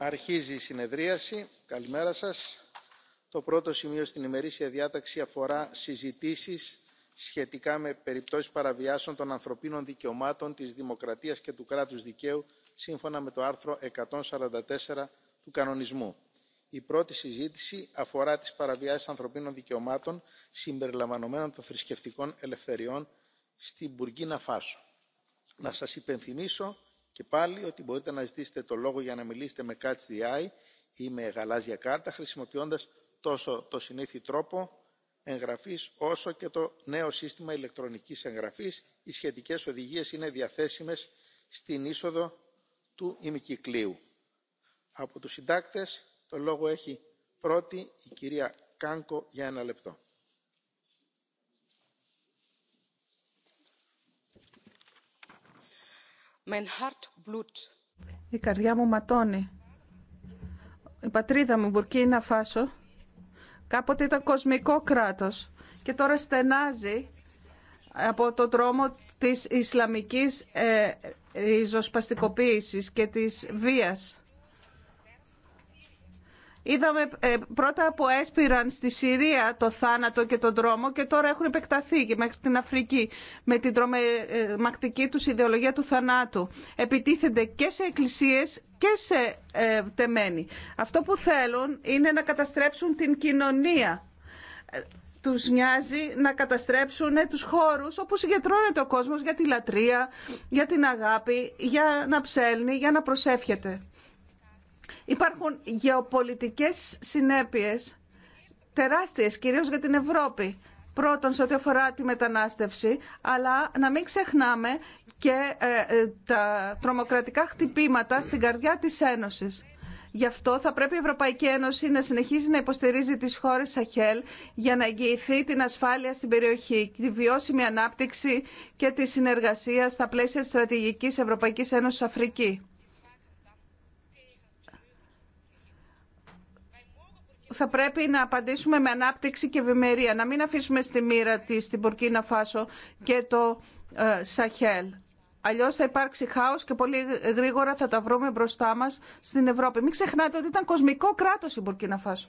Αρχίζει η συνεδρίαση. Καλημέρα σας. Το πρώτο σημείο στην ημερήσια διάταξη αφορά συζητήσεις σχετικά με περιπτώσεις παραβιάσεων των ανθρωπίνων δικαιωμάτων, της δημοκρατίας και του κράτους δικαίου, σύμφωνα με το άρθρο 144 του κανονισμού. Η πρώτη συζήτηση αφορά τις παραβιάσεις ανθρωπίνων δικαιωμάτων συμπεριλαμβανομένων των θρησκευτικών ελευθεριών στην Μπουργκίνα Φάσο. Να σας υπενθυμίσω και πάλι ότι μπορείτε να ζητήσετε το λόγο για να μιλήσετε με catch the eye ή με γαλάζια κάρτα χρησιμοποιώντας τόσο το συνήθι τρόπο εγγραφής όσο και το νέο σύστημα ηλεκτρονικής εγγραφής. Οι σχετικές οδηγίες είναι διαθέσιμες στην είσοδο του ημικυκλίου. Από τους συντάκτες το λόγο έχει πρώτη η κυρία Κάνκο για ένα λεπτό. Η καρδιά μου ματώνει. Η πατρίδα μου, Μπουρκίνα φάσω. κάποτε ήταν κοσμικό κράτος και τώρα στενάζει από το τρόμο της Ισλαμικής ε, και της βίας. Είδαμε ε, πρώτα που έσπηραν στη Συρία το θάνατο και τον τρόμο και τώρα έχουν επεκταθεί και μέχρι την Αφρική με την τρομακτική ε, τους ιδεολογία του θανάτου. Επιτίθενται και σε εκκλησίες και σε ε, τεμένοι. Αυτό που θέλουν είναι να καταστρέψουν την κοινωνία τους νοιάζει να καταστρέψουν τους χώρους όπου συγκεντρώνεται ο κόσμος για τη λατρεία, για την αγάπη, για να ψέλνει, για να προσεύχεται. Υπάρχουν γεωπολιτικές συνέπειες τεράστιες, κυρίως για την Ευρώπη. Πρώτον, σε ό,τι αφορά τη μετανάστευση, αλλά να μην ξεχνάμε και ε, ε, τα τρομοκρατικά χτυπήματα στην καρδιά της Ένωσης. Γι' αυτό θα πρέπει η Ευρωπαϊκή Ένωση να συνεχίζει να υποστηρίζει τις χώρες Σαχέλ για να εγγυηθεί την ασφάλεια στην περιοχή, τη βιώσιμη ανάπτυξη και τη συνεργασία στα πλαίσια της στρατηγικής Ευρωπαϊκής Ένωσης Αφρική. θα πρέπει να απαντήσουμε με ανάπτυξη και ευημερία, να μην αφήσουμε στη μοίρα τη την Πουρκίνα Φάσο και το ε, Σαχέλ. Αλλιώ θα υπάρξει χάο και πολύ γρήγορα θα τα βρούμε μπροστά μας στην Ευρώπη. Μην ξεχνάτε ότι ήταν κοσμικό κράτος η Μπουρκίνα Φάσο.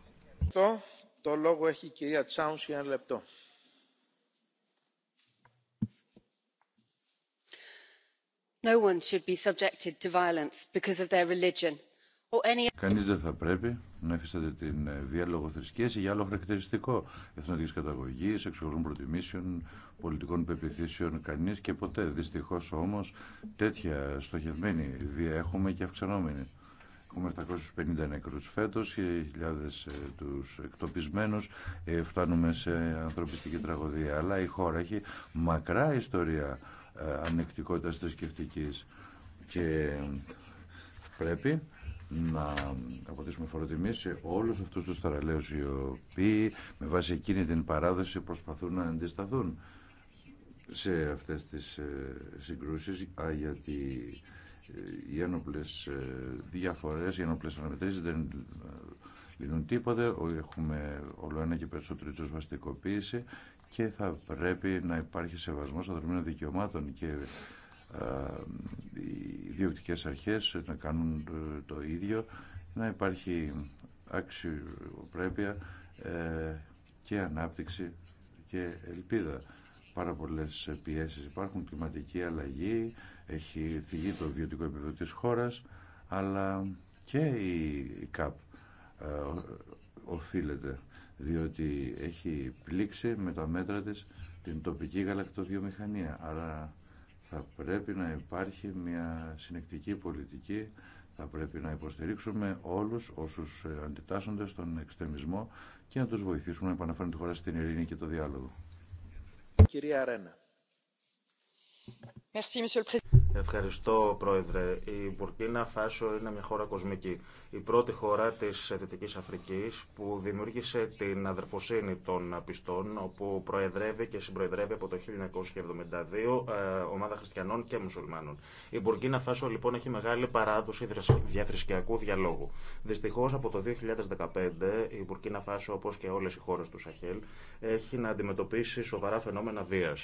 Το, το λόγο έχει κυρία για ένα λεπτό. No one should be subjected to violence because of their religion Κανεί δεν θα πρέπει να εφίσταται την ε, βία λογοθρησκείας ή για άλλο χαρακτηριστικό εθνοτικής καταγωγής, εξωτερικών προτιμήσεων, πολιτικών πεπιθήσεων, κανείς και ποτέ. Δυστυχώς όμως έχουμε 750 νεκρούς φέτος χιλιάδες ε, τους εκτοπισμένους ε, φτάνουμε σε ανθρωπιστική τραγωδία αλλά η χώρα έχει μακρά ιστορία ανεκτικότητας θρησκευτική και πρέπει να αποτίσουμε φοροτιμή σε όλου αυτούς τους ταραλέους οι οποίοι με βάση εκείνη την παράδοση προσπαθούν να αντισταθούν σε αυτές τις ε, συγκρούσεις γιατί οι ένοπλε διαφορέ, οι ένοπλες ε, αναμετρήσει δεν ε, λύνουν τίποτε, έχουμε όλο ένα και περισσότερο τσοσβαστικοποίηση και θα πρέπει να υπάρχει σεβασμός ανθρωπίνων δικαιωμάτων και ε, οι διοικητικές αρχές να κάνουν το ίδιο, να υπάρχει αξιοπρέπεια ε, και ανάπτυξη και ελπίδα. Πάρα πολλές πιέσεις υπάρχουν, κλιματική αλλαγή, έχει φυγεί το βιωτικό επίπεδο της χώρας, αλλά και η ΚΑΠ ε, οφείλεται, διότι έχει πλήξει με τα μέτρα της την τοπική γαλακτοβιομηχανία. αλλά θα πρέπει να υπάρχει μια συνεκτική πολιτική, θα πρέπει να υποστηρίξουμε όλους όσους ε, αντιτάσσονται στον εξτρεμισμό και να τους βοηθήσουμε να επαναφέρουν τη χώρα στην ειρήνη και το διάλογο. Κυρία Αρένα. Ευχαριστώ, Πρόεδρε. Η Μπουρκίνα Φάσο είναι μια χώρα κοσμική. Η πρώτη χώρα τη Δυτική Αφρική που δημιούργησε την αδερφοσύνη των πιστών, όπου προεδρεύει και συμπροεδρεύει από το 1972 ε, ομάδα χριστιανών και μουσουλμάνων. Η Μπουρκίνα Φάσο, λοιπόν, έχει μεγάλη παράδοση διαθρησκιακού διαλόγου. Δυστυχώ, από το 2015, η Μπουρκίνα Φάσο, όπω και όλε οι χώρε του Σαχέλ, έχει να αντιμετωπίσει σοβαρά φαινόμενα βία.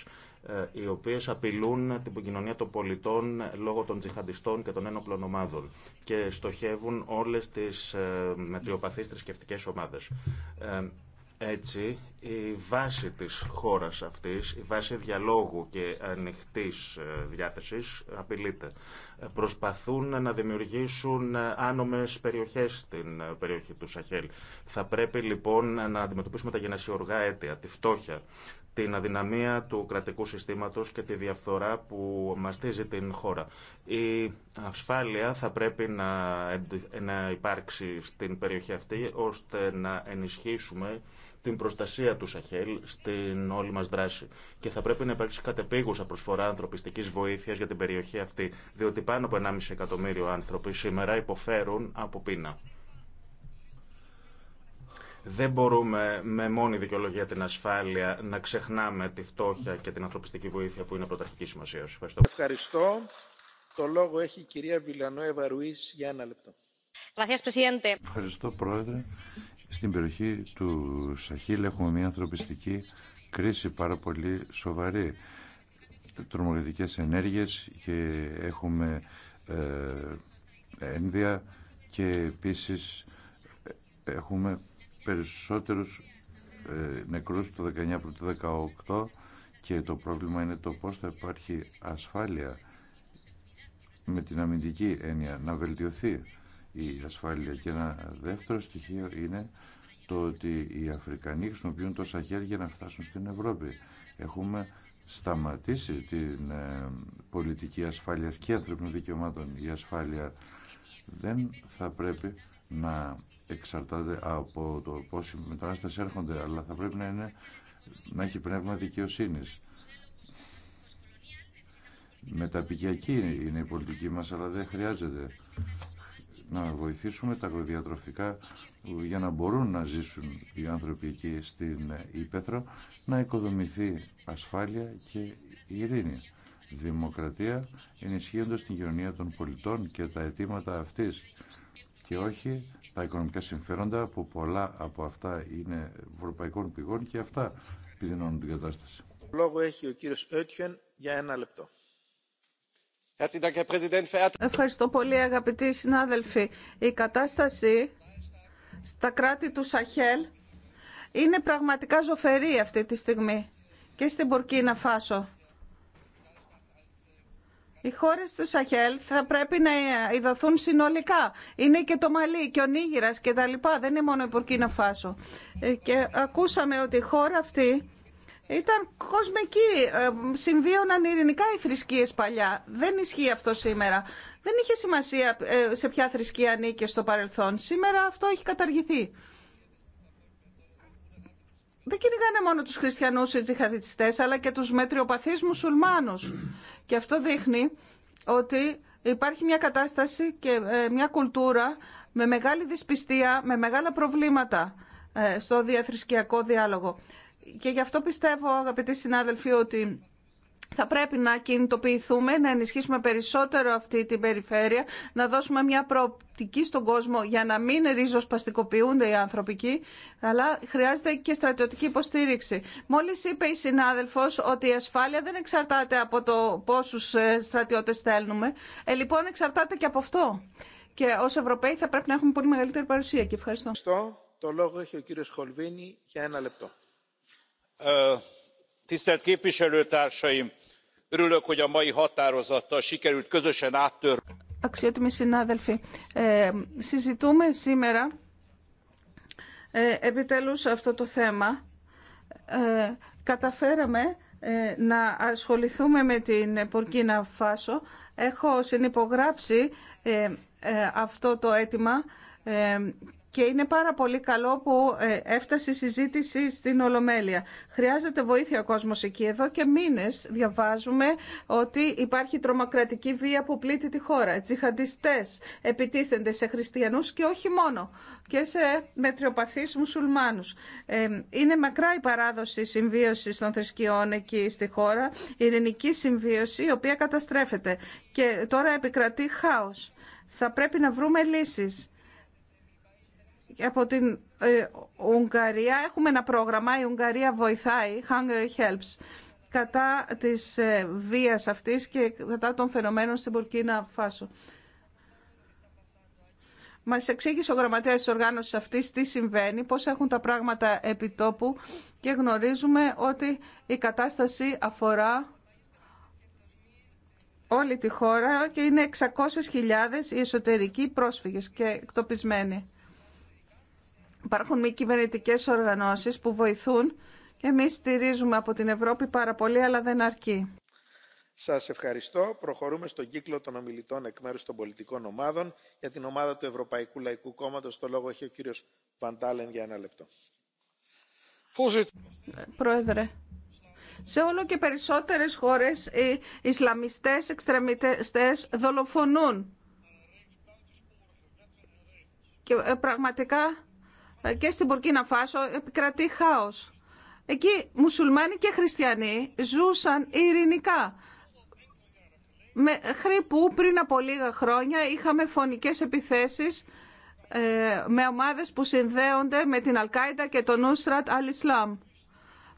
Ε, οι οποίε απειλούν την κοινωνία των πολιτών λόγω των τζιχαντιστών και των ένοπλων ομάδων και στοχεύουν όλες τις ε, μετριοπαθεί θρησκευτικέ ομάδες. Ε, έτσι, η βάση της χώρας αυτής, η βάση διαλόγου και ανοιχτής διάθεσης απειλείται. Προσπαθούν να δημιουργήσουν άνομες περιοχές στην περιοχή του Σαχέλ. Θα πρέπει λοιπόν να αντιμετωπίσουμε τα γενεσιοργά αίτια, τη φτώχεια, την αδυναμία του κρατικού συστήματος και τη διαφθορά που μαστίζει την χώρα. Η ασφάλεια θα πρέπει να, να υπάρξει στην περιοχή αυτή ώστε να ενισχύσουμε την προστασία του Σαχέλ στην όλη μας δράση. Και θα πρέπει να υπάρξει κατεπίγουσα προσφορά ανθρωπιστικής βοήθειας για την περιοχή αυτή, διότι πάνω από 1,5 εκατομμύριο άνθρωποι σήμερα υποφέρουν από πείνα. Δεν μπορούμε με μόνη δικαιολογία την ασφάλεια να ξεχνάμε τη φτώχεια και την ανθρωπιστική βοήθεια που είναι πρωταρχική σημασία. Ευχαριστώ. Ευχαριστώ. Το λόγο έχει η κυρία Βιλανόεβα Ρουή για ένα λεπτό. Ευχαριστώ, Πρόεδρε. Στην περιοχή του Σαχίλ έχουμε μια ανθρωπιστική κρίση πάρα πολύ σοβαρή. Τρομοκρατικές ενέργειες και έχουμε ε, ένδια και επίσης ε, έχουμε περισσότερους ε, νεκρούς το 19 προς το 18 και το πρόβλημα είναι το πώς θα υπάρχει ασφάλεια με την αμυντική έννοια να βελτιωθεί η ασφάλεια και ένα δεύτερο στοιχείο είναι το ότι οι Αφρικανοί χρησιμοποιούν τόσα χέρια να φτάσουν στην Ευρώπη. Έχουμε σταματήσει την ε, πολιτική ασφάλειας και ανθρωπινών δικαιωμάτων η ασφάλεια δεν θα πρέπει να εξαρτάται από το πώς οι μετανάστες έρχονται, αλλά θα πρέπει να, είναι, να έχει πνεύμα δικαιοσύνη. Μεταπικιακή είναι η πολιτική μας, αλλά δεν χρειάζεται να βοηθήσουμε τα αγροδιατροφικά για να μπορούν να ζήσουν οι άνθρωποι εκεί στην Ήπεθρο, να οικοδομηθεί ασφάλεια και ειρήνη. Δημοκρατία ενισχύοντας την κοινωνία των πολιτών και τα αιτήματα αυτής και όχι τα οικονομικά συμφέροντα που πολλά από αυτά είναι ευρωπαϊκών πηγών και αυτά επιδεινώνουν την κατάσταση. Λόγο έχει ο κύριος για ένα λεπτό. Ευχαριστώ πολύ αγαπητοί συνάδελφοι. Η κατάσταση στα κράτη του Σαχέλ είναι πραγματικά ζωφερή αυτή τη στιγμή και στην Πορκίνα Φάσο. Οι χώρες του Σαχέλ θα πρέπει να ειδωθούν συνολικά. Είναι και το Μαλί και ο Νίγηρας και τα λοιπά. Δεν είναι μόνο η Πουρκίνα Φάσο. Ε, και ακούσαμε ότι η χώρα αυτή ήταν κοσμική. Ε, συμβίωναν ειρηνικά οι θρησκείες παλιά. Δεν ισχύει αυτό σήμερα. Δεν είχε σημασία ε, σε ποια θρησκεία ανήκε στο παρελθόν. Σήμερα αυτό έχει καταργηθεί δεν κυνηγάνε μόνο τους χριστιανούς οι αλλά και τους μετριοπαθείς μουσουλμάνους. Και αυτό δείχνει ότι υπάρχει μια κατάσταση και ε, μια κουλτούρα με μεγάλη δυσπιστία, με μεγάλα προβλήματα ε, στο διαθρησκιακό διάλογο. Και γι' αυτό πιστεύω, αγαπητοί συνάδελφοι, ότι θα πρέπει να κινητοποιηθούμε, να ενισχύσουμε περισσότερο αυτή την περιφέρεια, να δώσουμε μια προοπτική στον κόσμο για να μην ριζοσπαστικοποιούνται οι ανθρωπικοί, αλλά χρειάζεται και στρατιωτική υποστήριξη. Μόλι είπε η συνάδελφο ότι η ασφάλεια δεν εξαρτάται από το πόσου ε, στρατιώτε στέλνουμε, ε, λοιπόν εξαρτάται και από αυτό. Και ω Ευρωπαίοι θα πρέπει να έχουμε πολύ μεγαλύτερη παρουσία και ευχαριστώ. Το λόγο έχει ο κύριο Χολβίνη για ένα λεπτό. Ε, αξιότιμοι συνάδελφοι ε, συζητούμε σήμερα επιτέλου επιτέλους αυτό το θέμα. Ε, καταφέραμε ε, να ασχοληθούμε με την να Φάσο. Έχω συνυπογράψει αυτό το αίτημα και είναι πάρα πολύ καλό που ε, έφτασε η συζήτηση στην Ολομέλεια. Χρειάζεται βοήθεια ο κόσμος εκεί. Εδώ και μήνες διαβάζουμε ότι υπάρχει τρομοκρατική βία που πλήττει τη χώρα. Τζιχαντιστές επιτίθενται σε χριστιανούς και όχι μόνο και σε μετριοπαθείς μουσουλμάνους. Ε, είναι μακρά η παράδοση συμβίωσης των θρησκειών εκεί στη χώρα, η ειρηνική συμβίωση η οποία καταστρέφεται. Και τώρα επικρατεί χάος. Θα πρέπει να βρούμε λύσεις από την ε, Ουγγαρία. Έχουμε ένα πρόγραμμα, η Ουγγαρία βοηθάει, Hungary Helps, κατά της ε, βίας αυτής και κατά των φαινομένων στην Πουρκίνα Φάσο. Μα εξήγησε ο γραμματέα τη οργάνωση αυτή τι συμβαίνει, πώ έχουν τα πράγματα επί τόπου και γνωρίζουμε ότι η κατάσταση αφορά όλη τη χώρα και είναι 600.000 οι εσωτερικοί πρόσφυγες και εκτοπισμένοι. Υπάρχουν μη κυβερνητικέ οργανώσει που βοηθούν και εμεί στηρίζουμε από την Ευρώπη πάρα πολύ, αλλά δεν αρκεί. Σας ευχαριστώ. Προχωρούμε στον κύκλο των ομιλητών εκ μέρου των πολιτικών ομάδων. Για την ομάδα του Ευρωπαϊκού Λαϊκού Κόμματο, το λόγο έχει ο κύριος Βαντάλεν για ένα λεπτό. Πρόεδρε, σε όλο και περισσότερες χώρες οι Ισλαμιστές, εξτρεμιστές δολοφονούν. Και ε, πραγματικά ε, και στην Πορκίνα Φάσο επικρατεί χάος. Εκεί μουσουλμάνοι και χριστιανοί ζούσαν ειρηνικά. με που πριν από λίγα χρόνια είχαμε φωνικές επιθέσεις ε, με ομάδες που συνδέονται με την Αλκάιντα και τον Ούσρατ Αλ-Ισλάμ.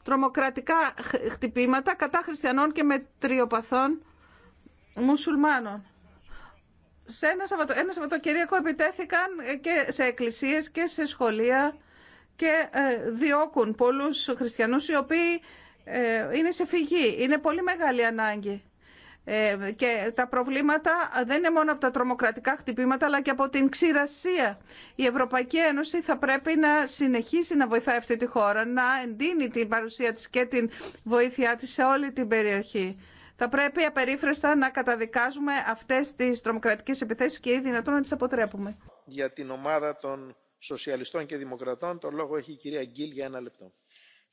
Τρομοκρατικά χτυπήματα κατά χριστιανών και μετριοπαθών μουσουλμάνων σε ένα, Σαββατο... ένα Σαββατοκυριακό επιτέθηκαν ε, και σε εκκλησίες και σε σχολεία και ε, διώκουν πολλούς χριστιανούς οι οποίοι ε, είναι σε φυγή. Είναι πολύ μεγάλη ανάγκη. Και τα προβλήματα δεν είναι μόνο από τα τρομοκρατικά χτυπήματα, αλλά και από την ξηρασία. Η Ευρωπαϊκή Ένωση θα πρέπει να συνεχίσει να βοηθάει αυτή τη χώρα, να εντείνει την παρουσία της και την βοήθειά της σε όλη την περιοχή. Θα πρέπει απερίφραστα να καταδικάζουμε αυτές τις τρομοκρατικές επιθέσεις και ή δυνατόν να τις αποτρέπουμε. Για την ομάδα των Σοσιαλιστών και Δημοκρατών το λόγο έχει η κυρία Γκίλ για ένα λεπτό.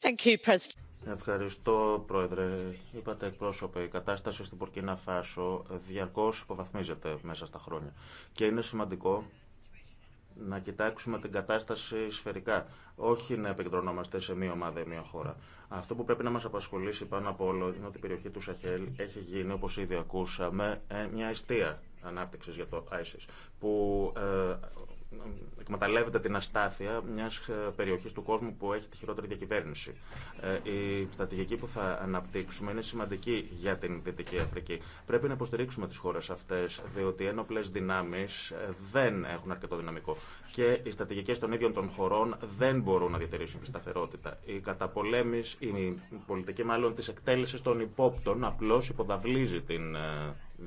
Thank you, President. Ευχαριστώ, Πρόεδρε. Είπατε εκπρόσωπε, η κατάσταση στην Πορκίνα Φάσο διαρκώ υποβαθμίζεται μέσα στα χρόνια. Και είναι σημαντικό να κοιτάξουμε την κατάσταση σφαιρικά. Όχι να επικεντρωνόμαστε σε μία ομάδα ή μία χώρα. Αυτό που πρέπει να μας απασχολήσει πάνω απ' όλο είναι ότι η περιοχή του Σαχέλ έχει γίνει, όπως ήδη ακούσαμε, ε, μια αιστεία ανάπτυξης για το ISIS, που ε, εκμεταλλεύεται την αστάθεια μια ε, περιοχή του κόσμου που έχει τη χειρότερη διακυβέρνηση. Ε, η στρατηγική που θα αναπτύξουμε είναι σημαντική για την Δυτική Αφρική. Πρέπει να υποστηρίξουμε τι χώρε αυτέ, διότι οι ένοπλε δυνάμει ε, δεν έχουν αρκετό δυναμικό και οι στρατηγικέ των ίδιων των χωρών δεν μπορούν να διατηρήσουν τη σταθερότητα. Η καταπολέμηση, η πολιτική μάλλον τη εκτέλεση των υπόπτων απλώ υποδαβλίζει την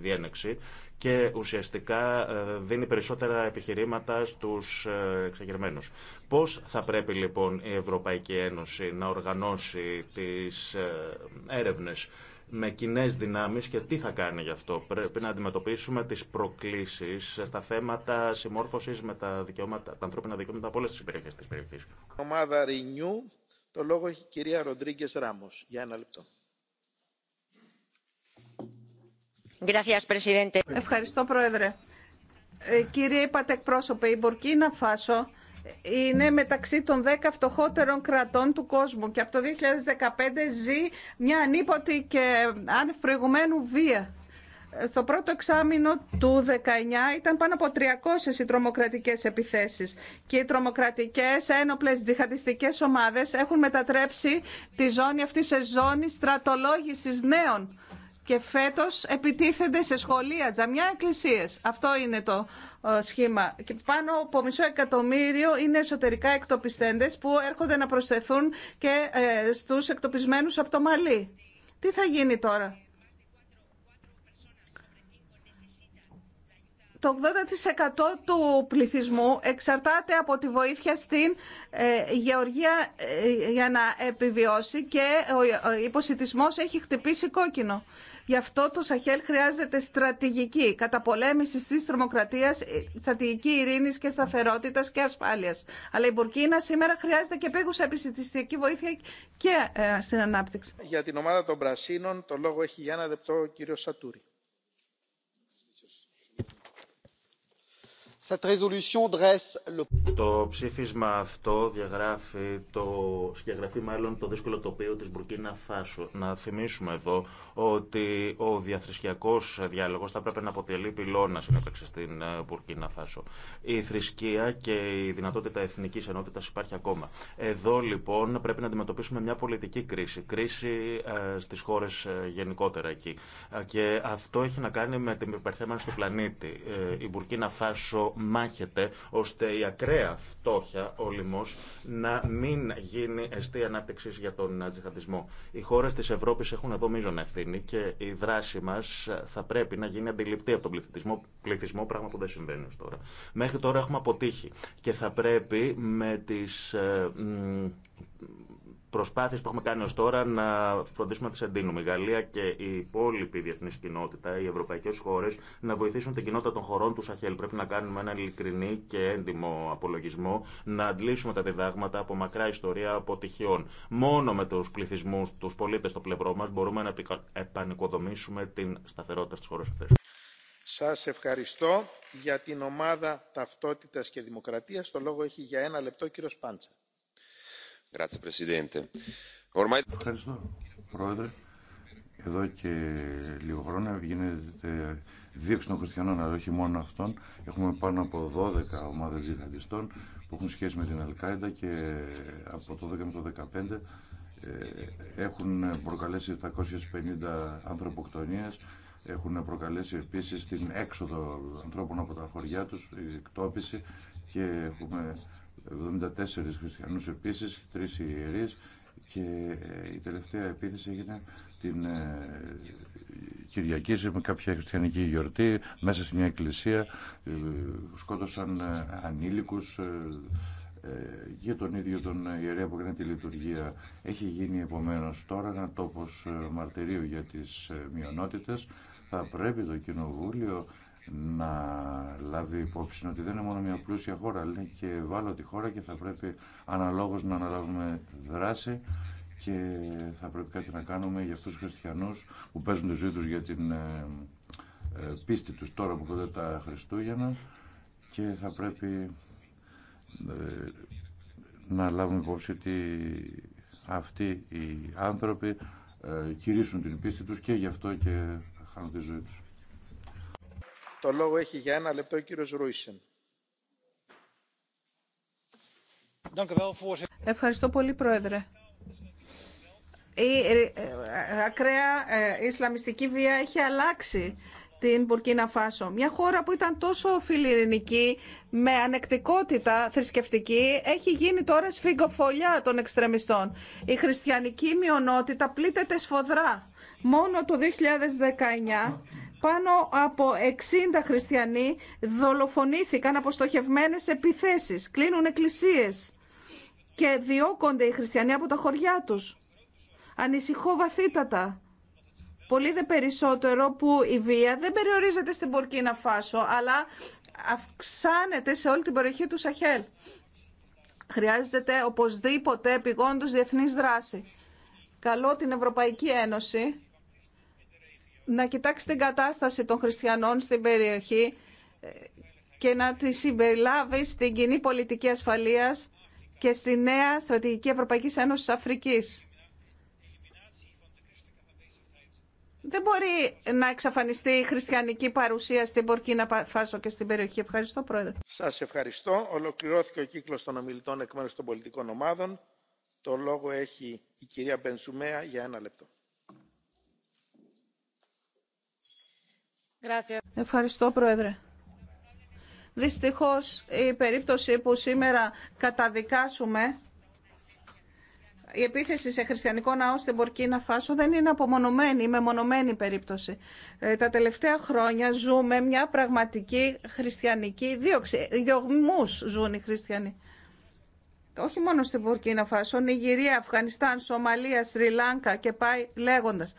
διένεξη και ουσιαστικά ε, δίνει περισσότερα επιχειρήματα στους ε, εξεγερμένους. Πώς θα πρέπει λοιπόν η Ευρωπαϊκή Ένωση να οργανώσει τις ε, έρευνες με κοινέ δυνάμεις και τι θα κάνει γι' αυτό. Πρέπει να αντιμετωπίσουμε τις προκλήσεις στα θέματα συμμόρφωσης με τα, δικαιώματα, τα ανθρώπινα δικαιώματα από όλες τις περιοχές τη περιοχή. Ομάδα Renew, το λόγο έχει η κυρία Ράμος. Για ένα Ευχαριστώ, Πρόεδρε. Ε, κύριε, είπατε εκπρόσωπε, η Μπουρκίνα Φάσο είναι μεταξύ των 10 φτωχότερων κρατών του κόσμου και από το 2015 ζει μια ανίποτη και άνευ προηγουμένου βία. Ε, στο πρώτο εξάμεινο του 19 ήταν πάνω από 300 οι τρομοκρατικές επιθέσεις και οι τρομοκρατικές ένοπλες τζιχαντιστικές ομάδες έχουν μετατρέψει τη ζώνη αυτή σε ζώνη στρατολόγησης νέων και φέτος επιτίθενται σε σχολεία, τζαμιά, εκκλησίες. Αυτό είναι το ε, σχήμα. Και πάνω από μισό εκατομμύριο είναι εσωτερικά εκτοπιστέντες που έρχονται να προσθεθούν και ε, στους εκτοπισμένους από το Μαλί. Τι θα γίνει τώρα. Το 80% του πληθυσμού εξαρτάται από τη βοήθεια στην ε, γεωργία για να επιβιώσει και ο υποσυτισμός έχει χτυπήσει κόκκινο. Γι' αυτό το Σαχέλ χρειάζεται στρατηγική καταπολέμηση τη τρομοκρατία, ε, στρατηγική ειρήνη και σταθερότητα και ασφάλεια. Αλλά η Μπουρκίνα σήμερα χρειάζεται και πήγουσα επισητιστική βοήθεια και ε, στην ανάπτυξη. Για την ομάδα των Πρασίνων, το λόγο έχει για ένα λεπτό ο κύριο Σατούρη. Το ψήφισμα αυτό διαγράφει το σχεδιαγραφεί μάλλον το δύσκολο τοπίο της Μπουρκίνα Φάσο. Να θυμίσουμε εδώ ότι ο διαθρησκιακός διάλογος θα πρέπει να αποτελεί πυλώνα συνέπραξη στην ε, Μπουρκίνα Φάσο. Η θρησκεία και η δυνατότητα εθνικής ενότητας υπάρχει ακόμα. Εδώ λοιπόν πρέπει να αντιμετωπίσουμε μια πολιτική κρίση. Κρίση ε, στις χώρες ε, γενικότερα εκεί. Και αυτό έχει να κάνει με την υπερθέμανση του πλανήτη. Η Μπουρκίνα Φάσο μάχεται ώστε η ακραία φτώχεια, ο λοιμό, να μην γίνει εστία ανάπτυξη για τον τζιχαντισμό. Οι χώρες της Ευρώπης έχουν εδώ να ευθύνη και η δράση μας θα πρέπει να γίνει αντιληπτή από τον πληθυσμό, πληθυσμό πράγμα που δεν συμβαίνει ω τώρα. Μέχρι τώρα έχουμε αποτύχει και θα πρέπει με τις ε, προσπάθειες που έχουμε κάνει ως τώρα να φροντίσουμε να τις εντείνουμε. Η Γαλλία και η υπόλοιπη διεθνής κοινότητα, οι ευρωπαϊκές χώρες, να βοηθήσουν την κοινότητα των χωρών του Σαχέλ. Πρέπει να κάνουμε ένα ειλικρινή και έντιμο απολογισμό, να αντλήσουμε τα διδάγματα από μακρά ιστορία αποτυχιών. Μόνο με τους πληθυσμούς, τους πολίτες στο πλευρό μας, μπορούμε να επανοικοδομήσουμε την σταθερότητα στις χώρες αυτές. Σας ευχαριστώ για την ομάδα ταυτότητας και δημοκρατίας. Το λόγο έχει για ένα λεπτό ο κύριος Ευχαριστώ, Πρόεδρε. Εδώ και λίγο χρόνο γίνεται δίωξη των χριστιανών, αλλά όχι μόνο αυτών. Έχουμε πάνω από 12 ομάδες διχαντιστών που έχουν σχέση με την Αλκάιντα και από το 12 με το 2015 ε, έχουν προκαλέσει 750 ανθρωποκτονίες, έχουν προκαλέσει επίσης την έξοδο ανθρώπων από τα χωριά τους, εκτόπιση και έχουμε 74 χριστιανούς επίσης, τρεις ιερείς και ε, η τελευταία επίθεση έγινε την ε, Κυριακή σε κάποια χριστιανική γιορτή μέσα σε μια εκκλησία ε, σκότωσαν ανήλικους για τον ίδιο τον ιερέα που έκανε τη λειτουργία έχει γίνει επομένως τώρα ένα τόπος μαρτυρίου για τις μειονότητες θα πρέπει το Κοινοβούλιο να λάβει υπόψη ότι δεν είναι μόνο μια πλούσια χώρα, αλλά είναι και ευάλωτη χώρα και θα πρέπει αναλόγως να αναλάβουμε δράση και θα πρέπει κάτι να κάνουμε για αυτούς τους χριστιανούς που παίζουν τη ζωή τους για την ε, ε, πίστη τους τώρα που κοντά τα Χριστούγεννα και θα πρέπει ε, να λάβουμε υπόψη ότι αυτοί οι άνθρωποι κηρύσουν την πίστη τους και γι' αυτό και χάνουν τη ζωή τους. Το λόγο έχει για ένα λεπτό ο κύριος Ρούισεν. Ευχαριστώ πολύ, Πρόεδρε. Η ε, ε, ακραία ε, Ισλαμιστική βία έχει αλλάξει την Μπουρκίνα Φάσο. Μια χώρα που ήταν τόσο φιλιρινική, με ανεκτικότητα θρησκευτική, έχει γίνει τώρα σφίγγοφολιά των εξτρεμιστών. Η χριστιανική μειονότητα πλήττεται σφοδρά. Μόνο το 2019 πάνω από 60 χριστιανοί δολοφονήθηκαν από στοχευμένες επιθέσεις. Κλείνουν εκκλησίες και διώκονται οι χριστιανοί από τα χωριά τους. Ανησυχώ βαθύτατα. Πολύ δε περισσότερο που η βία δεν περιορίζεται στην Πορκίνα Φάσο, αλλά αυξάνεται σε όλη την περιοχή του Σαχέλ. Χρειάζεται οπωσδήποτε επιγόντως διεθνής δράση. Καλό την Ευρωπαϊκή Ένωση να κοιτάξει την κατάσταση των χριστιανών στην περιοχή ε, και να τη συμπεριλάβει στην κοινή πολιτική ασφαλείας και στη νέα στρατηγική Ευρωπαϊκής Ένωσης Αφρικής. Δεν μπορεί να εξαφανιστεί η χριστιανική παρουσία στην Πορκίνα Φάσο και στην περιοχή. Ευχαριστώ, Πρόεδρε. Σας ευχαριστώ. Ολοκληρώθηκε ο κύκλος των ομιλητών εκ μέρους των πολιτικών ομάδων. Το λόγο έχει η κυρία Μπενσουμέα για ένα λεπτό. Ευχαριστώ, Πρόεδρε. Δυστυχώς, η περίπτωση που σήμερα καταδικάσουμε η επίθεση σε χριστιανικό ναό στην Μπορκίνα Φάσο δεν είναι απομονωμένη, η μεμονωμένη περίπτωση. Ε, τα τελευταία χρόνια ζούμε μια πραγματική χριστιανική δίωξη. Διωγμούς ζουν οι χριστιανοί. Όχι μόνο στην Μπορκίνα Φάσο, Νιγηρία, Αφγανιστάν, Σομαλία, Σρι και πάει λέγοντας.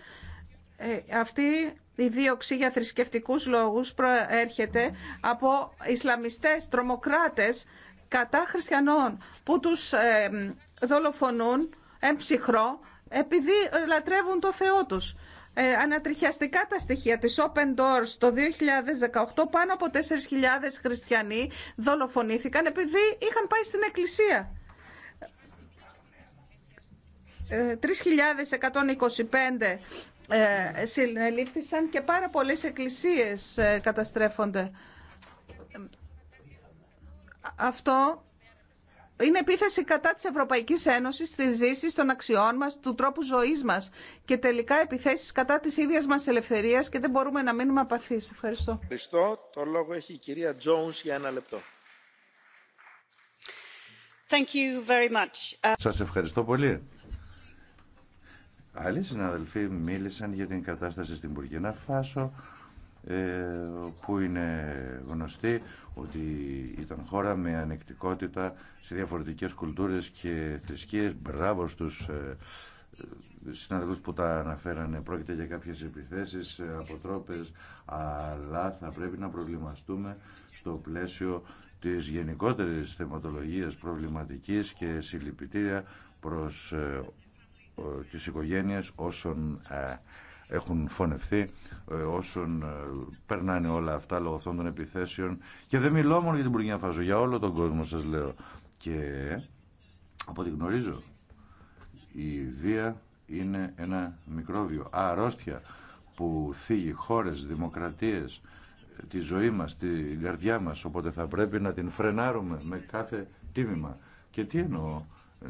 Ε, αυτή η δίωξη για θρησκευτικούς λόγους προέρχεται από Ισλαμιστές, τρομοκράτες κατά χριστιανών που τους ε, δολοφονούν ψυχρό επειδή ε, λατρεύουν το Θεό τους. Ε, ανατριχιαστικά τα στοιχεία της Open Doors το 2018 πάνω από 4.000 χριστιανοί δολοφονήθηκαν επειδή είχαν πάει στην εκκλησία. 3.125 ε, συνελήφθησαν και πάρα πολλές εκκλησίες ε, καταστρέφονται. Αυτό είναι επίθεση κατά της Ευρωπαϊκής Ένωσης, της ζήση, των αξιών μας, του τρόπου ζωής μας και τελικά επιθέσεις κατά της ίδιας μας ελευθερίας και δεν μπορούμε να μείνουμε απαθείς. Ευχαριστώ. Ευχαριστώ. Το λόγο έχει η κυρία Τζόουνς για ένα λεπτό. Thank you very much. Σας ευχαριστώ πολύ. Άλλοι συναδελφοί μίλησαν για την κατάσταση στην Πουρκίνα Φάσο ε, που είναι γνωστή ότι ήταν χώρα με ανεκτικότητα σε διαφορετικές κουλτούρες και θρησκείες. Μπράβο στους ε, ε, συναδελφούς που τα αναφέρανε. Πρόκειται για κάποιες επιθέσεις, αποτρόπες, αλλά θα πρέπει να προβλημαστούμε στο πλαίσιο της γενικότερης θεματολογίας προβληματικής και συλληπιτήρια προς τις οικογένειες όσων ε, έχουν φωνευθεί, ε, όσων ε, περνάνε όλα αυτά λόγω αυτών των επιθέσεων. Και δεν μιλώ μόνο για την Πουργία Φάζο, για όλο τον κόσμο σας λέω. Και από ό,τι γνωρίζω, η βία είναι ένα μικρόβιο, αρρώστια που θίγει χώρες, δημοκρατίες, τη ζωή μας, την καρδιά μας, οπότε θα πρέπει να την φρενάρουμε με κάθε τίμημα. Και τι εννοώ,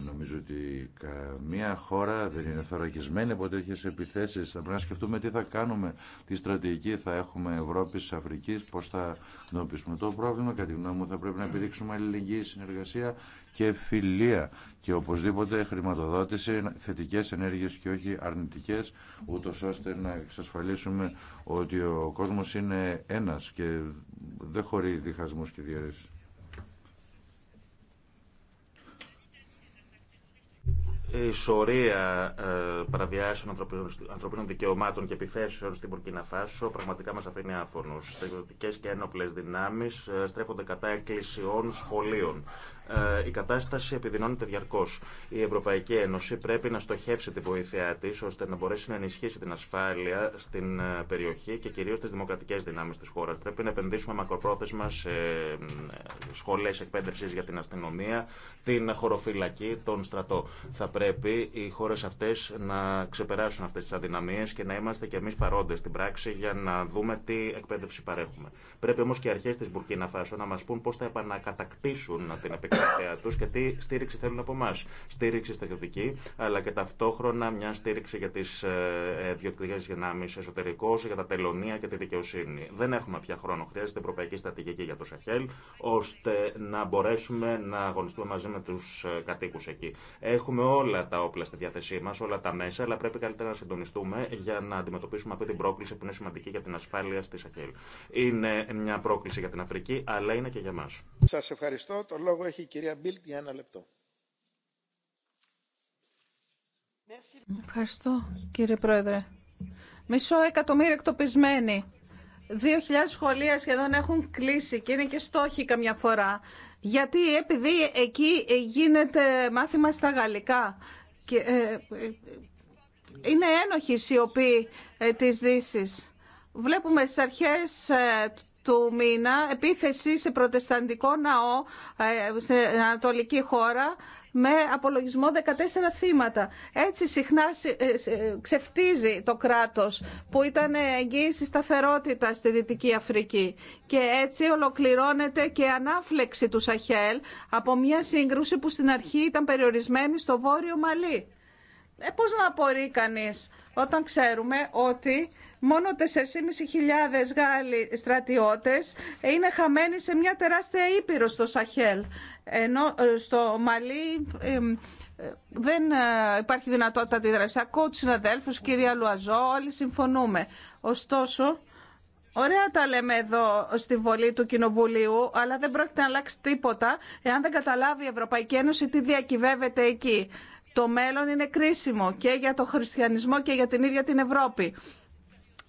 Νομίζω ότι καμία χώρα δεν είναι θωρακισμένη από τέτοιε επιθέσει. Θα πρέπει να σκεφτούμε τι θα κάνουμε, τι στρατηγική θα έχουμε Ευρώπη, Αφρική, πώ θα αντιμετωπίσουμε το πρόβλημα. Κατά τη γνώμη μου, θα πρέπει να επιδείξουμε αλληλεγγύη, συνεργασία και φιλία. Και οπωσδήποτε χρηματοδότηση, θετικέ ενέργειε και όχι αρνητικέ, ούτω ώστε να εξασφαλίσουμε ότι ο κόσμο είναι ένα και δεν χωρεί διχασμού και διαρρήσει. η σωρία ε, παραβιάσεων ανθρωπίνων δικαιωμάτων και επιθέσεων στην Πουρκίνα Φάσο πραγματικά μας αφήνει άφωνο. Στρατιωτικές και ένοπλες δυνάμεις ε, στρέφονται κατά εκκλησιών, σχολείων. Ε, η κατάσταση επιδεινώνεται διαρκώ. Η Ευρωπαϊκή Ένωση πρέπει να στοχεύσει τη βοήθειά τη ώστε να μπορέσει να ενισχύσει την ασφάλεια στην ε, περιοχή και κυρίω τι δημοκρατικέ δυνάμει τη χώρα. Πρέπει να επενδύσουμε μακροπρόθεσμα σε ε, σχολέ εκπαίδευση για την αστυνομία, την χωροφυλακή, τον στρατό. Θα πρέπει οι χώρε αυτέ να ξεπεράσουν αυτέ τι αδυναμίε και να είμαστε κι εμεί παρόντε στην πράξη για να δούμε τι εκπαίδευση παρέχουμε. Πρέπει όμω και οι αρχέ τη Μπουρκίνα Φάσο να μα πούν πώ θα επανακατακτήσουν την και τι στήριξη θέλουν από εμά. Στήριξη στα κριτική, αλλά και ταυτόχρονα μια στήριξη για τι ε, ε, διοικητικέ δυνάμει εσωτερικώ, για τα τελωνία και τη δικαιοσύνη. Δεν έχουμε πια χρόνο. Χρειάζεται ευρωπαϊκή στρατηγική για το Σαχέλ, ώστε να μπορέσουμε να αγωνιστούμε μαζί με του ε, κατοίκου εκεί. Έχουμε όλα τα όπλα στη διάθεσή μα, όλα τα μέσα, αλλά πρέπει καλύτερα να συντονιστούμε για να αντιμετωπίσουμε αυτή την πρόκληση που είναι σημαντική για την ασφάλεια στη Σαχέλ. Είναι μια πρόκληση για την Αφρική, αλλά είναι και για μα. Σα ευχαριστώ. Το λόγο έχει κυρία Μπίλτ για ένα λεπτό. Ευχαριστώ κύριε Πρόεδρε. Μισό εκατομμύριο εκτοπισμένοι. Δύο χιλιάδες σχολεία σχεδόν έχουν κλείσει και είναι και στόχοι καμιά φορά. Γιατί επειδή εκεί γίνεται μάθημα στα γαλλικά. Ε, ε, είναι ένοχοι οι σιωποί ε, της Δύσης. Βλέπουμε στις αρχές ε, του μήνα επίθεση σε προτεσταντικό ναό ε, σε ανατολική χώρα με απολογισμό 14 θύματα. Έτσι συχνά ε, ε, ξεφτίζει το κράτος που ήταν εγγύηση σταθερότητα στη Δυτική Αφρική. Και έτσι ολοκληρώνεται και ανάφλεξη του Σαχέλ από μια σύγκρουση που στην αρχή ήταν περιορισμένη στο Βόρειο Μαλί. Ε, πώς να απορεί κανείς όταν ξέρουμε ότι μόνο 4.500 Γάλλοι στρατιώτες είναι χαμένοι σε μια τεράστια ήπειρο στο Σαχέλ. Ενώ ε, στο Μαλί ε, δεν ε, υπάρχει δυνατότητα αντίδραση. Ακούω του συναδέλφου, κυρία Λουαζό, όλοι συμφωνούμε. Ωστόσο, Ωραία τα λέμε εδώ στη βολή του Κοινοβουλίου, αλλά δεν πρόκειται να αλλάξει τίποτα εάν δεν καταλάβει η Ευρωπαϊκή Ένωση τι διακυβεύεται εκεί. Το μέλλον είναι κρίσιμο και για το χριστιανισμό και για την ίδια την Ευρώπη.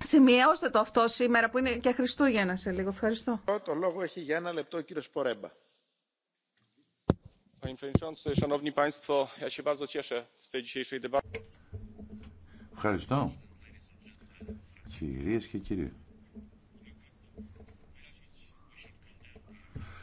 Σημειώστε το αυτό σήμερα που είναι και Χριστούγεννα σε λίγο. Ευχαριστώ. Το λόγο έχει για ένα λεπτό ο κύριος Πορέμπα. Ευχαριστώ. Κυρίες και κύριοι.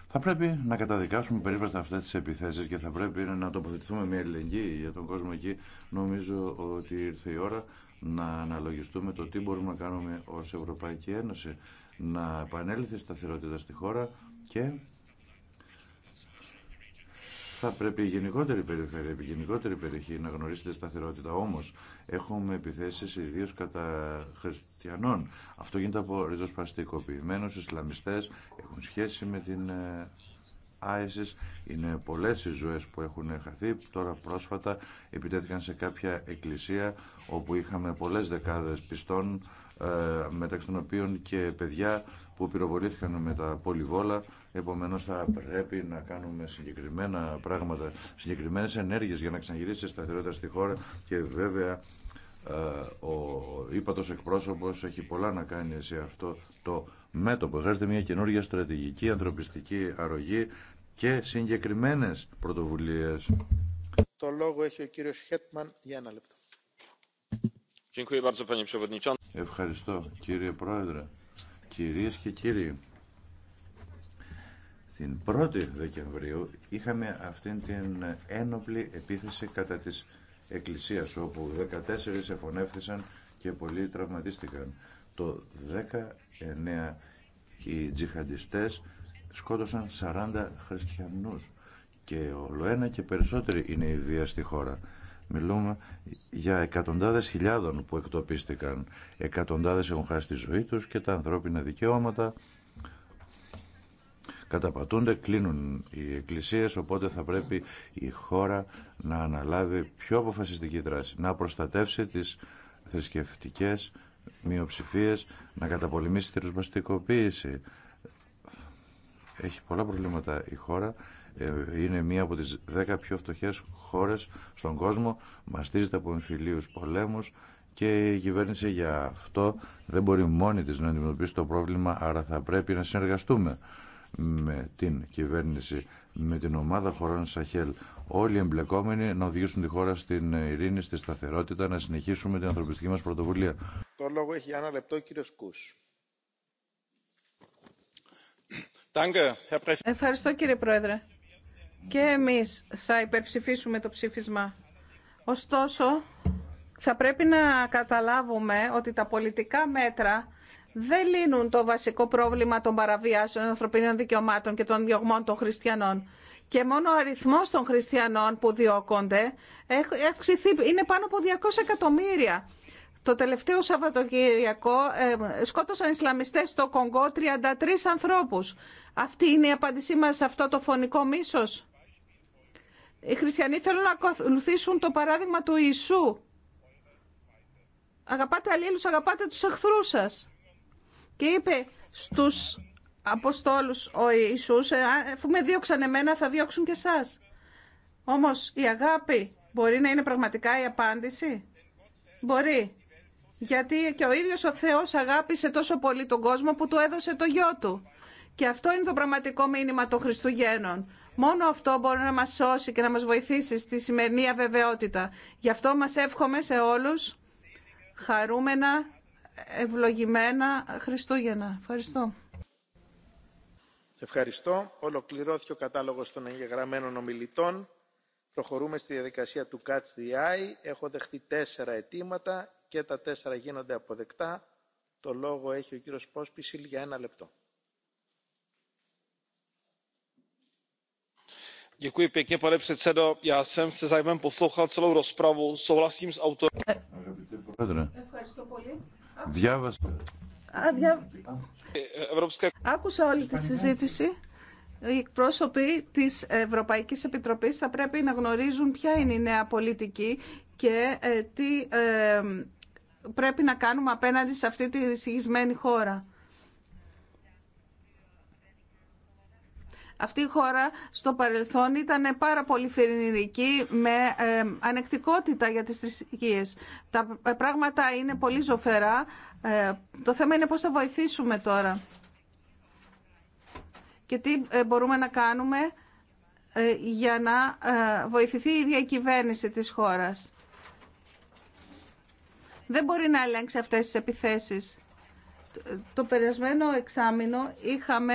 Θα πρέπει να καταδικάσουμε περίπτωση αυτές τις επιθέσεις και θα πρέπει να τοποθετηθούμε με ελληνική για τον κόσμο εκεί. Νομίζω ότι ήρθε η ώρα να αναλογιστούμε το τι μπορούμε να κάνουμε ως Ευρωπαϊκή Ένωση, να επανέλθει σταθερότητα στη χώρα και θα πρέπει η γενικότερη περιφέρεια, η γενικότερη περιοχή να γνωρίσετε σταθερότητα. Όμω έχουμε επιθέσει ιδίω κατά χριστιανών. Αυτό γίνεται από ριζοσπαστικοποιημένου Ισλαμιστέ, έχουν σχέση με την ε, είναι πολλές οι ζωές που έχουν χαθεί. Τώρα πρόσφατα επιτέθηκαν σε κάποια εκκλησία όπου είχαμε πολλές δεκάδες πιστών ε, μεταξύ των οποίων και παιδιά που πυροβολήθηκαν με τα πολυβόλα. Επομένως θα πρέπει να κάνουμε συγκεκριμένα πράγματα, συγκεκριμένες ενέργειες για να ξαναγυρίσει σταθερότητα στη χώρα και βέβαια ε, ο ύπατος εκπρόσωπος έχει πολλά να κάνει σε αυτό το μέτωπο. Χρειάζεται μια καινούργια στρατηγική, ανθρωπιστική αρρωγή και συγκεκριμένε πρωτοβουλίε. Το λόγο έχει ο κύριο Χέτμαν για ένα λεπτό. Ευχαριστώ κύριε Πρόεδρε, κυρίες και κύριοι. Την 1η Δεκεμβρίου είχαμε αυτήν την ένοπλη επίθεση κατά της Εκκλησίας όπου 14 εφωνεύθησαν και πολλοί τραυματίστηκαν. Το 19 οι τζιχαντιστές σκότωσαν 40 χριστιανούς και όλό ένα και περισσότεροι είναι η βία στη χώρα. Μιλούμε για εκατοντάδες χιλιάδων που εκτοπίστηκαν. Εκατοντάδες έχουν χάσει τη ζωή τους και τα ανθρώπινα δικαιώματα καταπατούνται, κλείνουν οι εκκλησίες, οπότε θα πρέπει η χώρα να αναλάβει πιο αποφασιστική δράση, να προστατεύσει τις θρησκευτικές Μειοψηφίε να καταπολεμήσει τη ρουσμαστικοποίηση. Έχει πολλά προβλήματα η χώρα. Ε, είναι μία από τις δέκα πιο φτωχέ χώρες στον κόσμο. Μαστίζεται από εμφυλίους πολέμου και η κυβέρνηση για αυτό δεν μπορεί μόνη τη να αντιμετωπίσει το πρόβλημα, άρα θα πρέπει να συνεργαστούμε με την κυβέρνηση, με την ομάδα χωρών Σαχέλ. Όλοι οι εμπλεκόμενοι να οδηγήσουν τη χώρα στην ειρήνη, στη σταθερότητα, να συνεχίσουμε την ανθρωπιστική μας πρωτοβουλία. Το λόγο έχει ένα λεπτό ο κύριος Κούς. Ευχαριστώ κύριε Πρόεδρε. Και εμείς θα υπερψηφίσουμε το ψήφισμα. Ωστόσο, θα πρέπει να καταλάβουμε ότι τα πολιτικά μέτρα δεν λύνουν το βασικό πρόβλημα των παραβιάσεων των ανθρωπίνων δικαιωμάτων και των διωγμών των χριστιανών. Και μόνο ο αριθμός των χριστιανών που διώκονται έχει Είναι πάνω από 200 εκατομμύρια. Το τελευταίο Σαββατοκυριακό ε, σκότωσαν Ισλαμιστές στο Κονγκό 33 ανθρώπους. Αυτή είναι η απάντησή μας σε αυτό το φωνικό μίσος. Οι χριστιανοί θέλουν να ακολουθήσουν το παράδειγμα του Ιησού. Αγαπάτε αλλήλους, αγαπάτε τους εχθρούς σας. Και είπε στους Αποστόλους ο Ιησούς, «Ε, αφού με δίωξαν εμένα θα διώξουν και εσάς. Όμως η αγάπη μπορεί να είναι πραγματικά η απάντηση. Μπορεί. Γιατί και ο ίδιος ο Θεός αγάπησε τόσο πολύ τον κόσμο που του έδωσε το γιο του. Και αυτό είναι το πραγματικό μήνυμα των Χριστουγέννων. Μόνο αυτό μπορεί να μας σώσει και να μας βοηθήσει στη σημερινή αβεβαιότητα. Γι' αυτό μας εύχομαι σε όλους χαρούμενα, ευλογημένα Χριστούγεννα. Ευχαριστώ. Ευχαριστώ. Ολοκληρώθηκε ο κατάλογο των εγγεγραμμένων ομιλητών. Προχωρούμε στη διαδικασία του Catch the Έχω δεχτεί τέσσερα αιτήματα και τα τέσσερα γίνονται αποδεκτά. Το λόγο έχει ο κύριος Πόσπισιλ για ένα λεπτό. ευχαριστώ πολύ. Άκουσα όλη τη συζήτηση. Οι εκπρόσωποι τη Ευρωπαϊκή Επιτροπή θα πρέπει να γνωρίζουν ποια είναι η νέα πολιτική και ε, τι ε, πρέπει να κάνουμε απέναντι σε αυτή τη συγχυσμένη χώρα. Αυτή η χώρα στο παρελθόν ήταν πάρα πολύ φιρινική με ε, ανεκτικότητα για τις θρησκείες. Τα πράγματα είναι πολύ ζωφερά. Ε, το θέμα είναι πώς θα βοηθήσουμε τώρα και τι ε, μπορούμε να κάνουμε για να βοηθηθεί η διακυβέρνηση η της χώρας δεν μπορεί να ελέγξει αυτές τις επιθέσεις. Το περασμένο εξάμεινο είχαμε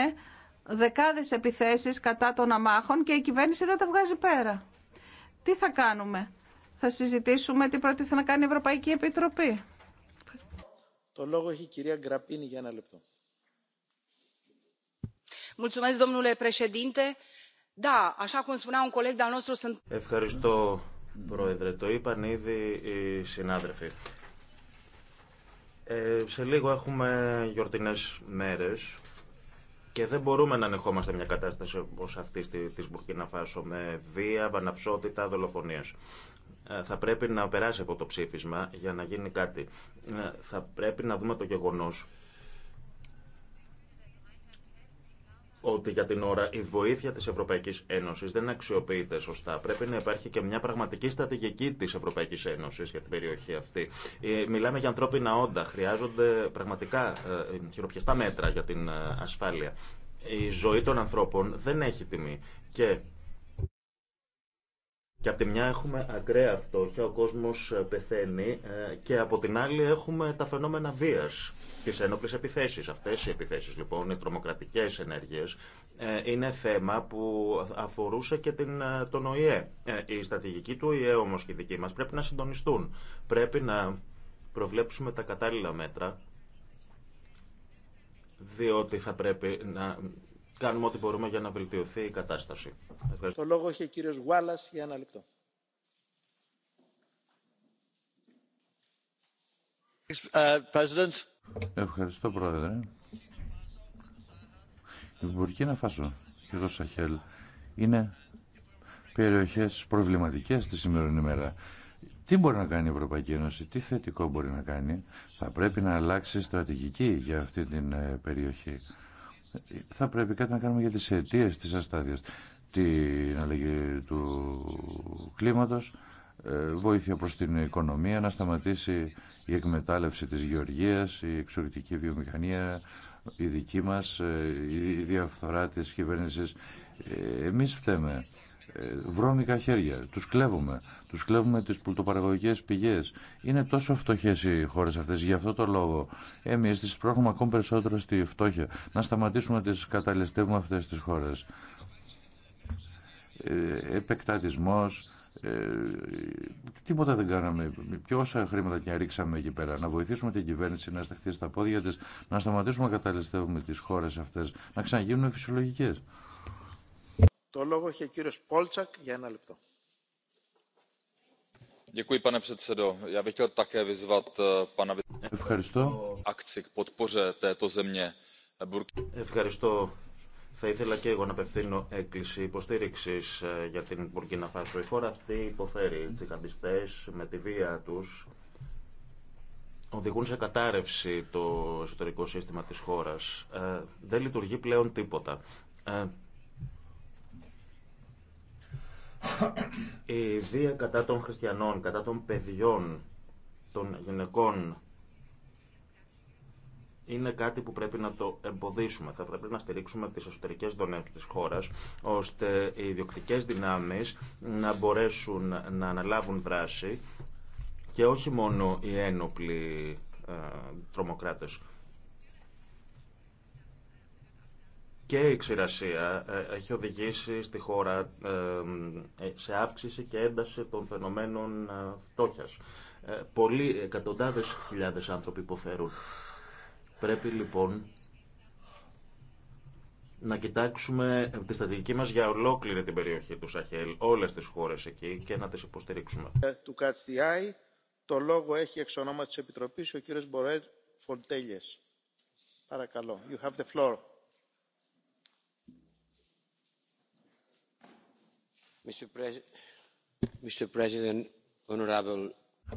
δεκάδες επιθέσεις κατά των αμάχων και η κυβέρνηση δεν τα βγάζει πέρα. Τι θα κάνουμε. Θα συζητήσουμε τι πρότιθα να κάνει η Ευρωπαϊκή Επιτροπή. Το λόγο έχει η κυρία Γκραπίνη για ένα λεπτό. Ευχαριστώ, Πρόεδρε. Το είπαν ήδη οι συνάδελφοι. Ε, σε λίγο έχουμε γιορτινές μέρες και δεν μπορούμε να ανεχόμαστε μια κατάσταση όπως αυτή της Μπουρκίνα Φάσο με βία, βαναυσότητα, δολοφονίες. Ε, θα πρέπει να περάσει από το ψήφισμα για να γίνει κάτι. Ε, θα πρέπει να δούμε το γεγονός ότι για την ώρα η βοήθεια της Ευρωπαϊκής Ένωσης δεν αξιοποιείται σωστά. Πρέπει να υπάρχει και μια πραγματική στρατηγική της Ευρωπαϊκής Ένωσης για την περιοχή αυτή. Ε, μιλάμε για ανθρώπινα όντα. Χρειάζονται πραγματικά ε, χειροπιαστά μέτρα για την ε, ασφάλεια. Η ζωή των ανθρώπων δεν έχει τιμή και και από τη μια έχουμε ακραία φτώχεια, ο κόσμος ε, πεθαίνει ε, και από την άλλη έχουμε τα φαινόμενα βίας, τις ένοπλες επιθέσεις. Αυτές οι επιθέσεις λοιπόν, οι τρομοκρατικές ενέργειες, ε, είναι θέμα που αφορούσε και την, τον ΟΗΕ. Η στρατηγική του ΟΗΕ όμως και η δική πρέπει να συντονιστούν. Πρέπει να προβλέψουμε τα κατάλληλα μέτρα, διότι θα πρέπει να κάνουμε ό,τι μπορούμε για να βελτιωθεί η κατάσταση. Ευχαριστώ. Το λόγο έχει ο κύριος Γουάλλας για ένα λεπτό. Ευχαριστώ, Πρόεδρε. Η Μπουρκίνα Φάσο και το Σαχέλ είναι περιοχές προβληματικές τη σημερινή ημέρα. Τι μπορεί να κάνει η Ευρωπαϊκή Ένωση, τι θετικό μπορεί να κάνει. Θα πρέπει να αλλάξει στρατηγική για αυτή την ε, περιοχή θα πρέπει κάτι να κάνουμε για τις αιτίε της αστάθειας. Την αλλαγή του κλίματος, ε, βοήθεια προς την οικονομία, να σταματήσει η εκμετάλλευση της γεωργίας, η εξωτική βιομηχανία, η δική μας, ε, η διαφθορά της κυβέρνησης. Ε, εμείς φταίμε βρώμικα χέρια. Του κλέβουμε. Του κλέβουμε τι πλουτοπαραγωγικέ πηγέ. Είναι τόσο φτωχέ οι χώρε αυτέ Γι' αυτό το λόγο Εμεί τι πρόχουμε ακόμη περισσότερο στη φτώχεια. Να σταματήσουμε να τις καταλαιστεύουμε αυτές τις χώρες. Ε, επεκτατισμός, ε, τίποτα δεν κάναμε. Και όσα χρήματα και ρίξαμε εκεί πέρα. Να βοηθήσουμε την κυβέρνηση να σταχθεί στα πόδια τη, να σταματήσουμε να καταλαιστεύουμε τι χώρε αυτέ, να ξαναγίνουν φυσιολογικέ. Το λόγο έχει ο κύριος Πόλτσακ για ένα λεπτό. Ευχαριστώ. Ευχαριστώ. Θα ήθελα και εγώ να απευθύνω έκκληση υποστήριξη ε, για την Μπουρκίνα Φάσο. Η χώρα αυτή υποφέρει. Οι τσιχαντιστέ με τη βία του οδηγούν σε κατάρρευση το εσωτερικό σύστημα τη χώρας. Ε, δεν λειτουργεί πλέον τίποτα. Ε, η βία κατά των χριστιανών, κατά των παιδιών, των γυναικών είναι κάτι που πρέπει να το εμποδίσουμε. Θα πρέπει να στηρίξουμε τις εσωτερικές δονές της χώρας, ώστε οι ιδιοκτικές δυνάμεις να μπορέσουν να αναλάβουν δράση και όχι μόνο οι ένοπλοι ε, τρομοκράτες. και η ξηρασία ε, έχει οδηγήσει στη χώρα ε, σε αύξηση και ένταση των φαινομένων ε, φτώχειας. Πολλοί εκατοντάδες χιλιάδες άνθρωποι υποφέρουν. Πρέπει λοιπόν να κοιτάξουμε τη στρατηγική μας για ολόκληρη την περιοχή του Σαχέλ, όλες τις χώρες εκεί και να τις υποστηρίξουμε. Του το λόγο έχει εξ ονόμα της Επιτροπής ο κύριος Μπορέλ Φοντέλιες. Παρακαλώ. You have the floor.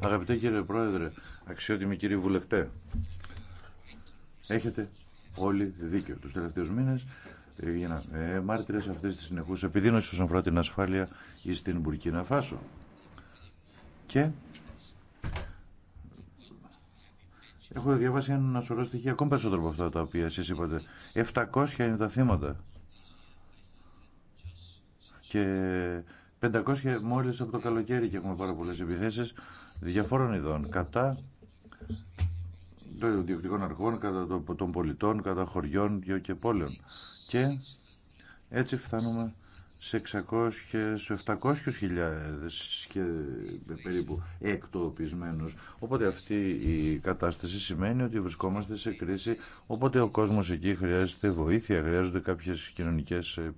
Αγαπητέ κύριε Πρόεδρε, αξιότιμοι κύριοι βουλευτέ, έχετε όλοι δίκιο. Τους τελευταίους μήνες έγιναν ε, μάρτυρες αυτές τις συνεχούς επιδείνωσης όσον αφορά την ασφάλεια στην Μπουρκίνα Φάσο. Και έχω διαβάσει ένα σωρό στοιχεία ακόμα περισσότερο από αυτά τα οποία εσείς είπατε. 700 είναι τα θύματα και 500 μόλις από το καλοκαίρι και έχουμε πάρα πολλές επιθέσεις διαφόρων ειδών κατά των διοικητικών αρχών, κατά των πολιτών, κατά χωριών και πόλεων. Και έτσι φτάνουμε σε 600, σε 700 χιλιάδες και περίπου εκτοπισμένους. Οπότε αυτή η κατάσταση σημαίνει ότι βρισκόμαστε σε κρίση, οπότε ο κόσμος εκεί χρειάζεται βοήθεια, χρειάζονται κάποιες κοινωνικές ε,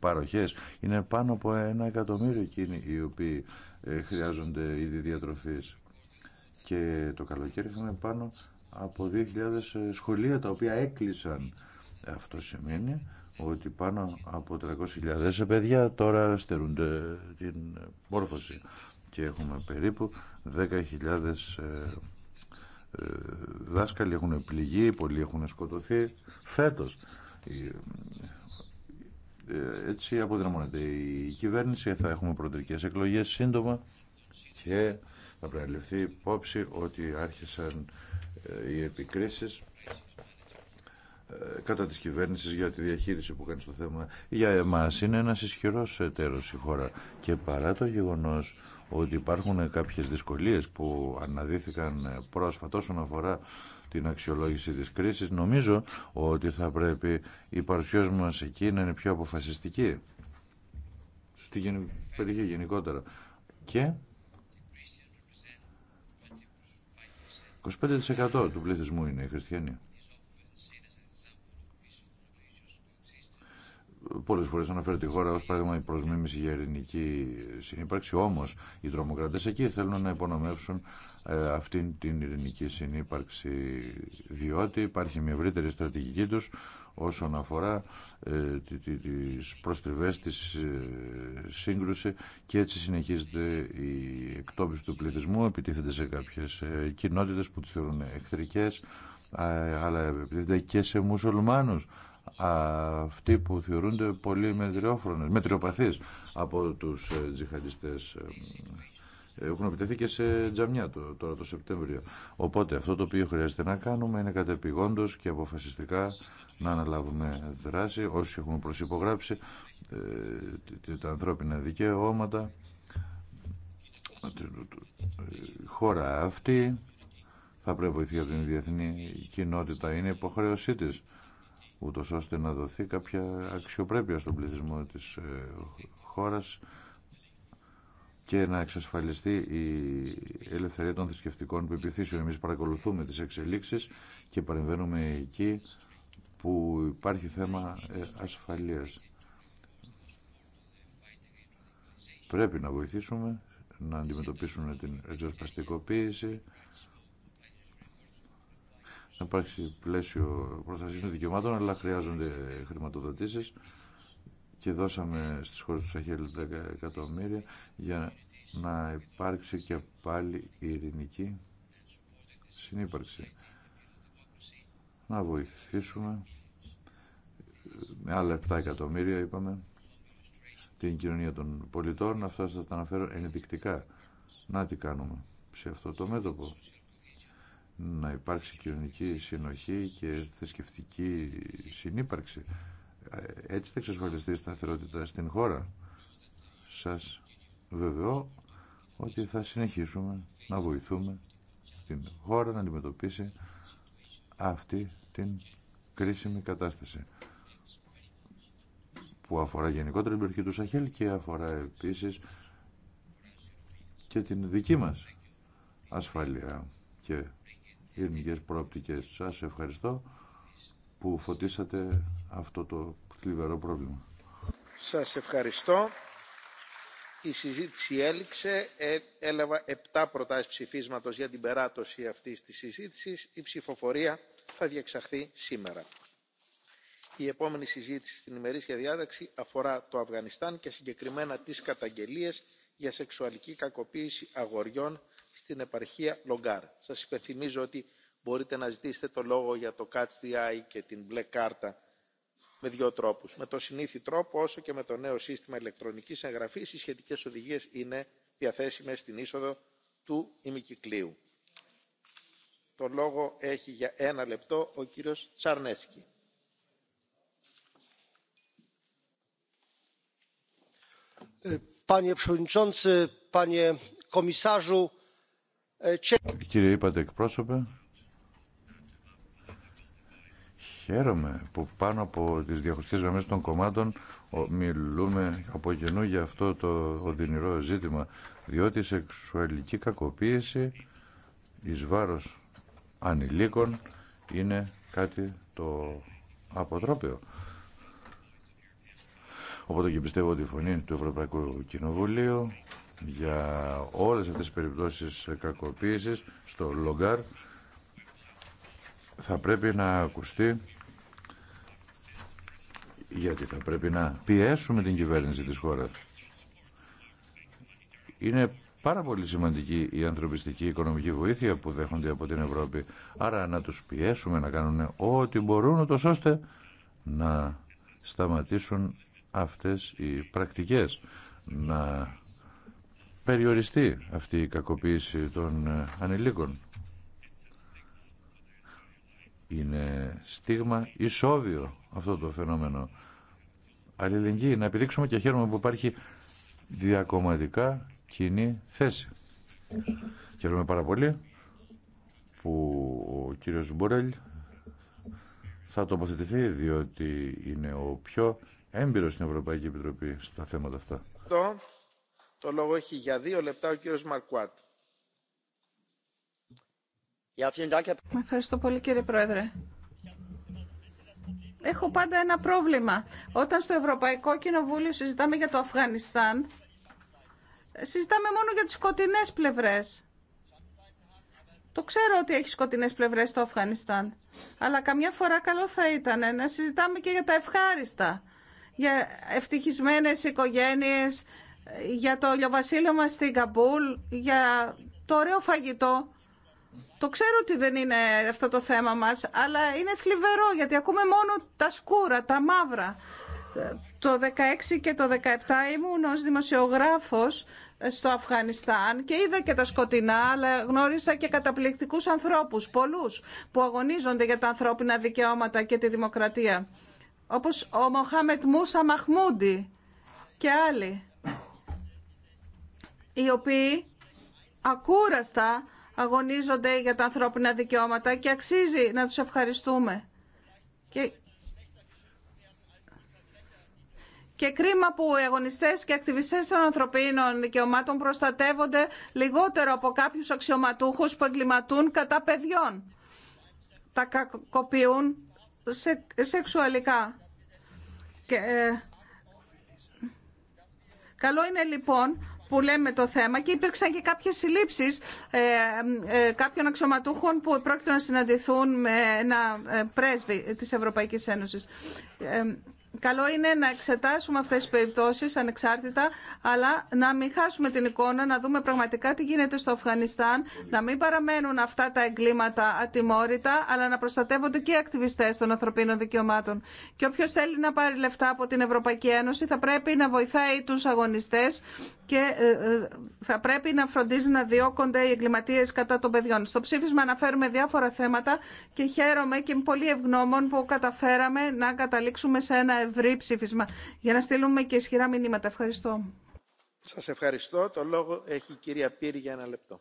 παροχές. Είναι πάνω από ένα εκατομμύριο εκείνοι οι οποίοι ε, χρειάζονται ήδη διατροφής. Και το καλοκαίρι είχαμε πάνω από 2.000 ε, σχολεία τα οποία έκλεισαν. Αυτό σημαίνει ότι πάνω από 300.000 ε, παιδιά τώρα στερούνται την μόρφωση και έχουμε περίπου 10.000 δάσκαλοι έχουν πληγεί, πολλοί έχουν σκοτωθεί φέτος έτσι αποδυναμώνεται η κυβέρνηση, θα έχουμε προεδρικές εκλογές σύντομα και θα πρέπει να υπόψη ότι άρχισαν ε, οι επικρίσεις ε, κατά της κυβέρνησης για τη διαχείριση που κάνει στο θέμα. Για εμάς είναι ένας ισχυρός εταίρος η χώρα και παρά το γεγονός ότι υπάρχουν κάποιες δυσκολίες που αναδύθηκαν ε, πρόσφατα όσον αφορά την αξιολόγηση της κρίσης. Νομίζω ότι θα πρέπει η παρουσία μας εκεί να είναι πιο αποφασιστική στην περιοχή γενικότερα. Και 25% του πληθυσμού είναι οι χριστιανοί. Πολλέ φορέ αναφέρει τη χώρα ω παράδειγμα η μίμηση για ειρηνική συνύπαρξη. Όμω οι τρομοκρατέ εκεί θέλουν να υπονομεύσουν ε, αυτήν την ειρηνική συνύπαρξη, διότι υπάρχει μια ευρύτερη στρατηγική του όσον αφορά ε, τις προστριβές της ε, σύγκρουση και έτσι συνεχίζεται η εκτόπιση του πληθυσμού επιτίθεται σε κάποιες κοινότητες που τις θεωρούν εχθρικές αλλά επιτίθεται και σε μουσουλμάνους αυτοί που θεωρούνται πολύ μετριόφρονες, μετριοπαθείς από τους ε, τζιχαντιστές ε, έχουν επιτεθεί και σε τζαμιά το, τώρα το Σεπτέμβριο. Οπότε αυτό το οποίο χρειάζεται να κάνουμε είναι κατεπηγόντως και αποφασιστικά να αναλάβουμε δράση όσοι έχουν προσυπογράψει ε, τα ανθρώπινα δικαιώματα η χώρα αυτή θα πρέπει να βοηθεί από την διεθνή κοινότητα είναι υποχρέωσή της ούτω ώστε να δοθεί κάποια αξιοπρέπεια στον πληθυσμό της ε, χώρας και να εξασφαλιστεί η ελευθερία των θρησκευτικών πεπιθήσεων. Εμείς παρακολουθούμε τις εξελίξεις και παρεμβαίνουμε εκεί που υπάρχει θέμα ε, ασφαλείας. Πρέπει να βοηθήσουμε να αντιμετωπίσουν την ριζοσπαστικοποίηση, να υπάρξει πλαίσιο προστασίας των δικαιωμάτων, αλλά χρειάζονται χρηματοδοτήσεις και δώσαμε στις χώρες του Σαχέλ 10 εκατομμύρια για να υπάρξει και πάλι ειρηνική συνύπαρξη. Να βοηθήσουμε με άλλα 7 εκατομμύρια είπαμε την κοινωνία των πολιτών. Αυτά θα τα αναφέρω ενδεικτικά. Να τι κάνουμε σε αυτό το μέτωπο να υπάρξει κοινωνική συνοχή και θρησκευτική συνύπαρξη. Ε, έτσι θα εξασφαλιστεί η σταθερότητα στην χώρα. Σας βεβαιώ ότι θα συνεχίσουμε να βοηθούμε την χώρα να αντιμετωπίσει αυτή την κρίσιμη κατάσταση που αφορά γενικότερα την περιοχή του Σαχέλ και αφορά επίσης και την δική μας ασφαλεία και ειρηνικές προοπτικέ. Σας ευχαριστώ που φωτίσατε αυτό το θλιβερό πρόβλημα. Σας ευχαριστώ. Η συζήτηση έληξε. Ε, έλαβα 7 προτάσεις ψηφίσματος για την περάτωση αυτής της συζήτησης. Η ψηφοφορία θα διεξαχθεί σήμερα. Η επόμενη συζήτηση στην ημερήσια διάταξη αφορά το Αφγανιστάν και συγκεκριμένα τις καταγγελίες για σεξουαλική κακοποίηση αγοριών στην επαρχία Λογκάρ. Σας υπενθυμίζω ότι μπορείτε να ζητήσετε το λόγο για το Catch the Eye και την μπλε κάρτα με δύο τρόπους. Με το συνήθι τρόπο, όσο και με το νέο σύστημα ηλεκτρονικής εγγραφής, οι σχετικές οδηγίες είναι διαθέσιμες στην είσοδο του ημικυκλίου. Το λόγο έχει για ένα λεπτό ο κύριος Τσαρνέσκι. Ε, Panie Przewodniczący, Panie Komisarzu, ε, Κύριε είπατε εκπρόσωπε, χαίρομαι που πάνω από τις διαχωριστικές γραμμές των κομμάτων μιλούμε από καινού για αυτό το οδυνηρό ζήτημα, διότι η σεξουαλική κακοποίηση εις βάρος ανηλίκων είναι κάτι το αποτρόπαιο. Οπότε και πιστεύω ότι η φωνή του Ευρωπαϊκού Κοινοβουλίου για όλες αυτές τις περιπτώσεις κακοποίησης στο Λογκάρ θα πρέπει να ακουστεί γιατί θα πρέπει να πιέσουμε την κυβέρνηση της χώρας. Είναι πάρα πολύ σημαντική η ανθρωπιστική οικονομική βοήθεια που δέχονται από την Ευρώπη. Άρα να τους πιέσουμε να κάνουν ό,τι μπορούν ούτως ώστε να σταματήσουν αυτές οι πρακτικές. Να περιοριστεί αυτή η κακοποίηση των ε, ανηλίκων. Είναι στίγμα ισόβιο αυτό το φαινόμενο. Αλληλεγγύη, να επιδείξουμε και χαίρομαι που υπάρχει διακομματικά κοινή θέση. Χαίρομαι πάρα πολύ που ο κύριος Μπορέλ θα τοποθετηθεί διότι είναι ο πιο έμπειρος στην Ευρωπαϊκή Επιτροπή στα θέματα αυτά. Το λόγο έχει για δύο λεπτά ο κύριος Μαρκουάρτ. Ευχαριστώ πολύ κύριε Πρόεδρε. Έχω πάντα ένα πρόβλημα. Όταν στο Ευρωπαϊκό Κοινοβούλιο συζητάμε για το Αφγανιστάν, συζητάμε μόνο για τις σκοτεινές πλευρές. Το ξέρω ότι έχει σκοτεινές πλευρές το Αφγανιστάν, αλλά καμιά φορά καλό θα ήταν να συζητάμε και για τα ευχάριστα, για ευτυχισμένες οικογένειες, για το μας στην Καμπούλ, για το ωραίο φαγητό. Το ξέρω ότι δεν είναι αυτό το θέμα μας, αλλά είναι θλιβερό γιατί ακούμε μόνο τα σκούρα, τα μαύρα. Το 16 και το 17 ήμουν ως δημοσιογράφος στο Αφγανιστάν και είδα και τα σκοτεινά, αλλά γνώρισα και καταπληκτικούς ανθρώπους, πολλούς, που αγωνίζονται για τα ανθρώπινα δικαιώματα και τη δημοκρατία. Όπως ο Μοχάμετ Μούσα Μαχμούντι και άλλοι οι οποίοι ακούραστα αγωνίζονται για τα ανθρώπινα δικαιώματα και αξίζει να τους ευχαριστούμε. Και... κρίμα που οι αγωνιστές και ακτιβιστές των ανθρωπίνων δικαιωμάτων προστατεύονται λιγότερο από κάποιου αξιωματούχους... που εγκληματούν κατά παιδιών. Τα κακοποιούν σε, σεξουαλικά. Και, ε, καλό είναι λοιπόν που λέμε το θέμα και υπήρξαν και κάποιες συλλήψεις ε, ε, κάποιων αξιωματούχων που πρόκειται να συναντηθούν με ένα ε, πρέσβη της Ευρωπαϊκής Ένωσης. Καλό είναι να εξετάσουμε αυτές τις περιπτώσεις ανεξάρτητα, αλλά να μην χάσουμε την εικόνα, να δούμε πραγματικά τι γίνεται στο Αφγανιστάν, να μην παραμένουν αυτά τα εγκλήματα ατιμόρυτα, αλλά να προστατεύονται και οι ακτιβιστές των ανθρωπίνων δικαιωμάτων. Και όποιο θέλει να πάρει λεφτά από την Ευρωπαϊκή Ένωση θα πρέπει να βοηθάει τους αγωνιστές και ε, ε, θα πρέπει να φροντίζει να διώκονται οι εγκληματίε κατά των παιδιών. Στο ψήφισμα αναφέρουμε διάφορα θέματα και χαίρομαι και είμαι πολύ ευγνώμων που καταφέραμε να καταλήξουμε σε ένα ευρύ ψήφισμα για να στείλουμε και ισχυρά μηνύματα. Ευχαριστώ. Σας ευχαριστώ. Το λόγο έχει η κυρία Πύρη για ένα λεπτό.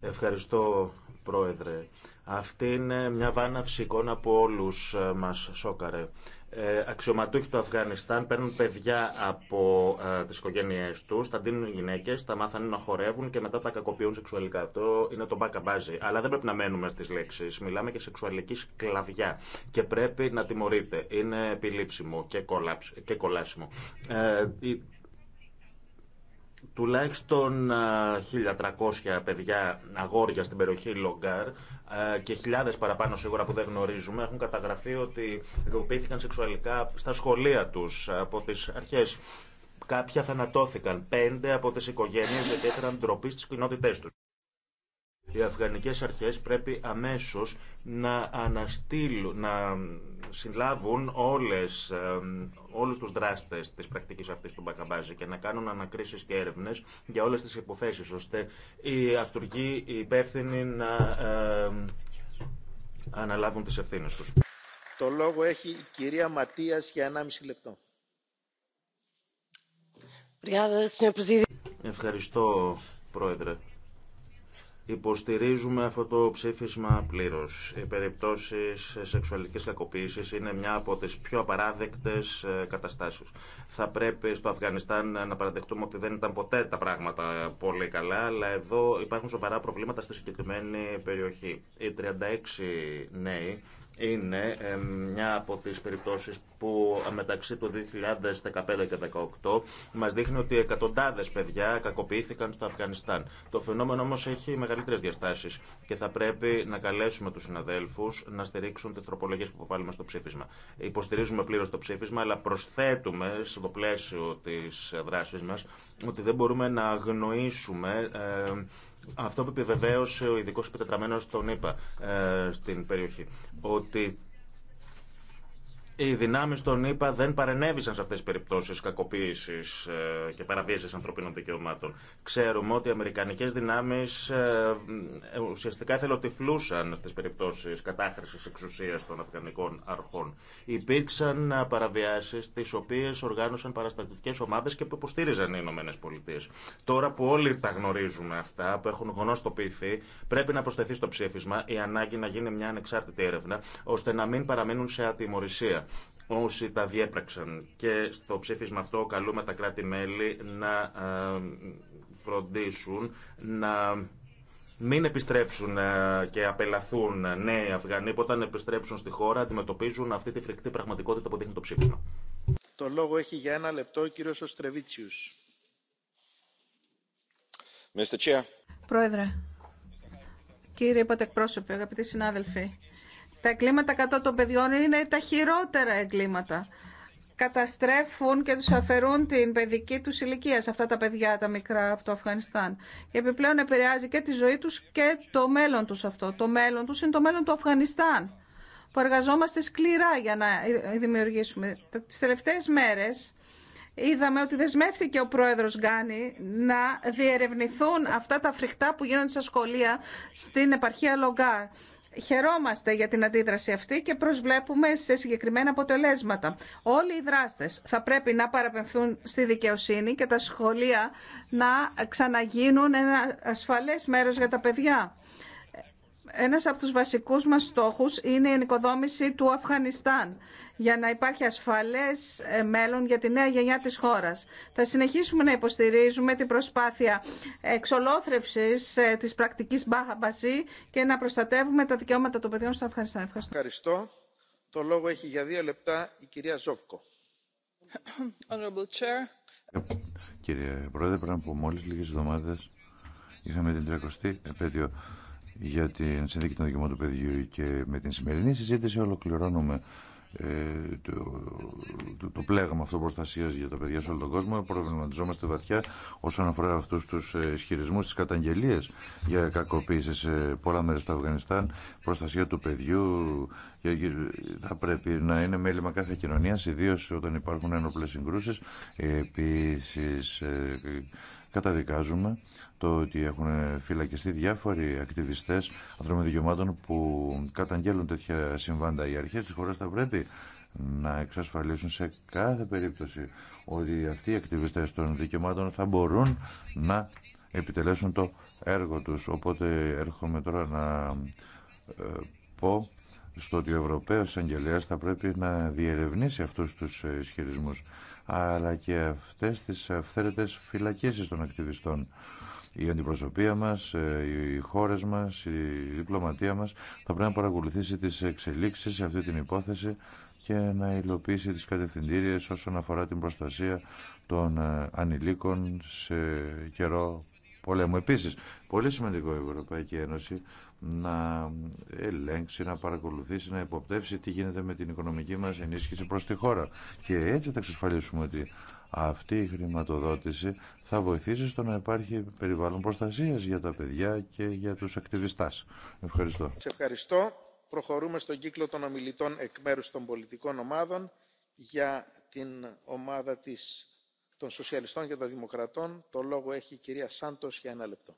Ευχαριστώ, Πρόεδρε. Αυτή είναι μια βάναυση εικόνα που όλους ε, μας σόκαρε. Ε, αξιωματούχοι του Αφγανιστάν παίρνουν παιδιά από ε, τι οικογένειέ του, τα δίνουν γυναίκες, γυναίκε, τα μάθανε να χορεύουν και μετά τα κακοποιούν σεξουαλικά. Το είναι το μπακαμπάζι. Αλλά δεν πρέπει να μένουμε στι λέξει. Μιλάμε και σεξουαλική σκλαβιά. Και πρέπει να τιμωρείται. Είναι επιλήψιμο και, και κολάσιμο. Ε, τουλάχιστον 1.300 παιδιά, αγόρια στην περιοχή Λογκάρ και χιλιάδες παραπάνω σίγουρα που δεν γνωρίζουμε έχουν καταγραφεί ότι ειδοποιήθηκαν σεξουαλικά στα σχολεία τους από τις αρχές. Κάποια θανατώθηκαν, πέντε από τις οικογένειες γιατί έφεραν ντροπή στις κοινότητές τους. Οι αφγανικές αρχές πρέπει αμέσως να αναστείλουν, να συλλάβουν όλες, όλους τους δράστες της πρακτικής αυτής του Μπακαμπάζη και να κάνουν ανακρίσεις και έρευνες για όλες τις υποθέσεις, ώστε οι αυτουργοί, οι υπεύθυνοι να αναλάβουν τις ευθύνες τους. Το λόγο έχει η κυρία Ματίας για 1,5 λεπτό. Ευχαριστώ, Πρόεδρε. Υποστηρίζουμε αυτό το ψήφισμα πλήρω. Οι περιπτώσει σεξουαλική κακοποίηση είναι μια από τι πιο απαράδεκτε καταστάσει. Θα πρέπει στο Αφγανιστάν να παραδεχτούμε ότι δεν ήταν ποτέ τα πράγματα πολύ καλά, αλλά εδώ υπάρχουν σοβαρά προβλήματα στη συγκεκριμένη περιοχή. Οι 36 νέοι είναι ε, μια από τις περιπτώσεις που ε, μεταξύ του 2015 και 2018 μας δείχνει ότι εκατοντάδες παιδιά κακοποιήθηκαν στο Αφγανιστάν. Το φαινόμενο όμως έχει μεγαλύτερες διαστάσεις και θα πρέπει να καλέσουμε τους συναδέλφους να στηρίξουν τις τροπολογίες που βάλουμε στο ψήφισμα. Υποστηρίζουμε πλήρως το ψήφισμα αλλά προσθέτουμε στο πλαίσιο της ε, δράσης μας ότι δεν μπορούμε να αγνοήσουμε αυτό που επιβεβαίωσε ο ειδικό επιτετραμένο τον είπα ε, στην περιοχή. Ότι οι δυνάμει των ΗΠΑ δεν παρενέβησαν σε αυτέ τι περιπτώσει κακοποίηση ε, και παραβίαση ανθρωπίνων δικαιωμάτων. Ξέρουμε ότι οι Αμερικανικέ δυνάμει ε, ε, ουσιαστικά εθελοτυφλούσαν στι περιπτώσει κατάχρηση εξουσία των Αφγανικών αρχών. Υπήρξαν παραβιάσει τι οποίε οργάνωσαν παραστατικέ ομάδε και που υποστήριζαν οι ΗΠΑ. Τώρα που όλοι τα γνωρίζουμε αυτά, που έχουν γνωστοποιηθεί, πρέπει να προσθεθεί στο ψήφισμα η ανάγκη να γίνει μια ανεξάρτητη έρευνα ώστε να μην παραμείνουν σε ατιμορρησία όσοι τα διέπραξαν. Και στο ψήφισμα αυτό καλούμε τα κράτη-μέλη να ε, φροντίσουν να μην επιστρέψουν ε, και απελαθούν νέοι Αφγανοί που όταν επιστρέψουν στη χώρα αντιμετωπίζουν αυτή τη φρικτή πραγματικότητα που δείχνει το ψήφισμα. Το λόγο έχει για ένα λεπτό ο κύριος Οστρεβίτσιους. Πρόεδρε, κύριε Πατεκπρόσωπε, αγαπητοί συνάδελφοι, τα εγκλήματα κατά των παιδιών είναι τα χειρότερα εγκλήματα. Καταστρέφουν και τους αφαιρούν την παιδική τους ηλικία σε αυτά τα παιδιά τα μικρά από το Αφγανιστάν. Και επιπλέον επηρεάζει και τη ζωή τους και το μέλλον τους αυτό. Το μέλλον τους είναι το μέλλον του Αφγανιστάν που εργαζόμαστε σκληρά για να δημιουργήσουμε. Τις τελευταίες μέρες είδαμε ότι δεσμεύτηκε ο πρόεδρος Γκάνη να διερευνηθούν αυτά τα φρικτά που γίνονται στα σχολεία στην επαρχία Λογκάρ. Χαιρόμαστε για την αντίδραση αυτή και προσβλέπουμε σε συγκεκριμένα αποτελέσματα. Όλοι οι δράστες θα πρέπει να παραπευθούν στη δικαιοσύνη και τα σχολεία να ξαναγίνουν ένα ασφαλές μέρος για τα παιδιά. Ένας από τους βασικούς μας στόχους είναι η ενοικοδόμηση του Αφγανιστάν για να υπάρχει ασφαλές ε, μέλλον για τη νέα γενιά της χώρας. Θα συνεχίσουμε να υποστηρίζουμε την προσπάθεια εξολόθρευσης ε, της πρακτικής Μπαχαμπασί και να προστατεύουμε τα δικαιώματα των παιδιών στο Αφγανιστάν. Ευχαριστώ. Ευχαριστώ. Το λόγο έχει για δύο λεπτά η κυρία Ζόβκο. Κύριε Πρόεδρε, πριν από μόλις λίγες εβδομάδες είχαμε την 30η επέτειο για την Συνδίκη των δικαιωμάτων του παιδιού και με την σημερινή συζήτηση ολοκληρώνουμε ε, το, το πλέγμα αυτό προστασία για τα παιδιά σε όλο τον κόσμο. Προβληματιζόμαστε βαθιά όσον αφορά αυτού του ε, ισχυρισμού, τι καταγγελίε για κακοποίηση σε πολλά μέρη του Αφγανιστάν. Προστασία του παιδιού θα πρέπει να είναι μέλημα κάθε κοινωνία, ιδίω όταν υπάρχουν ένοπλε συγκρούσει. Επίση, ε, καταδικάζουμε το ότι έχουν φυλακιστεί διάφοροι ακτιβιστές ανθρώπινων δικαιωμάτων που καταγγέλουν τέτοια συμβάντα. Οι αρχές της χώρας θα πρέπει να εξασφαλίσουν σε κάθε περίπτωση ότι αυτοί οι ακτιβιστές των δικαιωμάτων θα μπορούν να επιτελέσουν το έργο τους. Οπότε έρχομαι τώρα να ε, πω στο ότι ο Ευρωπαίος Αγγελέας θα πρέπει να διερευνήσει αυτούς τους ισχυρισμού αλλά και αυτές τις αυθαίρετες φυλακίσεις των ακτιβιστών. Η αντιπροσωπεία μας, ε, οι χώρες μας, η διπλωματία μας θα πρέπει να παρακολουθήσει τις εξελίξεις σε αυτή την υπόθεση και να υλοποιήσει τις κατευθυντήριες όσον αφορά την προστασία των ε, ανηλίκων σε καιρό πολέμου. Επίσης, πολύ σημαντικό η Ευρωπαϊκή Ένωση να ελέγξει, να παρακολουθήσει, να υποπτεύσει τι γίνεται με την οικονομική μας ενίσχυση προς τη χώρα. Και έτσι θα εξασφαλίσουμε ότι αυτή η χρηματοδότηση θα βοηθήσει στο να υπάρχει περιβάλλον προστασίας για τα παιδιά και για τους ακτιβιστέ. Ευχαριστώ. Σε ευχαριστώ. Προχωρούμε στον κύκλο των ομιλητών εκ μέρου των πολιτικών ομάδων για την ομάδα της των Σοσιαλιστών και των Δημοκρατών. Το λόγο έχει η κυρία Σάντος για ένα λεπτό.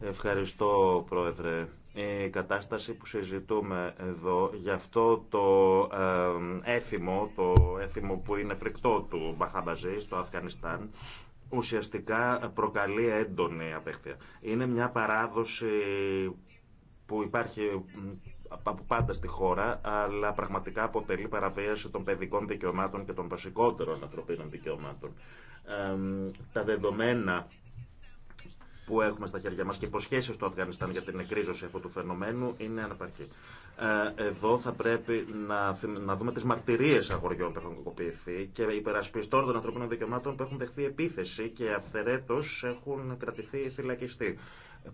Ευχαριστώ, Πρόεδρε. Η κατάσταση που συζητούμε εδώ, γι' αυτό το ε, έθιμο, το έθιμο που είναι φρικτό του Μπαχαμπαζή στο Αφγανιστάν, ουσιαστικά προκαλεί έντονη απέχθεια. Είναι μια παράδοση που υπάρχει από πάντα στη χώρα, αλλά πραγματικά αποτελεί παραβίαση των παιδικών δικαιωμάτων και των βασικότερων ανθρωπίνων δικαιωμάτων. τα δεδομένα που έχουμε στα χέρια μας και υποσχέσεις του Αφγανιστάν για την εκρίζωση αυτού του φαινομένου είναι αναπαρκή. Ε, εδώ θα πρέπει να, να δούμε τις μαρτυρίες αγοριών που έχουν κοκοποιηθεί και υπερασπιστών των ανθρωπίνων δικαιωμάτων που έχουν δεχθεί επίθεση και αυθερέτως έχουν κρατηθεί φυλακιστεί.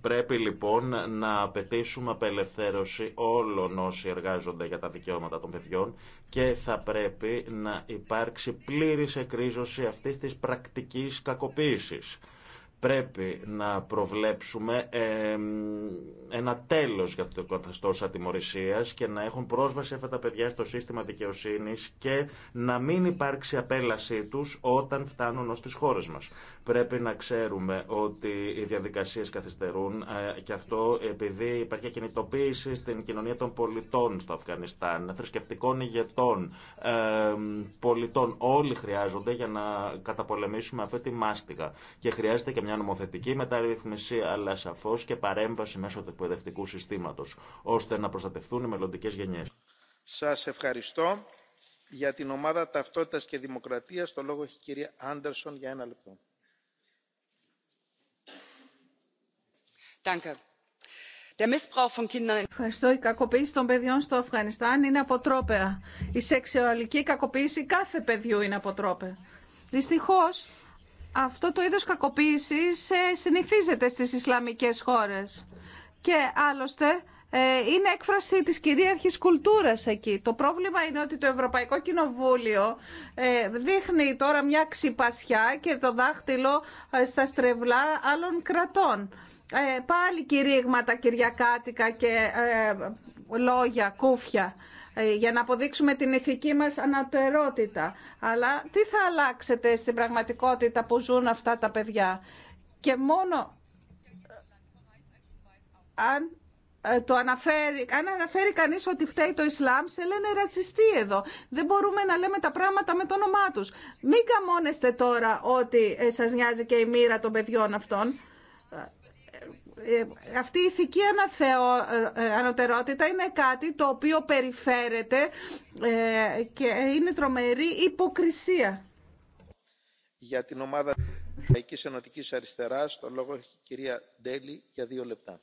Πρέπει λοιπόν να απαιτήσουμε απελευθέρωση όλων όσοι εργάζονται για τα δικαιώματα των παιδιών και θα πρέπει να υπάρξει πλήρης εκρίζωση αυτής της πρακτικής κακοποίησης πρέπει να προβλέψουμε ένα τέλος για το καθεστώς ατιμορρησίας και να έχουν πρόσβαση αυτά τα παιδιά στο σύστημα δικαιοσύνης και να μην υπάρξει απέλασή τους όταν φτάνουν ως τις χώρες μας. Πρέπει να ξέρουμε ότι οι διαδικασίες καθυστερούν ε, και αυτό επειδή υπάρχει κινητοποίηση στην κοινωνία των πολιτών στο Αφγανιστάν, θρησκευτικών ηγετών, ε, πολιτών. Όλοι χρειάζονται για να καταπολεμήσουμε αυτή τη μάστιγα και χρειάζεται και μια νομοθετική μεταρρύθμιση, αλλά σαφώ και παρέμβαση μέσω του εκπαιδευτικού συστήματο, ώστε να προστατευτούν οι μελλοντικέ γενιέ. Σα ευχαριστώ. Για την ομάδα Ταυτότητας και Δημοκρατίας, το λόγο έχει η κυρία Άντερσον για ένα λεπτό. Ευχαριστώ. Η κακοποίηση των παιδιών στο Αφγανιστάν είναι αποτρόπαια. Η σεξουαλική κακοποίηση κάθε παιδιού είναι αποτρόπαια. Δυστυχώς, αυτό το είδος κακοποίησης ε, συνηθίζεται στις Ισλαμικές χώρες. Και άλλωστε ε, είναι έκφραση της κυρίαρχης κουλτούρας εκεί. Το πρόβλημα είναι ότι το Ευρωπαϊκό Κοινοβούλιο ε, δείχνει τώρα μια ξυπασιά και το δάχτυλο στα στρεβλά άλλων κρατών. Πάλι κηρύγματα κυριακάτικα και λόγια, κούφια. Ε, για να αποδείξουμε την ηθική μας ανατερότητα. Αλλά τι θα αλλάξετε στην πραγματικότητα που ζουν αυτά τα παιδιά. Και μόνο ε, αν ε, το αναφέρει, αν αναφέρει κανείς ότι φταίει το Ισλάμ, σε λένε ρατσιστή εδώ. Δεν μπορούμε να λέμε τα πράγματα με το όνομά τους. Μην καμώνεστε τώρα ότι σας νοιάζει και η μοίρα των παιδιών αυτών. Ε, αυτή η ηθική αναθεω, ε, ανωτερότητα είναι κάτι το οποίο περιφέρεται ε, και είναι τρομερή υποκρισία. Για την ομάδα Ευρωπαϊκής Ενωτικής Αριστεράς, το λόγο έχει η κυρία Ντέλη για δύο λεπτά.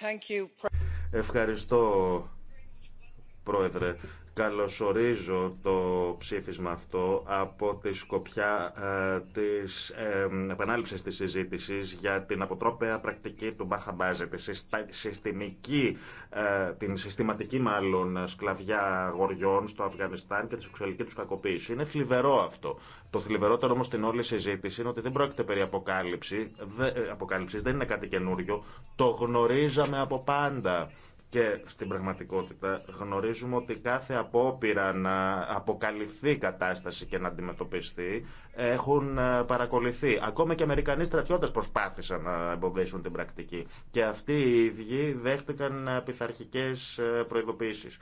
Thank you. Ευχαριστώ, Πρόεδρε. Καλωσορίζω το ψήφισμα αυτό από τη σκοπιά ε, της ε, επανάληψης της συζήτησης για την αποτρόπαια πρακτική του Μπαχαμπάζε, τη συστημική, ε, την συστηματική μάλλον σκλαβιά γοριών στο Αφγανιστάν και τη σεξουαλική τους κακοποίηση. Είναι θλιβερό αυτό. Το θλιβερότερο όμως στην όλη συζήτηση είναι ότι δεν πρόκειται περί αποκάλυψη, δε, ε, αποκάλυψης, δεν είναι κάτι καινούριο. Το γνωρίζαμε από πάντα και στην πραγματικότητα γνωρίζουμε ότι κάθε απόπειρα να αποκαλυφθεί η κατάσταση και να αντιμετωπιστεί έχουν ε, παρακολουθεί. Ακόμα και Αμερικανοί στρατιώτες προσπάθησαν να εμποδίσουν την πρακτική. Και αυτοί οι ίδιοι δέχτηκαν ε, πειθαρχικές ε, προειδοποίησεις.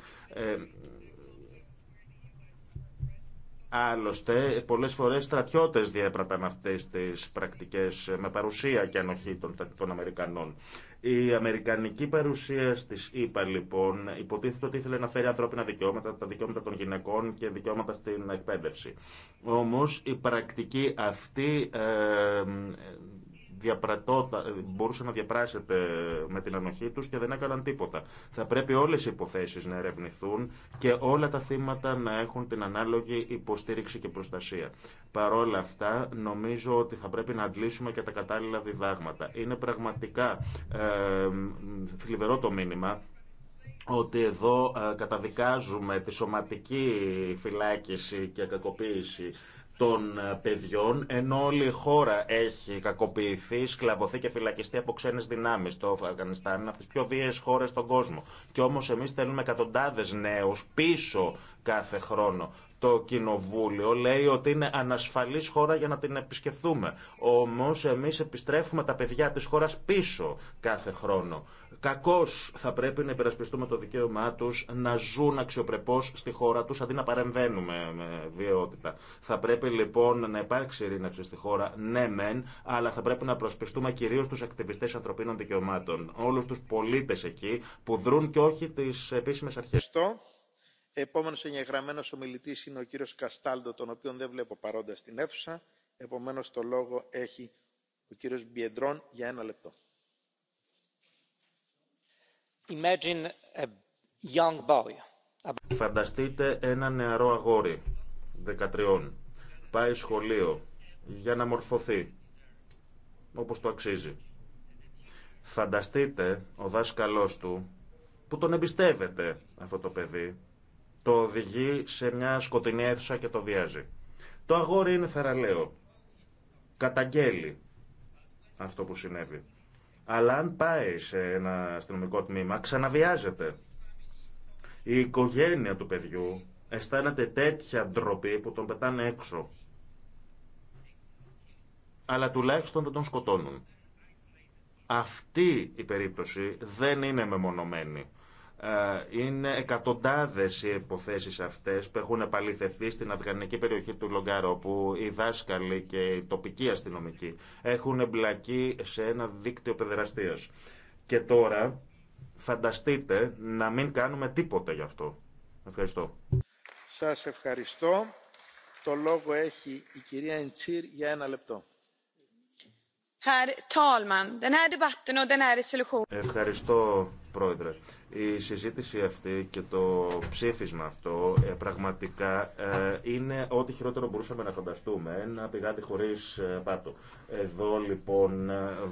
Άλλωστε, πολλέ φορέ στρατιώτε διέπραταν αυτέ τι πρακτικέ με παρουσία και ανοχή των Αμερικανών. Η αμερικανική παρουσία στι ΗΠΑ, λοιπόν, υποτίθεται ότι ήθελε να φέρει ανθρώπινα δικαιώματα, τα δικαιώματα των γυναικών και δικαιώματα στην εκπαίδευση. Όμω η πρακτική αυτή ε, μπορούσε να διαπράσετε με την ανοχή τους και δεν έκαναν τίποτα. Θα πρέπει όλες οι υποθέσεις να ερευνηθούν και όλα τα θύματα να έχουν την ανάλογη υποστήριξη και προστασία. Παρόλα αυτά, νομίζω ότι θα πρέπει να αντλήσουμε και τα κατάλληλα διδάγματα. Είναι πραγματικά ε, θλιβερό το μήνυμα ότι εδώ ε, καταδικάζουμε τη σωματική φυλάκιση και κακοποίηση των ε, παιδιών, ενώ όλη η χώρα έχει κακοποιηθεί, σκλαβωθεί και φυλακιστεί από ξένε δυνάμει. Το Αφγανιστάν είναι από τι πιο βίαιε χώρε στον κόσμο. Και όμω εμεί στέλνουμε εκατοντάδε νέου πίσω κάθε χρόνο. Το κοινοβούλιο λέει ότι είναι ανασφαλή χώρα για να την επισκεφθούμε. Όμω εμεί επιστρέφουμε τα παιδιά τη χώρα πίσω κάθε χρόνο. Κακώ θα πρέπει να υπερασπιστούμε το δικαίωμά του να ζουν αξιοπρεπώ στη χώρα του, αντί να παρεμβαίνουμε με βιαιότητα. Θα πρέπει λοιπόν να υπάρξει ειρήνευση στη χώρα, ναι μεν, αλλά θα πρέπει να προσπιστούμε κυρίω του ακτιβιστέ ανθρωπίνων δικαιωμάτων. Όλου του πολίτε εκεί που δρούν και όχι τι επίσημε αρχέ. Επόμενο εγγεγραμμένο ομιλητή είναι ο κύριο Καστάλντο, τον οποίο δεν βλέπω παρόντα στην αίθουσα. Επομένω, το λόγο έχει ο κύριο Μπιεντρών για ένα λεπτό. Φανταστείτε ένα νεαρό αγόρι, 13, πάει σχολείο για να μορφωθεί, όπως το αξίζει. Φανταστείτε ο δάσκαλός του, που τον εμπιστεύεται αυτό το παιδί, το οδηγεί σε μια σκοτεινή αίθουσα και το βιάζει. Το αγόρι είναι θεραλέο. Καταγγέλει αυτό που συνέβη. Αλλά αν πάει σε ένα αστυνομικό τμήμα, ξαναβιάζεται. Η οικογένεια του παιδιού αισθάνεται τέτοια ντροπή που τον πετάνε έξω. Αλλά τουλάχιστον δεν τον σκοτώνουν. Αυτή η περίπτωση δεν είναι μεμονωμένη. Ε, είναι εκατοντάδε οι υποθέσει αυτέ που έχουν επαληθευτεί στην αυγανική περιοχή του Λογκάρο, όπου οι δάσκαλοι και οι τοπικοί αστυνομικοί έχουν εμπλακεί σε ένα δίκτυο παιδεραστία. Και τώρα φανταστείτε να μην κάνουμε τίποτα γι' αυτό. Ευχαριστώ. Σας ευχαριστώ. Το λόγο έχει η κυρία Εντσίρ για ένα λεπτό. Ευχαριστώ, Πρόεδρε. Η συζήτηση αυτή και το ψήφισμα αυτό ε, πραγματικά ε, είναι ό,τι χειρότερο μπορούσαμε να φανταστούμε. Ένα πηγάδι χωρίς ε, πάτο. Εδώ λοιπόν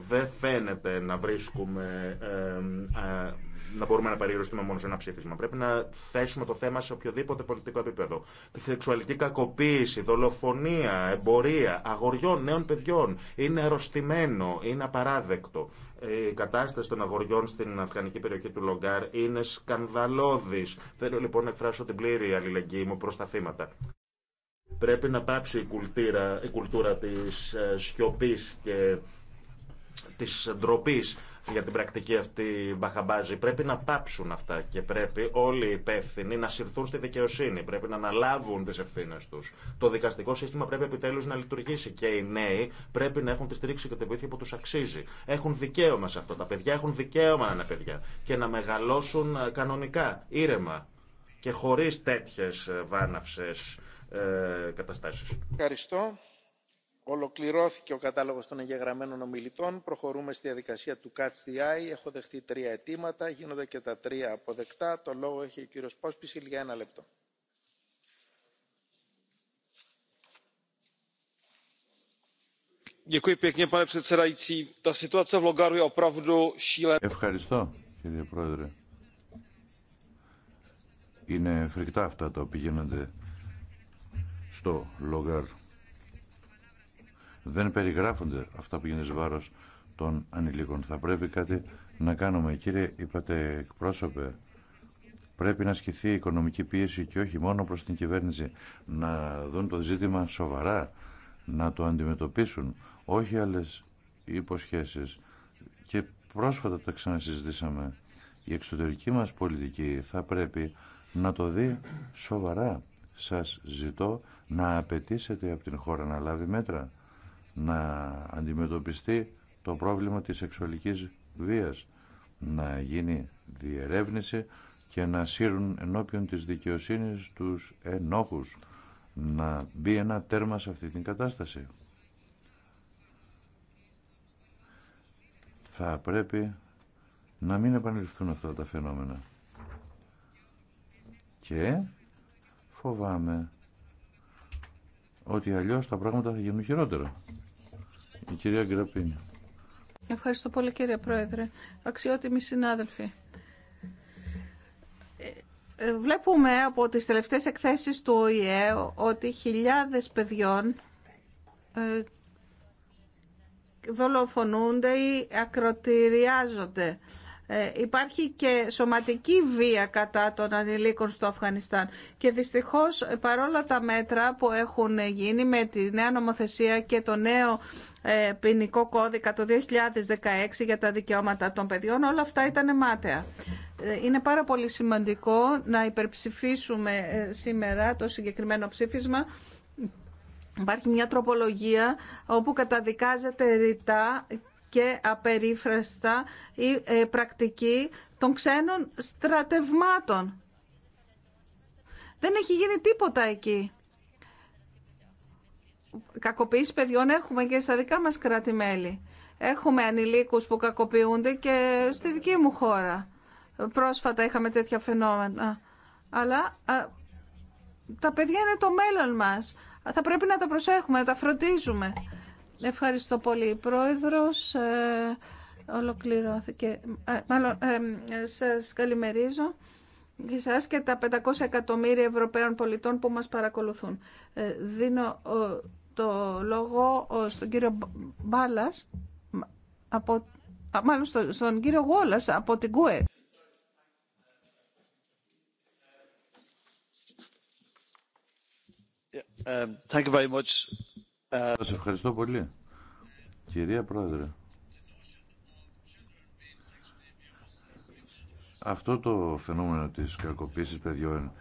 δεν φαίνεται να βρίσκουμε να μπορούμε να περιοριστούμε μόνο σε ένα ψήφισμα. Πρέπει να θέσουμε το θέμα σε οποιοδήποτε πολιτικό επίπεδο. Σεξουαλική κακοποίηση, δολοφονία, εμπορία αγοριών, νέων παιδιών είναι αρρωστημένο, είναι απαράδεκτο. Ε, η κατάσταση των αγοριών στην αφγανική περιοχή του Λογκάρ είναι σκανδαλώδη. Θέλω λοιπόν να εκφράσω την πλήρη αλληλεγγύη μου προ τα θύματα. Πρέπει να πάψει η κουλτούρα, η κουλτούρα της ε, σιωπής και της ντροπή για την πρακτική αυτή μπαχαμπάζη. Πρέπει να πάψουν αυτά και πρέπει όλοι οι υπεύθυνοι να συρθούν στη δικαιοσύνη. Πρέπει να αναλάβουν τι ευθύνε του. Το δικαστικό σύστημα πρέπει επιτέλου να λειτουργήσει και οι νέοι πρέπει να έχουν τη στήριξη και τη βοήθεια που του αξίζει. Έχουν δικαίωμα σε αυτό. Τα παιδιά έχουν δικαίωμα να είναι παιδιά και να μεγαλώσουν ε, κανονικά, ήρεμα και χωρί τέτοιε βάναυσε ε, ε καταστάσει. Ευχαριστώ ολοκληρώθηκε ο κατάλογος των εγγεγραμμένων ομιλητών. Προχωρούμε στη διαδικασία του Catch the Eye. Έχω δεχτεί τρία αιτήματα. Γίνονται και τα τρία αποδεκτά. Το λόγο έχει ο κύριος Πόσπισιλ για ένα λεπτό. Ευχαριστώ, κύριε Πρόεδρε. Είναι φρικτά αυτά τα οποία γίνονται στο Λογάρ δεν περιγράφονται αυτά που γίνεται τον των ανηλίκων. Θα πρέπει κάτι να κάνουμε. Κύριε, είπατε εκπρόσωπε, πρέπει να ασκηθεί η οικονομική πίεση και όχι μόνο προς την κυβέρνηση. Να δουν το ζήτημα σοβαρά, να το αντιμετωπίσουν, όχι άλλες υποσχέσεις. Και πρόσφατα τα ξανασυζητήσαμε. Η εξωτερική μας πολιτική θα πρέπει να το δει σοβαρά. Σας ζητώ να απαιτήσετε από την χώρα να λάβει μέτρα να αντιμετωπιστεί το πρόβλημα της σεξουαλικής βίας, να γίνει διερεύνηση και να σύρουν ενώπιον της δικαιοσύνης τους ενόχους, να μπει ένα τέρμα σε αυτή την κατάσταση. Θα πρέπει να μην επανελθούν αυτά τα φαινόμενα. Και φοβάμαι ότι αλλιώς τα πράγματα θα γίνουν χειρότερα. Ευχαριστώ πολύ κύριε Πρόεδρε. Αξιότιμοι συνάδελφοι. Ε, ε, βλέπουμε από τις τελευταίες εκθέσεις του ΟΗΕ ότι χιλιάδες παιδιών ε, δολοφονούνται ή ακροτηριάζονται. Υπάρχει και σωματική βία κατά των ανηλίκων στο Αφγανιστάν και δυστυχώς παρόλα τα μέτρα που έχουν γίνει με τη νέα νομοθεσία και το νέο ε, ποινικό κώδικα το 2016 για τα δικαιώματα των παιδιών. Όλα αυτά ήταν μάταια. Ε, είναι πάρα πολύ σημαντικό να υπερψηφίσουμε ε, σήμερα το συγκεκριμένο ψήφισμα. Υπάρχει μια τροπολογία όπου καταδικάζεται ρητά και απερίφραστα η πρακτική των ξένων στρατευμάτων. Δεν έχει γίνει τίποτα εκεί κακοποίηση παιδιών έχουμε και στα δικά μας κράτη-μέλη. Έχουμε ανηλίκους που κακοποιούνται και στη δική μου χώρα. Πρόσφατα είχαμε τέτοια φαινόμενα. Αλλά τα παιδιά είναι το μέλλον μας. Θα πρέπει να τα προσέχουμε, να τα φροντίζουμε. Ευχαριστώ πολύ, Πρόεδρος. Ε, ολοκληρώθηκε. Ε, μάλλον, ε, σας καλημερίζω και σας και τα 500 εκατομμύρια Ευρωπαίων πολιτών που μας παρακολουθούν. Ε, δίνω το λόγο στον κύριο Μπάλλα, από, μάλλον στον κύριο Γόλα από την ΚΟΕ. Um, uh, Σα ευχαριστώ πολύ, κυρία Πρόεδρε. Αυτό το φαινόμενο της κακοποίησης παιδιών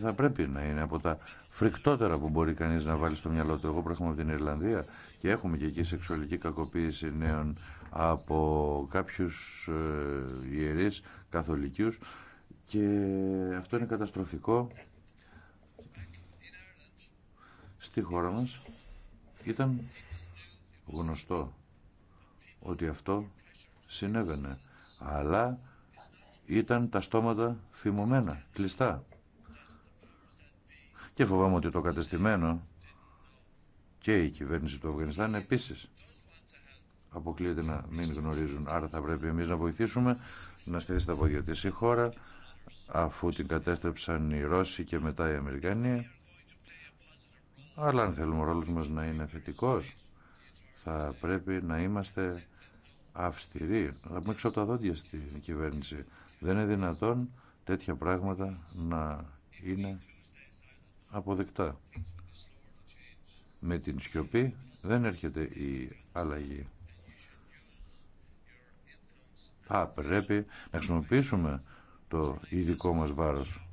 θα πρέπει να είναι από τα φρικτότερα που μπορεί κανεί να βάλει στο μυαλό του. Εγώ προέρχομαι από την Ιρλανδία και έχουμε και εκεί σεξουαλική κακοποίηση νέων από κάποιου ε, ιερεί καθολικού και αυτό είναι καταστροφικό στη χώρα μας ήταν γνωστό ότι αυτό συνέβαινε αλλά ήταν τα στόματα φημωμένα, κλειστά και φοβάμαι ότι το κατεστημένο και η κυβέρνηση του Αφγανιστάν επίσης αποκλείεται να μην γνωρίζουν. Άρα θα πρέπει εμείς να βοηθήσουμε να στηρίξει τα πόδια της η χώρα αφού την κατέστρεψαν οι Ρώσοι και μετά οι Αμερικανοί. Αλλά αν θέλουμε ο ρόλος μας να είναι θετικός θα πρέπει να είμαστε αυστηροί. Θα πούμε έξω τα δόντια στην κυβέρνηση. Δεν είναι δυνατόν τέτοια πράγματα να είναι αποδεκτά. Με την σιωπή δεν έρχεται η αλλαγή. Θα πρέπει να χρησιμοποιήσουμε το ειδικό μας βάρος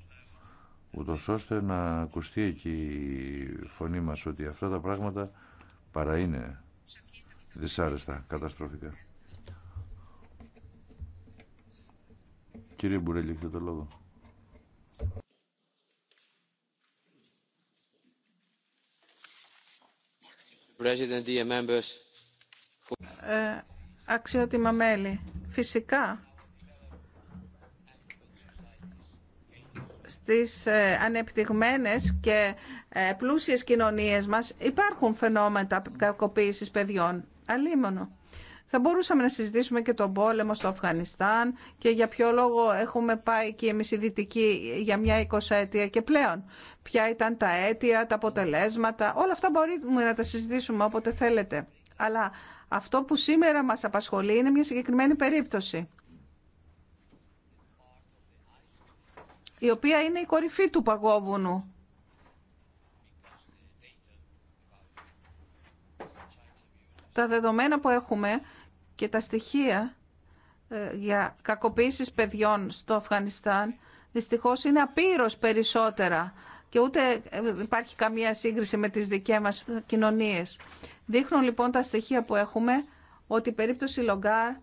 ούτως ώστε να ακουστεί εκεί η φωνή μας ότι αυτά τα πράγματα παρά είναι δυσάρεστα, καταστροφικά. Κύριε Μπουρέλη, έχετε το λόγο. Ε, αξιότιμα μέλη, φυσικά στις ε, ανεπτυγμένες και ε, πλούσιες κοινωνίες μας υπάρχουν φαινόμενα κακοποίησης παιδιών. Αλίμονο. Θα μπορούσαμε να συζητήσουμε και τον πόλεμο στο Αφγανιστάν και για ποιο λόγο έχουμε πάει και εμείς οι Δυτικοί για μια εικοσαετία και πλέον. Ποια ήταν τα αίτια, τα αποτελέσματα, όλα αυτά μπορούμε να τα συζητήσουμε όποτε θέλετε. Αλλά αυτό που σήμερα μας απασχολεί είναι μια συγκεκριμένη περίπτωση. η οποία είναι η κορυφή του παγόβουνου. Τα δεδομένα που έχουμε και τα στοιχεία ε, για κακοποίησης παιδιών στο Αφγανιστάν δυστυχώς είναι απείρως περισσότερα και ούτε ε, υπάρχει καμία σύγκριση με τις δικές μας κοινωνίες. Δείχνουν λοιπόν τα στοιχεία που έχουμε ότι η περίπτωση Λογκάρ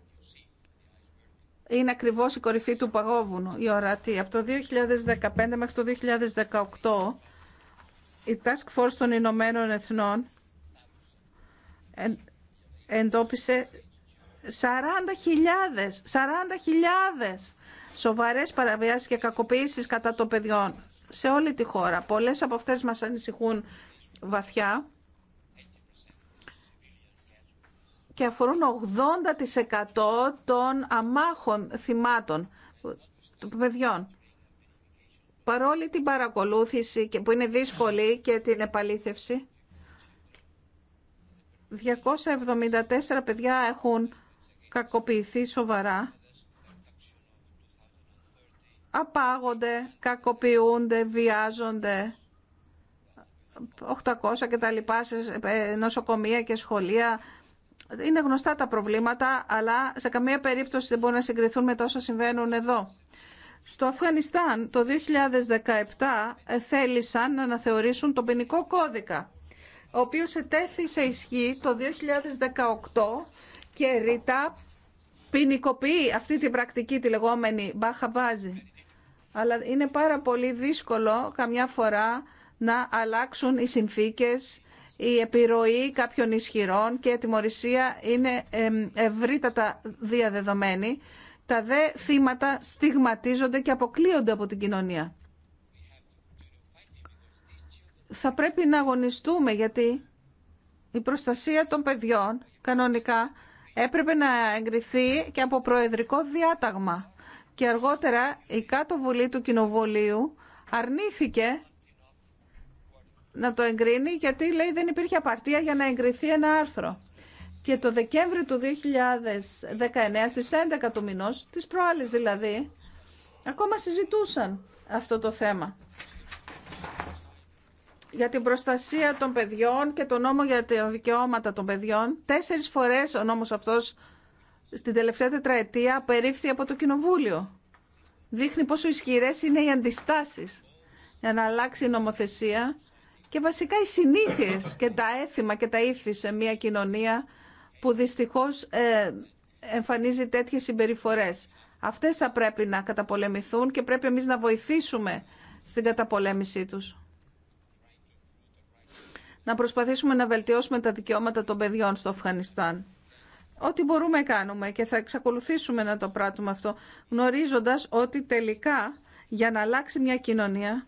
είναι ακριβώς η κορυφή του παγόβουνου, η ορατή. Από το 2015 μέχρι το 2018 η Task Force των Ηνωμένων Εθνών εντόπισε 40.000, 40.000 σοβαρές παραβιάσεις και κακοποίησεις κατά των παιδιών σε όλη τη χώρα. Πολλές από αυτές μας ανησυχούν βαθιά και αφορούν 80% των αμάχων θυμάτων των παιδιών. Παρόλη την παρακολούθηση που είναι δύσκολη και την επαλήθευση, 274 παιδιά έχουν κακοποιηθεί σοβαρά απάγονται, κακοποιούνται, βιάζονται 800 και τα λοιπά σε νοσοκομεία και σχολεία είναι γνωστά τα προβλήματα αλλά σε καμία περίπτωση δεν μπορούν να συγκριθούν με τόσα συμβαίνουν εδώ στο Αφγανιστάν το 2017 θέλησαν να αναθεωρήσουν τον ποινικό κώδικα ο οποίος ετέθη σε ισχύ το 2018 και ρητά ποινικοποιεί αυτή την πρακτική τη λεγόμενη μπαχαμπάζη. Αλλά είναι πάρα πολύ δύσκολο καμιά φορά να αλλάξουν οι συνθήκες, η επιρροή κάποιων ισχυρών και η τιμωρησία είναι ευρύτατα διαδεδομένη. Τα δε θύματα στιγματίζονται και αποκλείονται από την κοινωνία. Θα πρέπει να αγωνιστούμε γιατί η προστασία των παιδιών κανονικά έπρεπε να εγκριθεί και από προεδρικό διάταγμα. Και αργότερα η κάτω βουλή του Κοινοβουλίου αρνήθηκε να το εγκρίνει γιατί λέει δεν υπήρχε απαρτία για να εγκριθεί ένα άρθρο. Και το Δεκέμβρη του 2019 στις 11 του μηνός, της προάλλης δηλαδή, ακόμα συζητούσαν αυτό το θέμα για την προστασία των παιδιών και τον νόμο για τα δικαιώματα των παιδιών. Τέσσερις φορές ο νόμος αυτός στην τελευταία τετραετία περίφθη από το Κοινοβούλιο. Δείχνει πόσο ισχυρές είναι οι αντιστάσεις για να αλλάξει η νομοθεσία και βασικά οι συνήθειες και τα έθιμα και τα ήθη σε μια κοινωνία που δυστυχώς ε, εμφανίζει τέτοιες συμπεριφορές. Αυτές θα πρέπει να καταπολεμηθούν και πρέπει εμείς να βοηθήσουμε στην καταπολέμησή τους να προσπαθήσουμε να βελτιώσουμε τα δικαιώματα των παιδιών στο Αφγανιστάν. Ό,τι μπορούμε κάνουμε και θα εξακολουθήσουμε να το πράττουμε αυτό, γνωρίζοντας ότι τελικά για να αλλάξει μια κοινωνία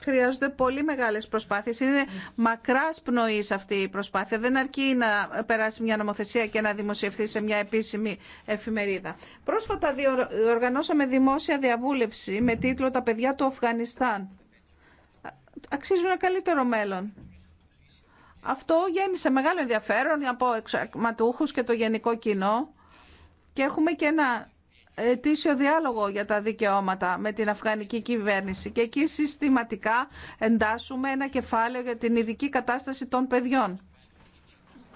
χρειάζονται πολύ μεγάλες προσπάθειες. Είναι μακράς πνοής αυτή η προσπάθεια. Δεν αρκεί να περάσει μια νομοθεσία και να δημοσιευθεί σε μια επίσημη εφημερίδα. Πρόσφατα διοργανώσαμε δημόσια διαβούλευση με τίτλο «Τα παιδιά του Αφγανιστάν» αξίζουν ένα καλύτερο μέλλον. Αυτό γέννησε μεγάλο ενδιαφέρον από εξαρματούχους και το γενικό κοινό και έχουμε και ένα ετήσιο διάλογο για τα δικαιώματα με την αφγανική κυβέρνηση και εκεί συστηματικά εντάσσουμε ένα κεφάλαιο για την ειδική κατάσταση των παιδιών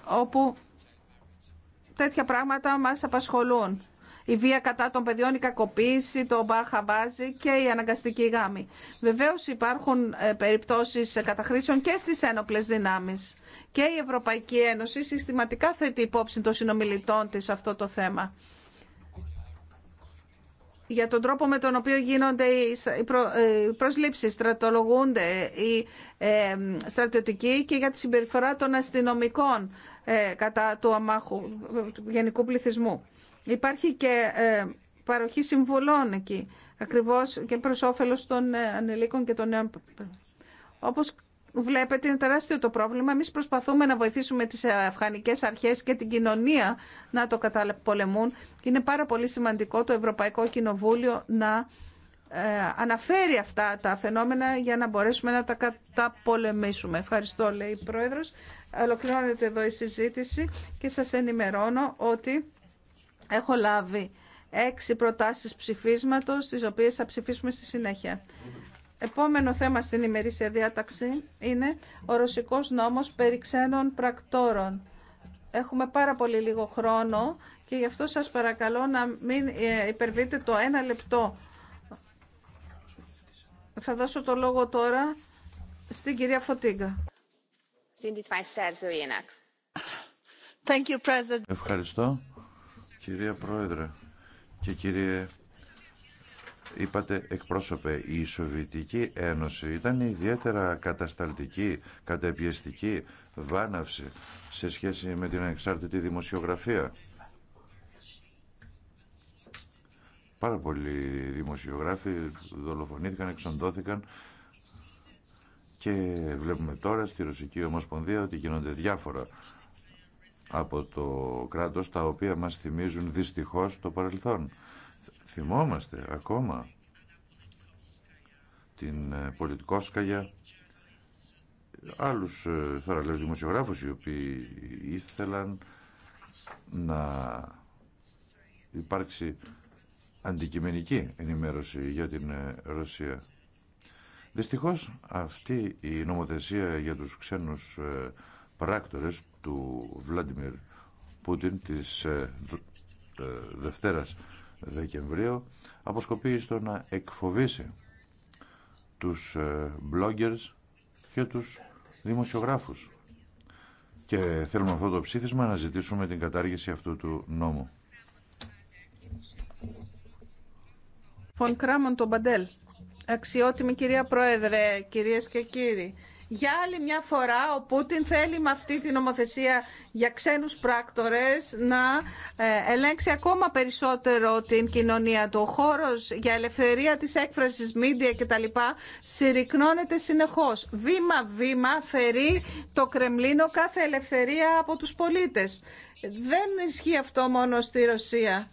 όπου τέτοια πράγματα μας απασχολούν η βία κατά των παιδιών, η κακοποίηση, το μπαχαμπάζι και η αναγκαστική γάμη. Βεβαίω υπάρχουν ε, περιπτώσεις καταχρήσεων και στις ένοπλες δυνάμεις. Και η Ευρωπαϊκή Ένωση συστηματικά θέτει υπόψη των συνομιλητών της αυτό το θέμα για τον τρόπο με τον οποίο γίνονται οι ε, προσλήψεις, στρατολογούνται οι ε, στρατιωτικοί και για τη συμπεριφορά των αστυνομικών κατά του αμάχου γενικού πληθυσμού. Υπάρχει και ε, παροχή συμβουλών εκεί, ακριβώς και προς όφελος των ε, ανελίκων και των νέων. Όπως βλέπετε είναι τεράστιο το πρόβλημα. Εμείς προσπαθούμε να βοηθήσουμε τις ε, αφγανικές αρχές και την κοινωνία να το καταπολεμούν. είναι πάρα πολύ σημαντικό το Ευρωπαϊκό Κοινοβούλιο να αναφέρει αυτά τα φαινόμενα για να μπορέσουμε να τα καταπολεμήσουμε. Ευχαριστώ, λέει η Πρόεδρος. Ολοκληρώνεται εδώ η συζήτηση και σας ενημερώνω ότι Έχω λάβει έξι προτάσεις ψηφίσματος, τις οποίες θα ψηφίσουμε στη συνέχεια. Επόμενο θέμα στην ημερήσια διάταξη είναι ο ρωσικός νόμος περί ξένων πρακτόρων. Έχουμε πάρα πολύ λίγο χρόνο και γι' αυτό σας παρακαλώ να μην ε, υπερβείτε το ένα λεπτό. Θα δώσω το λόγο τώρα στην κυρία Φωτίγκα. Ευχαριστώ. Κυρία Πρόεδρε και κύριε είπατε εκπρόσωπε, η Σοβιετική Ένωση ήταν ιδιαίτερα κατασταλτική, κατεπιεστική, βάναυση σε σχέση με την εξάρτητη δημοσιογραφία. Πάρα πολλοί δημοσιογράφοι δολοφονήθηκαν, εξοντώθηκαν και βλέπουμε τώρα στη Ρωσική Ομοσπονδία ότι γίνονται διάφορα από το κράτος τα οποία μας θυμίζουν δυστυχώς το παρελθόν. Θυμόμαστε ακόμα την ε, πολιτικόσκαγια άλλους θωραλέους ε, δημοσιογράφους οι οποίοι ήθελαν να υπάρξει αντικειμενική ενημέρωση για την ε, Ρωσία. Δυστυχώς αυτή η νομοθεσία για τους ξένους πράκτορες του Βλάντιμιρ Πούτιν της ε, ε, Δευτέρας Δεκεμβρίου αποσκοπεί στο να εκφοβήσει τους ε, bloggers και τους δημοσιογράφους. Και θέλουμε αυτό το ψήφισμα να ζητήσουμε την κατάργηση αυτού του νόμου. Φων Κράμον τον Αξιότιμη κυρία Πρόεδρε, κυρίες και κύριοι. Για άλλη μια φορά ο Πούτιν θέλει με αυτή την νομοθεσία για ξένους πράκτορες να ε, ελέγξει ακόμα περισσότερο την κοινωνία του. Ο χώρος για ελευθερία της έκφρασης, μίντια κτλ. συρρυκνώνεται συνεχώς. Βήμα-βήμα φερεί το Κρεμλίνο κάθε ελευθερία από τους πολίτες. Δεν ισχύει αυτό μόνο στη Ρωσία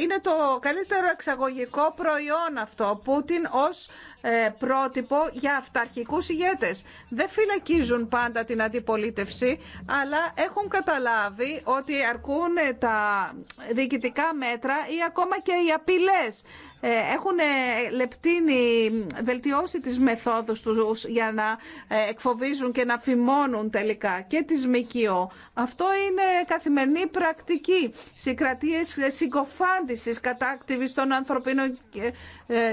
είναι το καλύτερο εξαγωγικό προϊόν αυτό, Πούτιν ως ε, πρότυπο για αυταρχικούς ηγέτες. Δεν φυλακίζουν πάντα την αντιπολίτευση, αλλά έχουν καταλάβει ότι αρκούν τα διοικητικά μέτρα ή ακόμα και οι απειλές ε, έχουν ε, λεπτύνει, βελτιώσει τις μεθόδους τους για να ε, εκφοβίζουν και να φημώνουν τελικά και τις ΜΚΟ. Αυτό είναι καθημερινή πρακτική. Συγκρατίες συγκοφάντησης κατά των ανθρωπίνων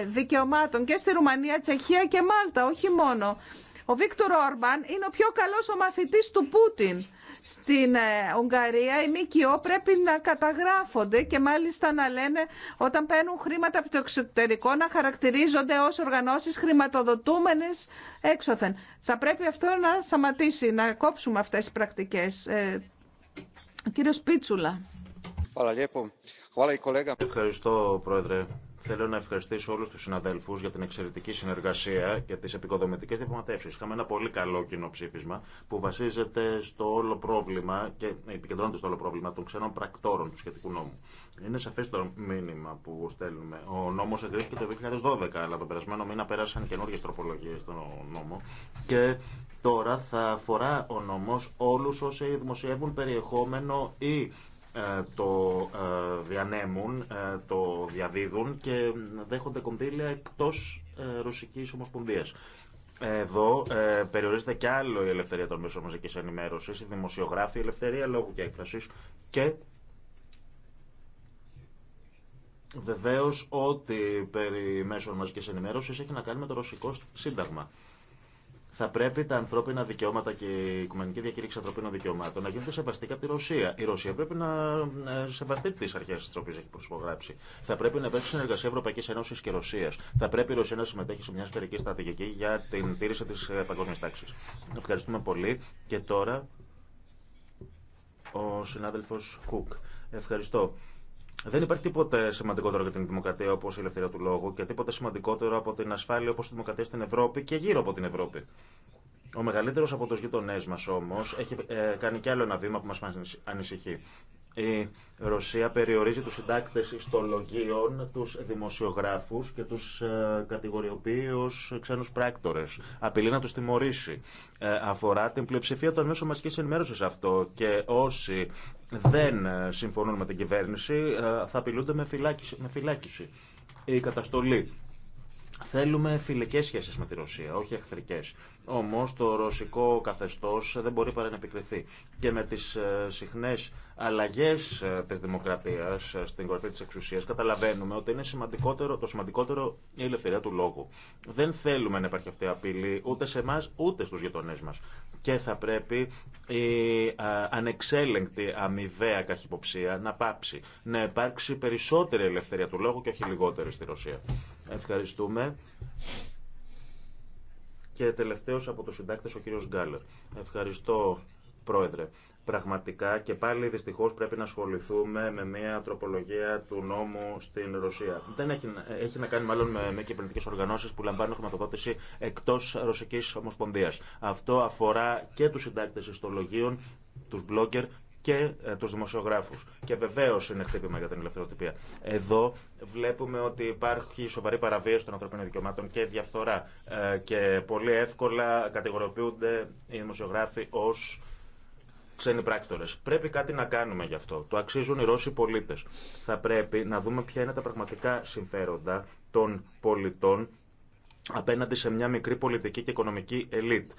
δικαιωμάτων και στη Ρουμανία, Τσεχία και Μάλτα, όχι μόνο. Ο Βίκτορ Ορμπάν είναι ο πιο καλός ο μαθητής του Πούτιν στην ε, Ουγγαρία οι ΜΚΟ πρέπει να καταγράφονται και μάλιστα να λένε όταν παίρνουν χρήματα από το εξωτερικό να χαρακτηρίζονται ως οργανώσεις χρηματοδοτούμενες έξωθεν. Θα πρέπει αυτό να σταματήσει, να κόψουμε αυτές τις πρακτικές. Ε, Πίτσουλα. Ευχαριστώ, Πρόεδρε. Θέλω να ευχαριστήσω όλου του συναδέλφου για την εξαιρετική συνεργασία και τι επικοδομητικέ διαπραγματεύσει. Είχαμε ένα πολύ καλό κοινό που βασίζεται στο όλο πρόβλημα και επικεντρώνεται στο όλο πρόβλημα των ξένων πρακτόρων του σχετικού νόμου. Είναι σαφέ το μήνυμα που στέλνουμε. Ο νόμο εγκρίθηκε το 2012, αλλά τον περασμένο μήνα πέρασαν καινούργιε τροπολογίε στον νόμο και τώρα θα αφορά ο νόμο όλου όσοι δημοσιεύουν περιεχόμενο ή ε, το ε, διανέμουν, ε, το διαδίδουν και δέχονται κονδύλια εκτός Ρωσικής Ομοσπονδίας. Εδώ περιορίζεται κι άλλο η ελευθερία των μέσων μαζικής ενημέρωσης, η δημοσιογράφη, η ελευθερία λόγου και έκφρασης και βεβαίως ό,τι περί μέσων μαζικής ενημέρωσης έχει να κάνει με το ρωσικό σύνταγμα. Θα πρέπει τα ανθρώπινα δικαιώματα και η Οικουμενική Διακήρυξη Ανθρωπίνων Δικαιωμάτων να γίνονται σεβαστή και από τη Ρωσία. Η Ρωσία πρέπει να ε, σεβαστεί τι αρχέ τη οποία έχει προσυπογράψει. Θα πρέπει να υπάρξει συνεργασία Ευρωπαϊκή Ένωση και Ρωσία. Θα πρέπει η Ρωσία να συμμετέχει σε μια σφαιρική στρατηγική για την τήρηση τη ε, παγκόσμια τάξη. Ευχαριστούμε πολύ. Και τώρα ο συνάδελφο Κουκ. Ευχαριστώ. Δεν υπάρχει τίποτε σημαντικότερο για την δημοκρατία όπω η ελευθερία του λόγου και τίποτε σημαντικότερο από την ασφάλεια όπω η δημοκρατία στην Ευρώπη και γύρω από την Ευρώπη. Ο μεγαλύτερο από του γείτονέ μα όμω έχει ε, κάνει κι άλλο ένα βήμα που μα ανησυχεί. Η Ρωσία περιορίζει του συντάκτε ιστολογίων, του δημοσιογράφου και του ε, κατηγοριοποιεί ω ξένου πράκτορε. Απειλεί να του τιμωρήσει. Ε, αφορά την πλειοψηφία των μέσων μαζική ενημέρωση αυτό και όσοι δεν ε, συμφωνούν με την κυβέρνηση ε, θα απειλούνται με φυλάκιση. Με Η καταστολή Θέλουμε φιλικέ σχέσει με τη Ρωσία, όχι εχθρικέ. Όμω το ρωσικό καθεστώ δεν μπορεί παρά να επικριθεί. Και με τις ε, συχνές αλλαγές ε, της δημοκρατίας ε, στην κορυφή τη εξουσία, καταλαβαίνουμε ότι είναι σημαντικότερο, το σημαντικότερο η ελευθερία του λόγου. Δεν θέλουμε να υπάρχει αυτή η απειλή ούτε σε εμά ούτε στου γειτονέ μα. Και θα πρέπει η ανεξέλεγκτη αμοιβαία καχυποψία να πάψει. Να υπάρξει περισσότερη ελευθερία του λόγου και όχι λιγότερη στη Ρωσία. Ευχαριστούμε. Και τελευταίος από τους συντάκτες ο κύριος Γκάλερ. Ευχαριστώ, Πρόεδρε. Πραγματικά και πάλι δυστυχώ πρέπει να ασχοληθούμε με μια τροπολογία του νόμου στην Ρωσία. Δεν έχει, έχει να κάνει μάλλον με, με κυβερνητικέ οργανώσει που λαμβάνουν χρηματοδότηση εκτό Ρωσική Ομοσπονδία. Αυτό αφορά και του συντάκτε ιστολογίων, του blogger και ε, του δημοσιογράφου. Και βεβαίω είναι χτύπημα για την ελευθεροτυπία. Εδώ βλέπουμε ότι υπάρχει σοβαρή παραβίαση των ανθρωπίνων δικαιωμάτων και διαφθορά. Ε, και πολύ εύκολα κατηγοροποιούνται οι δημοσιογράφοι ω ξένοι πράκτορε. Πρέπει κάτι να κάνουμε γι' αυτό. Το αξίζουν οι Ρώσοι πολίτε. Θα πρέπει να δούμε ποια είναι τα πραγματικά συμφέροντα των πολιτών απέναντι σε μια μικρή πολιτική και οικονομική ελίτ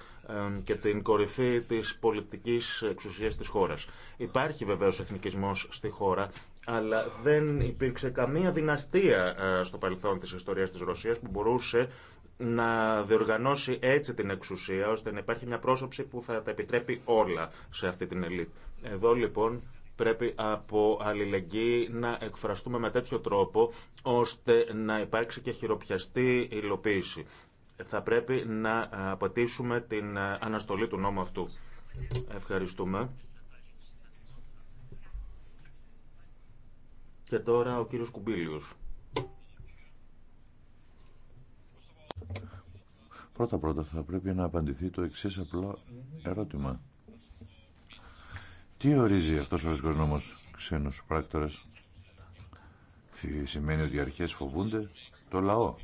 και την κορυφή της πολιτικής εξουσίας της χώρας. Υπάρχει βεβαίως εθνικισμός στη χώρα, αλλά δεν υπήρξε καμία δυναστεία ε, στο παρελθόν της ιστορίας της Ρωσίας που μπορούσε να διοργανώσει έτσι την εξουσία, ώστε να υπάρχει μια πρόσωψη που θα τα επιτρέπει όλα σε αυτή την ελίτ. Εδώ λοιπόν πρέπει από αλληλεγγύη να εκφραστούμε με τέτοιο τρόπο, ώστε να υπάρξει και χειροπιαστή υλοποίηση θα πρέπει να απαιτήσουμε την αναστολή του νόμου αυτού. Ευχαριστούμε. Και τώρα ο κύριος Κουμπίλιος. Πρώτα πρώτα θα πρέπει να απαντηθεί το εξής απλό ερώτημα. Τι ορίζει αυτός ο οριστικός νόμος ξένους πράκτορες. Σημαίνει ότι οι αρχές φοβούνται το λαό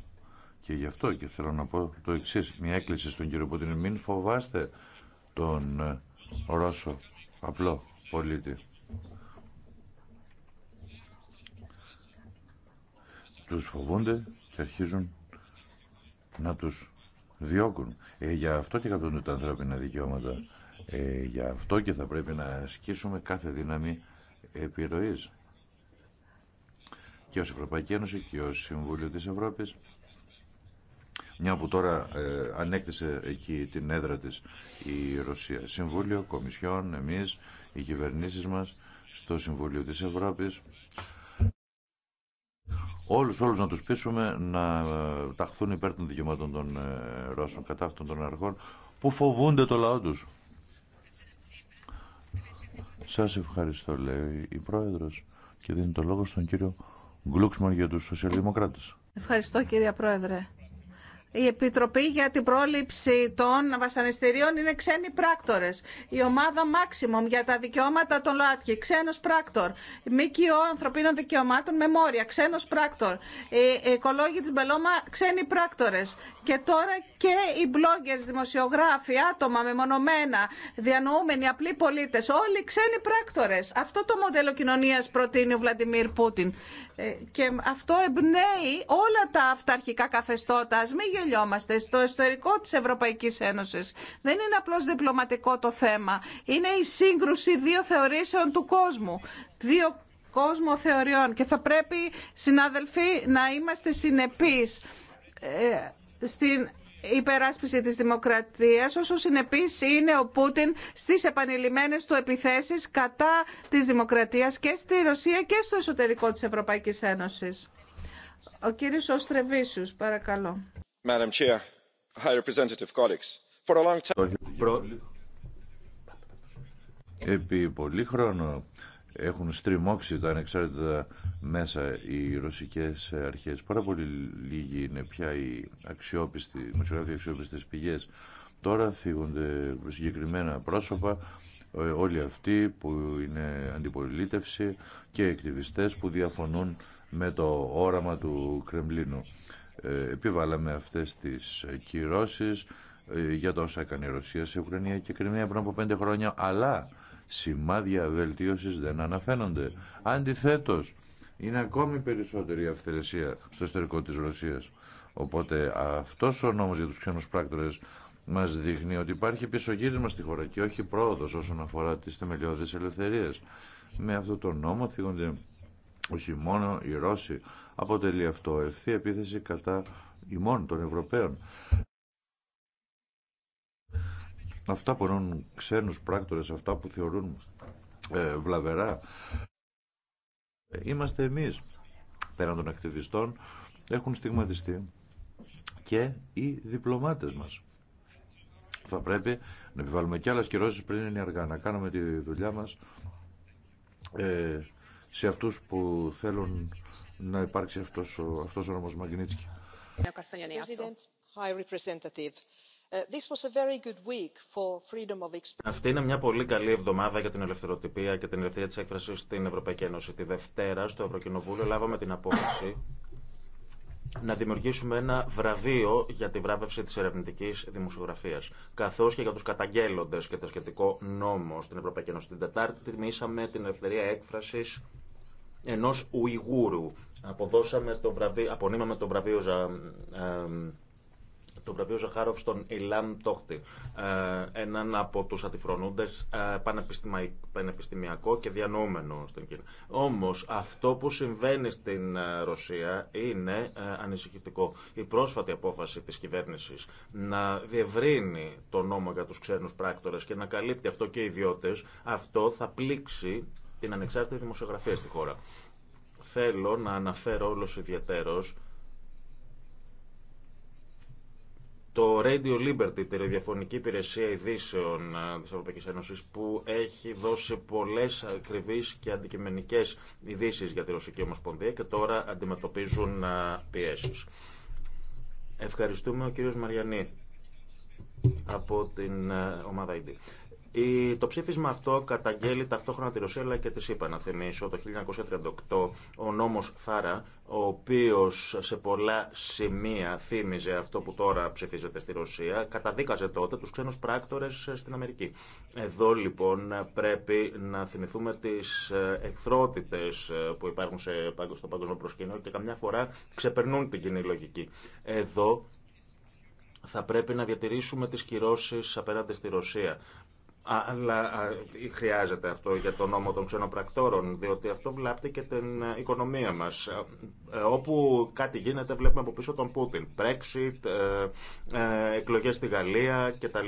και γι' αυτό και θέλω να πω το εξή, μια έκκληση στον κύριο Πούτιν. Μην φοβάστε τον ε, Ρώσο απλό πολίτη. Τους φοβούνται και αρχίζουν να τους διώκουν. Ε, για αυτό και καθόνται τα ανθρώπινα δικαιώματα. Ε, για αυτό και θα πρέπει να ασκήσουμε κάθε δύναμη επιρροής. Και ως Ευρωπαϊκή Ένωση και ως Συμβούλιο της Ευρώπης μια που τώρα ε, ανέκτησε εκεί την έδρα της η Ρωσία. Συμβούλιο, Κομισιόν, εμείς, οι κυβερνήσεις μας, στο Συμβούλιο της Ευρώπης. Όλους, όλους να τους πείσουμε να ε, ταχθούν υπέρ των δικαιωμάτων των ε, Ρώσων κατά αυτών των αρχών που φοβούνται το λαό τους. Σας ευχαριστώ, λέει η Πρόεδρος και δίνει το λόγο στον κύριο Γκλούξμαν για τους Σοσιαλδημοκράτες. Ευχαριστώ, κύριε Πρόεδρε η Επιτροπή για την πρόληψη των βασανιστήριων είναι ξένοι πράκτορες. Η ομάδα Maximum για τα δικαιώματα των ΛΟΑΤΚΙ, ξένος πράκτορ. Η ΜΚΟ ανθρωπίνων δικαιωμάτων Μεμόρια, ξένο ξένος πράκτορ. Οι ε, οικολόγοι της Μπελώμα, ξένοι πράκτορες. Και τώρα και οι bloggers, δημοσιογράφοι, άτομα μεμονωμένα, διανοούμενοι, απλοί πολίτε, όλοι ξένοι πράκτορε. Αυτό το μοντέλο κοινωνία προτείνει ο Βλαντιμίρ Πούτιν. Ε, και αυτό εμπνέει όλα τα αυταρχικά καθεστώτα. Ας μην γελιόμαστε στο εσωτερικό της Ευρωπαϊκής Ένωσης. Δεν είναι απλώς διπλωματικό το θέμα. Είναι η σύγκρουση δύο θεωρήσεων του κόσμου. Δύο κόσμο θεωριών. Και θα πρέπει, συνάδελφοι, να είμαστε συνεπείς ε, στην υπεράσπιση της δημοκρατίας όσο συνεπής είναι ο Πούτιν στις επανειλημμένες του επιθέσεις κατά της δημοκρατίας και στη Ρωσία και στο εσωτερικό της Ευρωπαϊκής Ένωσης. Ο κύριος Οστρεβίσιους, παρακαλώ. Madam Chair, Representative for a long time... Επί πολύ χρόνο έχουν στριμώξει τα ανεξάρτητα μέσα οι ρωσικές αρχές. Πάρα πολύ λίγοι είναι πια οι αξιόπιστοι, δημοσιογράφοι αξιόπιστες πηγές. Τώρα φύγονται συγκεκριμένα πρόσωπα, ε, όλοι αυτοί που είναι αντιπολίτευση και εκτιβιστές που διαφωνούν με το όραμα του Κρεμλίνου. Ε, επιβάλαμε αυτές τις κυρώσεις ε, για το όσα έκανε η Ρωσία σε Ουκρανία και Κρυμνία πριν από πέντε χρόνια, αλλά σημάδια βελτίωσης δεν αναφέρονται. Αντιθέτως, είναι ακόμη περισσότερη η αυθαιρεσία στο εσωτερικό της Ρωσίας. Οπότε αυτός ο νόμος για τους ξένους πράκτορες μας δείχνει ότι υπάρχει γύρισμα στη χώρα και όχι πρόοδος όσον αφορά τις θεμελιώδεις ελευθερίες. Με αυτό τον νόμο θίγονται όχι μόνο οι Ρώσοι. Αποτελεί αυτό ευθύ επίθεση κατά ημών των Ευρωπαίων αυτά που ενώνουν ξένους πράκτορες, αυτά που θεωρούν ε, βλαβερά, είμαστε εμείς πέραν των ακτιβιστών, έχουν στιγματιστεί και οι διπλωμάτες μας. Θα πρέπει να επιβάλλουμε και άλλες κυρώσεις πριν είναι αργά, να κάνουμε τη δουλειά μας ε, σε αυτούς που θέλουν να υπάρξει αυτός ο, αυτός ο νόμος Μαγνίτσκι. Αυτή είναι μια πολύ καλή εβδομάδα για την ελευθεροτυπία και την ελευθερία της έκφρασης στην Ευρωπαϊκή Ένωση. Τη Δευτέρα στο Ευρωκοινοβούλιο λάβαμε την απόφαση να δημιουργήσουμε ένα βραβείο για τη βράβευση της ερευνητικής δημοσιογραφίας, καθώς και για τους καταγγέλλοντες και το σχετικό νόμο στην Ευρωπαϊκή Ένωση. Την Τετάρτη τιμήσαμε την ελευθερία έκφρασης ενός Ουιγούρου. Αποδώσαμε απονείμαμε το βραβείο ε, το βραβείο Ζαχάροφ στον Ιλάν Τόχτη, ε, έναν από τους αντιφρονούντες ε, πανεπιστημιακό και διανοούμενο στην Κίνα. Όμως αυτό που συμβαίνει στην ε, Ρωσία είναι ανησυχητικό. Η πρόσφατη απόφαση της κυβέρνησης να διευρύνει το νόμο για τους ξένους πράκτορες και να καλύπτει αυτό και οι ιδιώτες, αυτό θα πλήξει την ανεξάρτητη δημοσιογραφία στη χώρα. Θέλω να αναφέρω όλος ιδιαίτερος Το Radio Liberty, τη ραδιοφωνική υπηρεσία ειδήσεων ε, της Ευρωπαϊκής Ένωσης, που έχει δώσει πολλές ακριβείς και αντικειμενικές ειδήσει για τη Ρωσική Ομοσπονδία και τώρα αντιμετωπίζουν ε, πιέσεις. Ευχαριστούμε ο κύριος Μαριανή από την ε, ομάδα ID. Το ψήφισμα αυτό καταγγέλει ταυτόχρονα τη Ρωσία αλλά και τη ΣΥΠΑ. Να θυμίσω το 1938 ο νόμος Φάρα, ο οποίος σε πολλά σημεία θύμιζε αυτό που τώρα ψηφίζεται στη Ρωσία, καταδίκαζε τότε τους ξένου πράκτορες ε, στην Αμερική. Εδώ λοιπόν πρέπει να θυμηθούμε τις ε, εχθρότητε ε, που υπάρχουν στο παγκόσμιο προσκήνιο και καμιά φορά ξεπερνούν την κοινή λογική. Εδώ θα πρέπει να διατηρήσουμε τις κυρώσεις απέναντι στη Ρωσία αλλά χρειάζεται αυτό για τον νόμο των ξενοπρακτόρων, διότι αυτό βλάπτει και την ε, οικονομία μα. Ε, ε, όπου κάτι γίνεται, βλέπουμε από πίσω τον Πούτιν. Brexit, εκλογέ στη Γαλλία κτλ.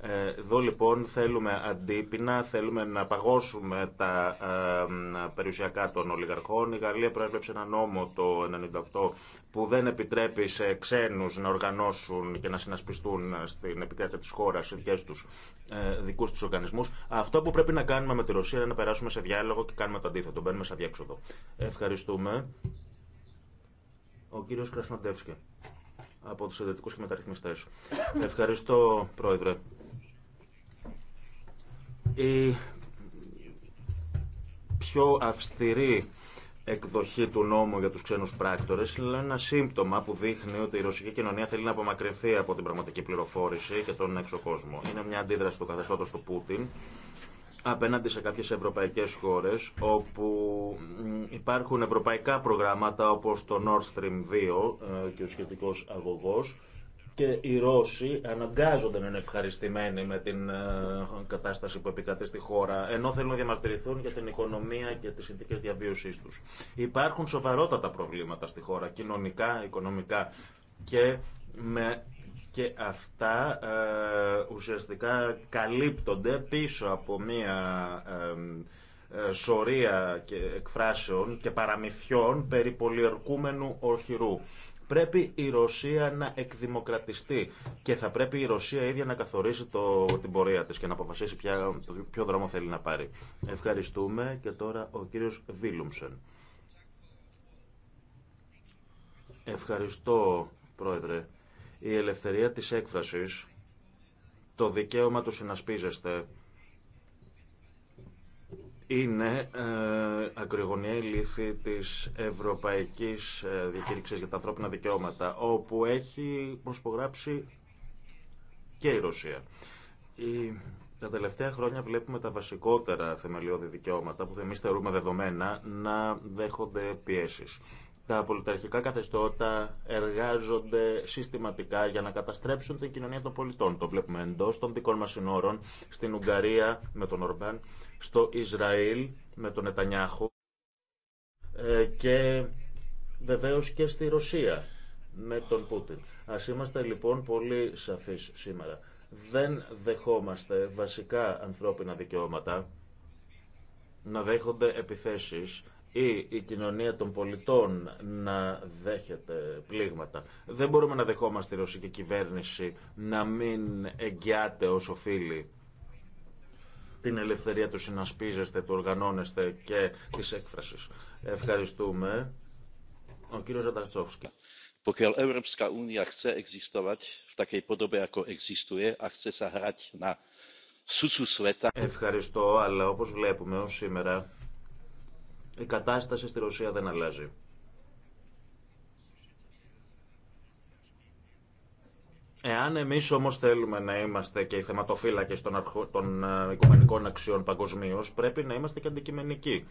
Ε, εδώ λοιπόν θέλουμε αντίπεινα, θέλουμε να παγώσουμε τα ε, περιουσιακά των ολιγαρχών. Η Γαλλία προέβλεψε ένα νόμο το 1998 που δεν επιτρέπει σε ξένους να οργανώσουν και να συνασπιστούν στην επικράτεια της χώρας δικές τους, ε, δικούς τους οργανισμούς. Αυτό που πρέπει να κάνουμε με τη Ρωσία είναι να περάσουμε σε διάλογο και κάνουμε το αντίθετο, μπαίνουμε σε αδιέξοδο. Ευχαριστούμε. Ο κύριος Κρασνοντεύσκε από τους Ιδρυτικούς και Μεταρρυθμιστές. Ευχαριστώ, Πρόεδρε. Η πιο αυστηρή εκδοχή του νόμου για τους ξένους πράκτορες είναι ένα σύμπτωμα που δείχνει ότι η ρωσική κοινωνία θέλει να απομακρυνθεί από την πραγματική πληροφόρηση και τον έξω κόσμο. Είναι μια αντίδραση του καθεστώτος του Πούτιν απέναντι σε κάποιες ευρωπαϊκές χώρες όπου υπάρχουν ευρωπαϊκά προγράμματα όπως το Nord Stream 2 ε, και ο σχετικός αγωγός και οι Ρώσοι αναγκάζονται να είναι ευχαριστημένοι με την ε, κατάσταση που επικρατεί στη χώρα, ενώ θέλουν να διαμαρτυρηθούν για την οικονομία και τι συνθήκε διαβίωσή του. Υπάρχουν σοβαρότατα προβλήματα στη χώρα, κοινωνικά, οικονομικά και με και αυτά ε, ουσιαστικά καλύπτονται πίσω από μία ε, σωρία και εκφράσεων και παραμυθιών περί πολιορκούμενου ορχηρού. Πρέπει η Ρωσία να εκδημοκρατιστεί και θα πρέπει η Ρωσία ίδια να καθορίσει το, την πορεία της και να αποφασίσει ποια, ποιο δρόμο θέλει να πάρει. Ευχαριστούμε και τώρα ο κύριος Βίλουμσεν. Ευχαριστώ, Πρόεδρε. Η ελευθερία της έκφρασης, το δικαίωμα του συνασπίζεστε, είναι ε, ακρογωνία η λύθη της Ευρωπαϊκής ε, Διακήρυξης για τα ανθρώπινα δικαιώματα, όπου έχει προσπογράψει και η Ρωσία. τα τελευταία χρόνια βλέπουμε τα βασικότερα θεμελιώδη δικαιώματα, που εμεί θεωρούμε δεδομένα, να δέχονται πιέσεις. Τα πολιταρχικά καθεστώτα εργάζονται συστηματικά για να καταστρέψουν την κοινωνία των πολιτών. Το βλέπουμε εντός των δικών μας συνόρων, στην Ουγγαρία με τον Ορμπάν, στο Ισραήλ με τον Νετανιάχου ε, και βεβαίως και στη Ρωσία με τον Πούτιν. Ας είμαστε λοιπόν πολύ σαφείς σήμερα. Δεν δεχόμαστε βασικά ανθρώπινα δικαιώματα να δέχονται επιθέσεις ή η κοινωνία των πολιτών να δέχεται πλήγματα. Δεν μπορούμε να δεχόμαστε η ρωσική κυβέρνηση να μην εγγυάται ως οφείλει την ελευθερία του συνασπίζεστε, του οργανώνεστε και της έκφρασης. Ευχαριστούμε. Ο κύριος Ζαντατσόφσκι. Pokiaľ Európska únia chce existovať v takej podobe, ako existuje a chce sa hrať na sucu sveta... Ευχαριστώ, αλλά όπως βλέπουμε ως σήμερα η κατάσταση στη Ρωσία δεν αλλάζει. Εάν εμεί όμω θέλουμε να είμαστε και οι θεματοφύλακε των, αρχο... των ε, οικουμενικών αξιών παγκοσμίω, πρέπει να είμαστε και αντικειμενικοί.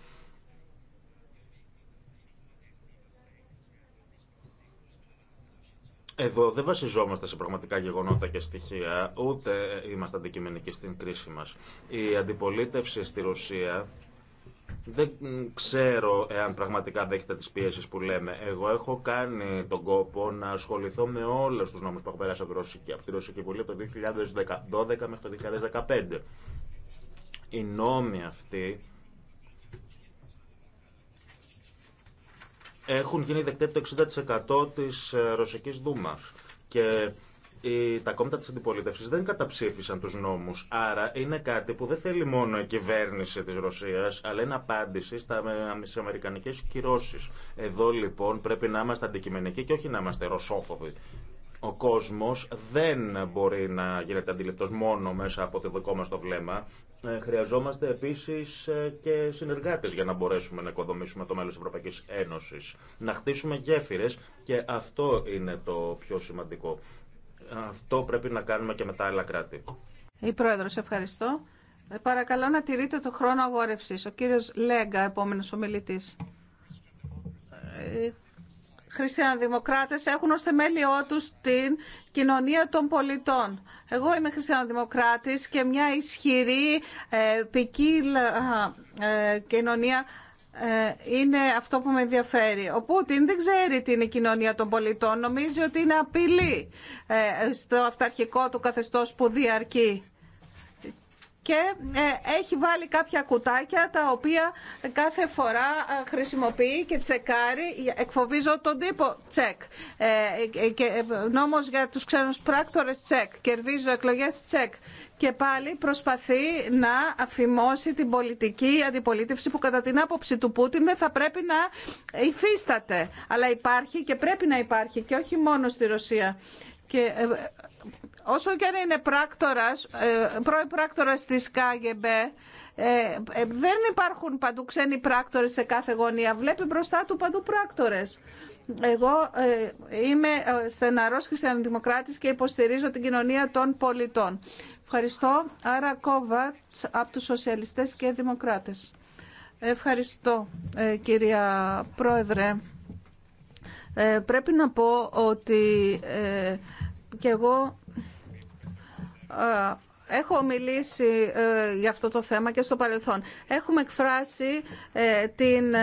Εδώ δεν βασιζόμαστε σε πραγματικά γεγονότα και στοιχεία, ούτε είμαστε αντικειμενικοί στην κρίση μας. Η αντιπολίτευση στη Ρωσία δεν ξέρω εάν πραγματικά δέχεται τις πίεσεις που λέμε. Εγώ έχω κάνει τον κόπο να ασχοληθώ με όλου τους νόμους που έχω περάσει από, Ρωσική, από τη Ρωσική Βουλή από το 2012 μέχρι το 2015. Οι νόμοι αυτοί έχουν γίνει δεκτέ το 60% της ε, Ρωσικής Δούμας. Και οι, τα κόμματα τη αντιπολίτευση δεν καταψήφισαν του νόμου. Άρα είναι κάτι που δεν θέλει μόνο η κυβέρνηση τη Ρωσία, αλλά είναι απάντηση στα, αμερικανικέ κυρώσει. Εδώ λοιπόν πρέπει να είμαστε αντικειμενικοί και όχι να είμαστε ρωσόφοβοι. Ο κόσμο δεν μπορεί να γίνεται αντιληπτό μόνο μέσα από το δικό μα το βλέμμα. Ε, χρειαζόμαστε επίση ε, και συνεργάτε για να μπορέσουμε να οικοδομήσουμε το μέλλον τη Ευρωπαϊκή Ένωση. Να χτίσουμε γέφυρε και αυτό είναι το πιο σημαντικό. Αυτό πρέπει να κάνουμε και με τα άλλα κράτη. Η Πρόεδρος, ευχαριστώ. Ε, παρακαλώ να τηρείτε το χρόνο αγόρευσης. Ο κύριος Λέγκα, επόμενος ομιλητής. Οι ε, χριστιανοδημοκράτες έχουν ως θεμέλιό τους την κοινωνία των πολιτών. Εγώ είμαι χριστιανοδημοκράτης και μια ισχυρή ε, ε κοινωνία ε, είναι αυτό που με ενδιαφέρει. Ο Πούτιν δεν ξέρει τι είναι η κοινωνία των πολιτών. Νομίζει ότι είναι απειλή ε, στο αυταρχικό του καθεστώς που διαρκεί και ε, έχει βάλει κάποια κουτάκια τα οποία κάθε φορά ε, χρησιμοποιεί και τσεκάρει. Εκφοβίζω τον τύπο τσεκ. Ε, και νόμος για τους ξένους πράκτορες τσεκ. Κερδίζω εκλογές τσεκ. Και πάλι προσπαθεί να αφημώσει την πολιτική αντιπολίτευση που κατά την άποψη του Πούτιν δεν θα πρέπει να υφίσταται. Αλλά υπάρχει και πρέπει να υπάρχει και όχι μόνο στη Ρωσία. Όσο και αν είναι πράκτορας, ε, πρώην πράκτορας της ΚΑΓΕΜΠΕ, ε, δεν υπάρχουν παντού ξένοι πράκτορες σε κάθε γωνία. Βλέπει μπροστά του παντού πράκτορες. Εγώ ε, είμαι στεναρός χριστιανοδημοκράτης και υποστηρίζω την κοινωνία των πολιτών. Ευχαριστώ. Άρα κόβαρτς από τους Σοσιαλιστές και Δημοκράτες. Ευχαριστώ κυρία Πρόεδρε. πρέπει να πω ότι ε, και εγώ ε, έχω μιλήσει ε, για αυτό το θέμα και στο παρελθόν. Έχουμε εκφράσει ε, την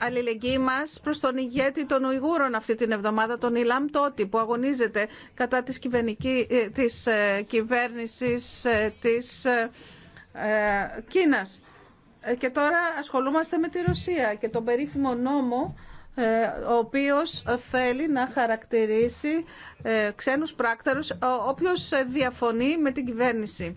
αλληλεγγύη μας προς τον ηγέτη των Ουιγούρων αυτή την εβδομάδα, τον Ιλάμ Τότι, που αγωνίζεται κατά της, της κυβέρνησης της Κίνας. Και τώρα ασχολούμαστε με τη Ρωσία και τον περίφημο νόμο ε, ο οποίος θέλει να χαρακτηρίσει ε, ξένους πράκτορους ο οποίος ε, διαφωνεί με την κυβέρνηση.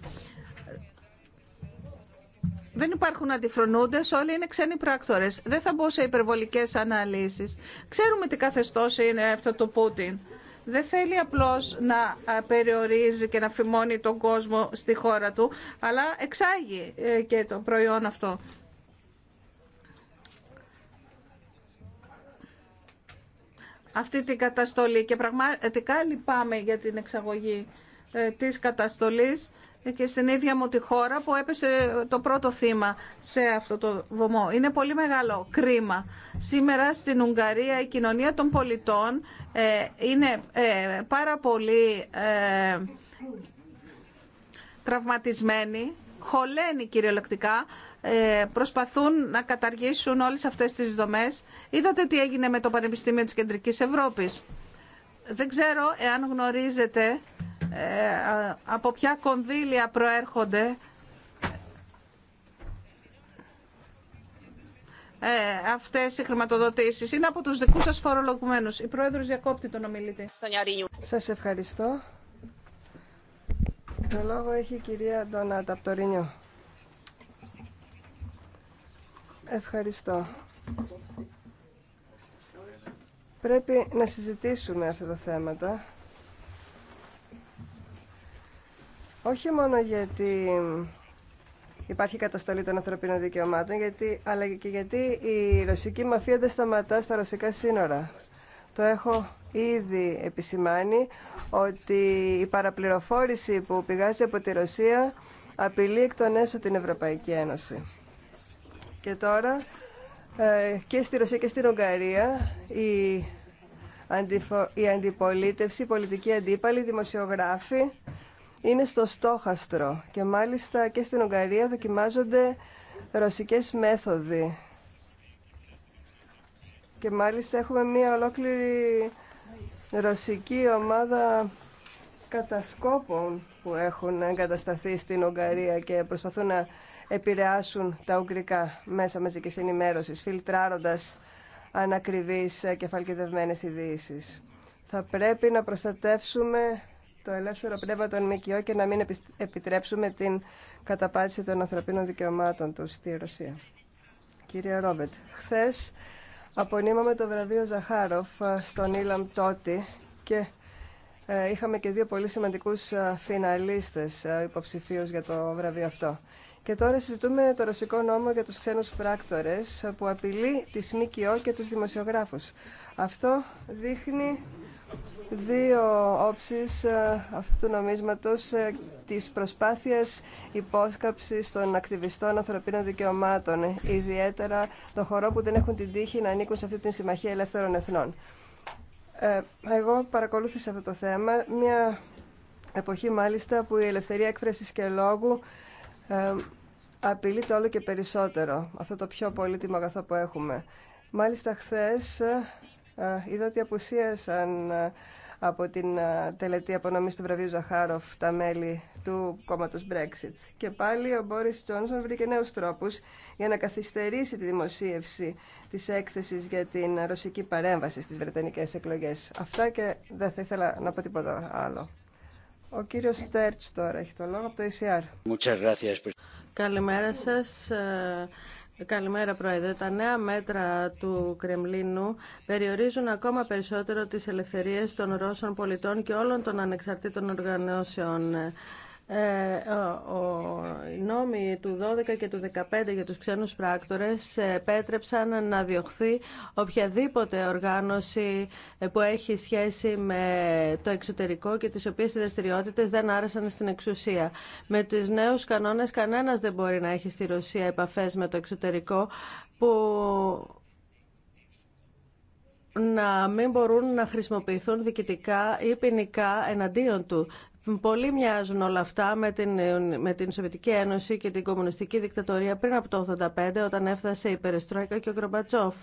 Δεν υπάρχουν αντιφρονούντες, όλοι είναι ξένοι πράκτορες. Δεν θα μπω σε υπερβολικές αναλύσεις. Ξέρουμε τι καθεστώς είναι αυτό το Πούτιν. Δεν θέλει απλώς να περιορίζει και να φημώνει τον κόσμο στη χώρα του, αλλά εξάγει και το προϊόν αυτό. αυτή την καταστολή και πραγματικά λυπάμαι για την εξαγωγή ε, της καταστολής και στην ίδια μου τη χώρα που έπεσε το πρώτο θύμα σε αυτό το βωμό. Είναι πολύ μεγάλο κρίμα. Σήμερα στην Ουγγαρία η κοινωνία των πολιτών ε, είναι ε, πάρα πολύ τραυματισμένη, χωλαίνει κυριολεκτικά ε, προσπαθούν να καταργήσουν όλες αυτές τις δομές. Είδατε τι έγινε με το Πανεπιστήμιο της Κεντρικής Ευρώπης. Δεν ξέρω εάν γνωρίζετε ε, από ποια κονδύλια προέρχονται ε, αυτές οι χρηματοδοτήσεις. Είναι από τους δικούς σας φορολογουμένους. Η Πρόεδρος διακόπτει τον ομιλητή. Σας ευχαριστώ. Το λόγο έχει η κυρία Ντονάτα από το Ευχαριστώ. Πρέπει να συζητήσουμε αυτά τα θέματα. Όχι μόνο γιατί υπάρχει καταστολή των ανθρωπίνων δικαιωμάτων, γιατί, αλλά και γιατί η ρωσική μαφία δεν σταματά στα ρωσικά σύνορα. Το έχω ήδη επισημάνει ότι η παραπληροφόρηση που πηγάζει από τη Ρωσία απειλεί εκ των έσω την Ευρωπαϊκή Ένωση. Και τώρα ε, και στη Ρωσία και στην Ουγγαρία η, αντιφο, η αντιπολίτευση, οι πολιτικοί αντίπαλοι, οι δημοσιογράφοι είναι στο στόχαστρο και μάλιστα και στην Ουγγαρία δοκιμάζονται ρωσικές μέθοδοι. Και μάλιστα έχουμε μία ολόκληρη ρωσική ομάδα κατασκόπων που έχουν εγκατασταθεί στην Ουγγαρία και προσπαθούν να επηρεάσουν τα ουγγρικά μέσα μεζική ενημέρωση, φιλτράροντα ανακριβεί ε, και φαλκιδευμένε ειδήσει. Θα πρέπει να προστατεύσουμε το ελεύθερο πνεύμα των ΜΚΟ και να μην επιτρέψουμε την καταπάτηση των ανθρωπίνων δικαιωμάτων του στη Ρωσία. Κύριε Ρόμπετ, χθε απονείμαμε το βραβείο Ζαχάροφ ε, στον Ήλαμ Τότι και ε, είχαμε και δύο πολύ σημαντικούς φιναλίστες υποψηφίους για το βραβείο αυτό. Και τώρα συζητούμε το ρωσικό νόμο για τους ξένους πράκτορες που απειλεί τις ΜΚΟ και τους δημοσιογράφους. Αυτό δείχνει δύο όψεις ε, αυτού του νομίσματος ε, της προσπάθειας υπόσκαψης των ακτιβιστών ανθρωπίνων δικαιωμάτων, ιδιαίτερα των χωρών που δεν έχουν την τύχη να ανήκουν σε αυτή τη Συμμαχία Ελεύθερων Εθνών. Ε, εγώ παρακολούθησα αυτό το θέμα, μια εποχή μάλιστα που η ελευθερία έκφρασης και λόγου ε, απειλείται όλο και περισσότερο αυτό το πιο πολύτιμο αγαθό που έχουμε. Μάλιστα χθες ε, είδα ότι απουσίασαν ε, από την τελετή απονομής του βραβείου Ζαχάροφ τα μέλη του κόμματος Brexit. Και πάλι ο Μπόρις Τζόνσον βρήκε νέους τρόπους για να καθυστερήσει τη δημοσίευση της έκθεσης για την ρωσική παρέμβαση στις βρετανικές εκλογές. Αυτά και δεν θα ήθελα να πω τίποτα άλλο. Ο κύριος Στέρτς τώρα έχει το λόγο από το ECR. Καλημέρα σας. Ε, καλημέρα, Πρόεδρε. Τα νέα μέτρα του Κρεμλίνου περιορίζουν ακόμα περισσότερο τις ελευθερίες των Ρώσων πολιτών και όλων των ανεξαρτήτων οργανώσεων. Ε, οι νόμοι του 12 και του 15 για τους ξένους πράκτορες πέτρεψαν να διωχθεί οποιαδήποτε οργάνωση που έχει σχέση με το εξωτερικό και τις οποίες οι δραστηριότητες δεν άρεσαν στην εξουσία. Με τους νέους κανόνες κανένας δεν μπορεί να έχει στη Ρωσία επαφές με το εξωτερικό που να μην μπορούν να χρησιμοποιηθούν διοικητικά ή ποινικά εναντίον του. Πολύ μοιάζουν όλα αυτά με την, με την Σοβιετική Ένωση και την κομμουνιστική δικτατορία πριν από το 1985 όταν έφτασε η Περιστρόικα και ο Γκρομπατσόφ.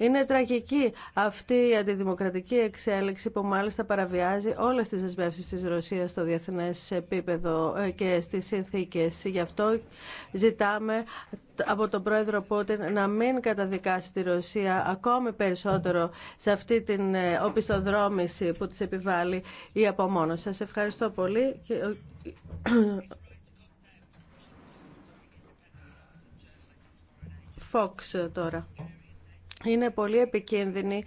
Είναι τραγική αυτή η αντιδημοκρατική εξέλιξη που μάλιστα παραβιάζει όλες τις δεσμεύσεις της Ρωσίας στο διεθνές επίπεδο ε, και στις συνθήκες. Γι' αυτό ζητάμε από τον πρόεδρο Πούτιν να μην καταδικάσει τη Ρωσία ακόμη περισσότερο σε αυτή την ε, οπισθοδρόμηση που της επιβάλλει η απομόνωση. Σας ευχαριστώ πολύ. Ε, Fox τώρα είναι πολύ επικίνδυνη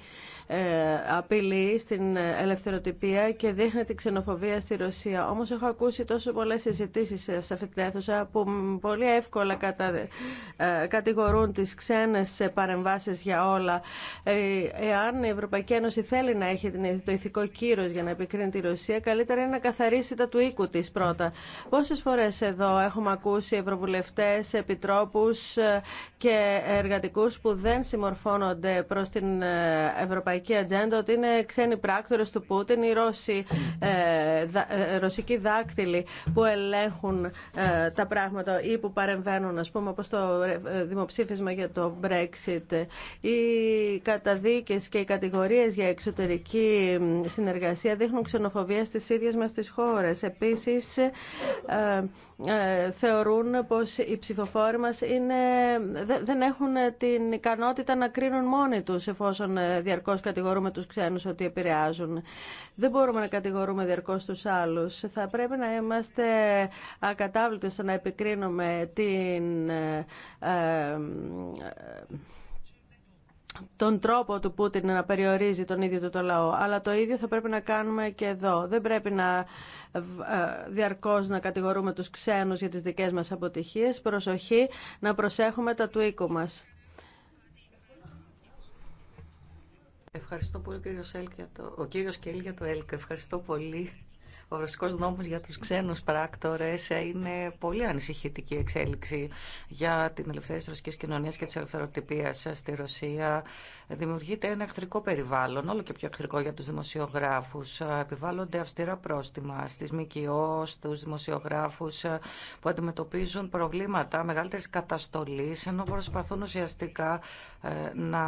ε, απειλή στην ελευθεροτυπία και δείχνει την ξενοφοβία στη Ρωσία. Όμως έχω ακούσει τόσο πολλές συζητήσει σε αυτή την αίθουσα που πολύ εύκολα κατα... Ε, κατηγορούν τις ξένες παρεμβάσεις για όλα. Ε, εάν η Ευρωπαϊκή Ένωση θέλει να έχει το ηθικό κύρος για να επικρίνει τη Ρωσία, καλύτερα είναι να καθαρίσει τα του οίκου της πρώτα. Πόσες φορές εδώ έχουμε ακούσει ευρωβουλευτές, επιτρόπους και εργατικούς που δεν συμμορφώνονται προς την Ευρωπαϊκή ευρωπαϊκή ατζέντα ότι είναι ξένοι πράκτορες του Πούτιν, οι Ρώσοι, ε, ε, ρωσικοί δάκτυλοι που ελέγχουν ε, τα πράγματα ή που παρεμβαίνουν, ας πούμε, όπως το ε, δημοψήφισμα για το Brexit. Οι καταδίκες και οι κατηγορίες για εξωτερική συνεργασία δείχνουν ξενοφοβία στις ίδιες μας τις χώρες. Επίσης, θεωρούν πως οι ψηφοφόροι μας είναι, δεν έχουν την ικανότητα να κρίνουν μόνοι τους εφόσον διαρκώς κατηγορούμε τους ξένους ότι επηρεάζουν. Δεν μπορούμε να κατηγορούμε διαρκώς τους άλλους. Θα πρέπει να είμαστε ακατάβλητοι στο να επικρίνουμε την ε, ε, τον τρόπο του Πούτιν να περιορίζει τον ίδιο του το λαό. Αλλά το ίδιο θα πρέπει να κάνουμε και εδώ. Δεν πρέπει να ε, διαρκώς να κατηγορούμε τους ξένους για τις δικές μας αποτυχίες. Προσοχή να προσέχουμε τα του οίκου μας. Ευχαριστώ πολύ κύριο Σέλ για το... ο κύριος Κέλ για το ΕΛΚ. Ευχαριστώ πολύ ο Ρωσικό νόμο για του ξένου πράκτορες είναι πολύ ανησυχητική εξέλιξη για την ελευθερία της ρωσική κοινωνία και τη ελευθεροτυπίας στη Ρωσία. Δημιουργείται ένα εχθρικό περιβάλλον, όλο και πιο εχθρικό για του δημοσιογράφου, Επιβάλλονται αυστηρά πρόστιμα στι ΜΚΟ, στου δημοσιογράφου που αντιμετωπίζουν προβλήματα μεγαλύτερη καταστολή ενώ προσπαθούν ουσιαστικά ε, να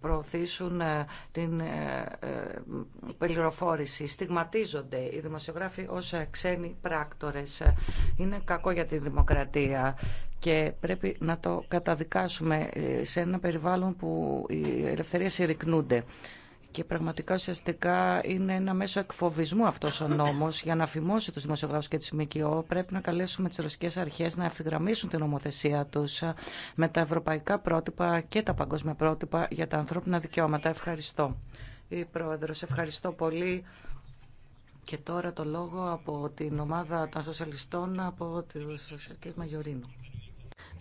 προωθήσουν ε, την ε, πληροφόρηση. Στιγματίζονται οι δημοσιογράφοι Γράφει ως ε, ξένοι πράκτορες. Ε, είναι κακό για τη δημοκρατία και πρέπει να το καταδικάσουμε ε, σε ένα περιβάλλον που οι ελευθερίες συρρυκνούνται. Και πραγματικά ουσιαστικά είναι ένα μέσο εκφοβισμού αυτό ο νόμο για να φημώσει του δημοσιογράφου και τη ΜΚΟ. Πρέπει να καλέσουμε τι ρωσικέ αρχέ να ευθυγραμμίσουν την νομοθεσία του με τα ευρωπαϊκά πρότυπα και τα παγκόσμια πρότυπα για τα ανθρώπινα δικαιώματα. Ευχαριστώ. Η Πρόεδρος, ευχαριστώ πολύ. Και τώρα το λόγο από την ομάδα των σοσιαλιστών από τη Σοσιαλική Μαγιορίνου.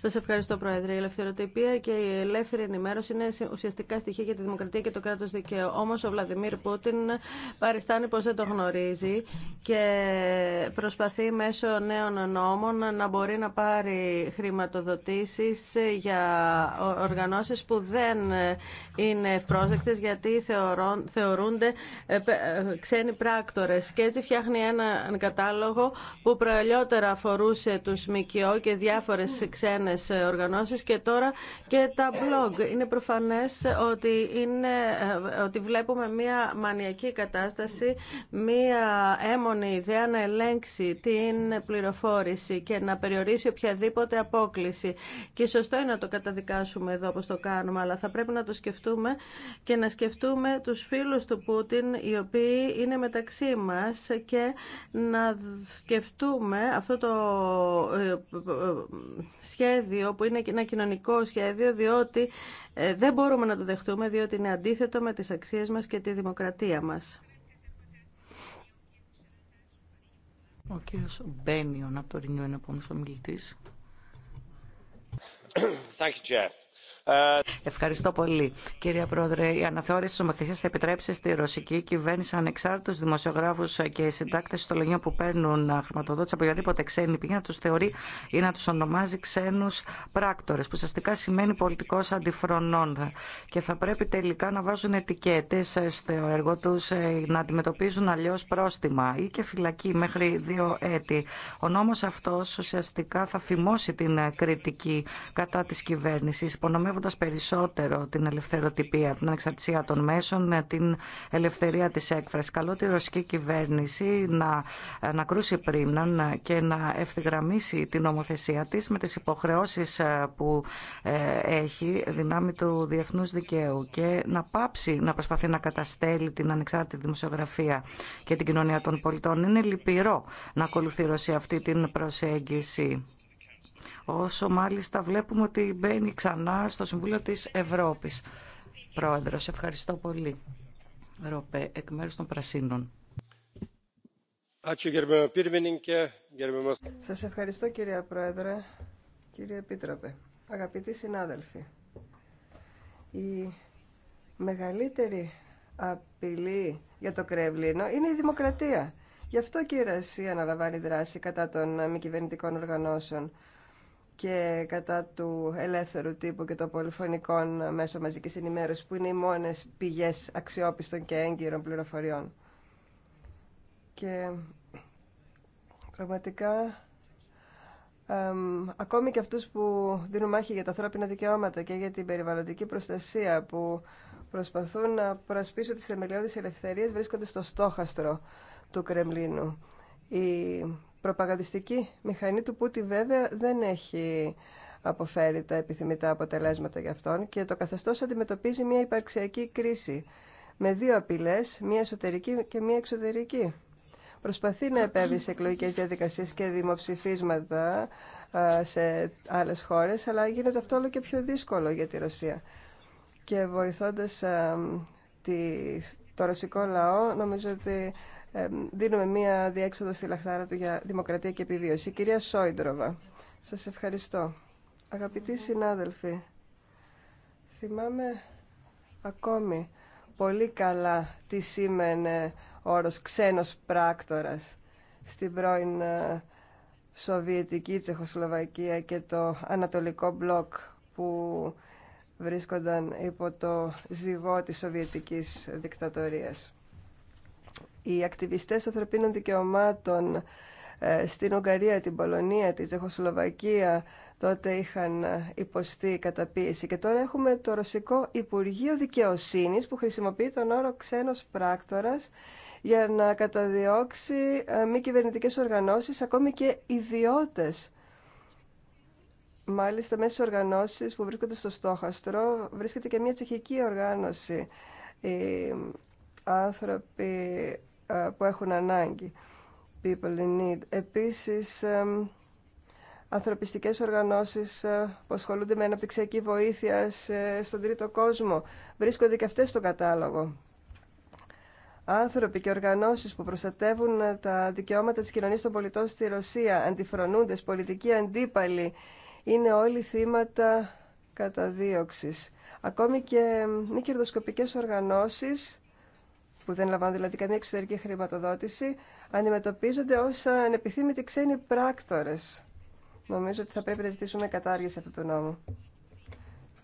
Σα ευχαριστώ, Πρόεδρε. Η ελευθεροτυπία και η ελεύθερη ενημέρωση είναι ουσιαστικά στοιχεία για τη δημοκρατία και το κράτος δικαίου. Όμως ο Βλαδιμίρ Πούτιν παριστάνει πως δεν το γνωρίζει και προσπαθεί μέσω νέων νόμων να μπορεί να πάρει χρηματοδοτήσει για οργανώσεις που δεν είναι ευπρόσδεκτε γιατί θεωρούν, θεωρούνται ε, ε, ξένοι πράκτορε Και έτσι φτιάχνει ένα κατάλογο που προελιότερα αφορούσε του ΜΚΟ και διάφορες ξένες οργανώσεις και τώρα και τα blog. Είναι προφανές ότι, είναι, ε, ότι βλέπουμε μία μανιακή κατάσταση, μία έμονη ιδέα να ελέγξει την πληροφόρηση και να περιορίσει οποιαδήποτε απόκληση. Και σωστό είναι να το καταδικάσουμε εδώ όπως το κάνουμε, αλλά θα πρέπει να το σκεφτούμε και να σκεφτούμε τους φίλους του Πούτιν, οι οποίοι είναι μεταξύ μας και να σκεφτούμε αυτό το ε, ε, σχέδιο σχέδιο που είναι ένα κοινωνικό σχέδιο διότι ε, δεν μπορούμε να το δεχτούμε διότι είναι αντίθετο με τις αξίες μας και τη δημοκρατία μας. Ο κύριος Μπένιον από το Ρινιού είναι ο επόμενος ομιλητής. Thank you, Ευχαριστώ πολύ. Κύριε Πρόεδρε, η αναθεώρηση τη ομοθεσία θα επιτρέψει στη ρωσική κυβέρνηση ανεξάρτητου δημοσιογράφου και συντάκτε στο λονιό που παίρνουν χρηματοδότηση από οποιαδήποτε ξένη πηγή να του θεωρεί ή να του ονομάζει ξένου πράκτορε, που ουσιαστικά σημαίνει πολιτικό αντιφρονών. Και θα πρέπει τελικά να βάζουν ετικέτε στο έργο του, ε, να αντιμετωπίζουν αλλιώ πρόστιμα ή και φυλακή μέχρι δύο έτη. Ο νόμο αυτό ουσιαστικά θα φημώσει την κριτική κατά τη κυβέρνηση, προστατεύοντα περισσότερο την ελευθεροτυπία, την ανεξαρτησία των μέσων, ε, την ελευθερία τη έκφραση. Καλό τη ρωσική κυβέρνηση να, να κρούσει πρίμναν ε, και να ευθυγραμμίσει την νομοθεσία τη με τι υποχρεώσει ε, που έχει δυνάμει του διεθνού δικαίου και να πάψει να προσπαθεί να καταστέλει την ανεξάρτητη δημοσιογραφία και την κοινωνία των πολιτών. Είναι λυπηρό να ακολουθεί η Ρωσία αυτή την προσέγγιση όσο μάλιστα βλέπουμε ότι μπαίνει ξανά στο Συμβούλιο της Ευρώπης. Πρόεδρος, ευχαριστώ πολύ. Ροπέ, εκ μέρους των Πρασίνων. Σας ευχαριστώ κύριε Πρόεδρε, κύριε Επίτροπε, αγαπητοί συνάδελφοι. Η μεγαλύτερη απειλή για το κρεβλίνο είναι η δημοκρατία. Γι' αυτό και η Ρασία αναλαμβάνει δράση κατά των μη κυβερνητικών οργανώσεων και κατά του ελεύθερου τύπου και των πολυφωνικών μέσων μαζικής ενημέρωσης που είναι οι μόνες πηγές αξιόπιστων και έγκυρων πληροφοριών. Και πραγματικά ακόμη και αυτούς που δίνουν μάχη για τα ανθρώπινα δικαιώματα και για την περιβαλλοντική προστασία που προσπαθούν να προσπίσουν τις θεμελιώδεις ελευθερίες βρίσκονται στο στόχαστρο του Κρεμλίνου προπαγανδιστική μηχανή του Πούτι βέβαια δεν έχει αποφέρει τα επιθυμητά αποτελέσματα για αυτόν και το καθεστώς αντιμετωπίζει μια υπαρξιακή κρίση με δύο απειλές, μια εσωτερική και μια εξωτερική. Προσπαθεί να επέβει σε εκλογικές διαδικασίες και δημοψηφίσματα σε άλλες χώρες, αλλά γίνεται αυτό όλο και πιο δύσκολο για τη Ρωσία. Και βοηθώντας το ρωσικό λαό, νομίζω ότι δίνουμε μία διέξοδο στη λαχτάρα του για δημοκρατία και επιβίωση. κυρία Σόιντροβα, σας ευχαριστώ. Αγαπητοί συνάδελφοι, θυμάμαι ακόμη πολύ καλά τι σήμαινε όρος «ξένος πράκτορας» στην πρώην ε, Σοβιετική Τσεχοσλοβακία και το Ανατολικό Μπλοκ που βρίσκονταν υπό το ζυγό της Σοβιετικής δικτατορίας οι ακτιβιστές ανθρωπίνων δικαιωμάτων ε, στην Ουγγαρία, την Πολωνία, τη Ζεχοσλοβακία τότε είχαν ε, υποστεί καταπίεση. Και τώρα έχουμε το Ρωσικό Υπουργείο Δικαιοσύνης που χρησιμοποιεί τον όρο «ξένος πράκτορας» για να καταδιώξει ε, μη κυβερνητικέ οργανώσεις, ακόμη και ιδιώτες. Μάλιστα, μέσα στις οργανώσεις που βρίσκονται στο στόχαστρο βρίσκεται και μια τσεχική οργάνωση. Οι άνθρωποι ε, που έχουν ανάγκη. People in need. Επίσης, ανθρωπιστικές οργανώσεις ε, που ασχολούνται με αναπτυξιακή βοήθεια στον τρίτο κόσμο βρίσκονται και αυτές στο κατάλογο. Άνθρωποι και οργανώσεις που προστατεύουν ε, τα δικαιώματα της κοινωνίας των πολιτών στη Ρωσία, αντιφρονούντες, πολιτικοί αντίπαλοι, είναι όλοι θύματα καταδίωξης. Ακόμη και μη κερδοσκοπικές οργανώσεις που δεν λαμβάνουν δηλαδή καμία εξωτερική χρηματοδότηση, αντιμετωπίζονται ως ανεπιθύμητοι ξένοι πράκτορες. Νομίζω ότι θα πρέπει να ζητήσουμε κατάργηση αυτού του νόμου.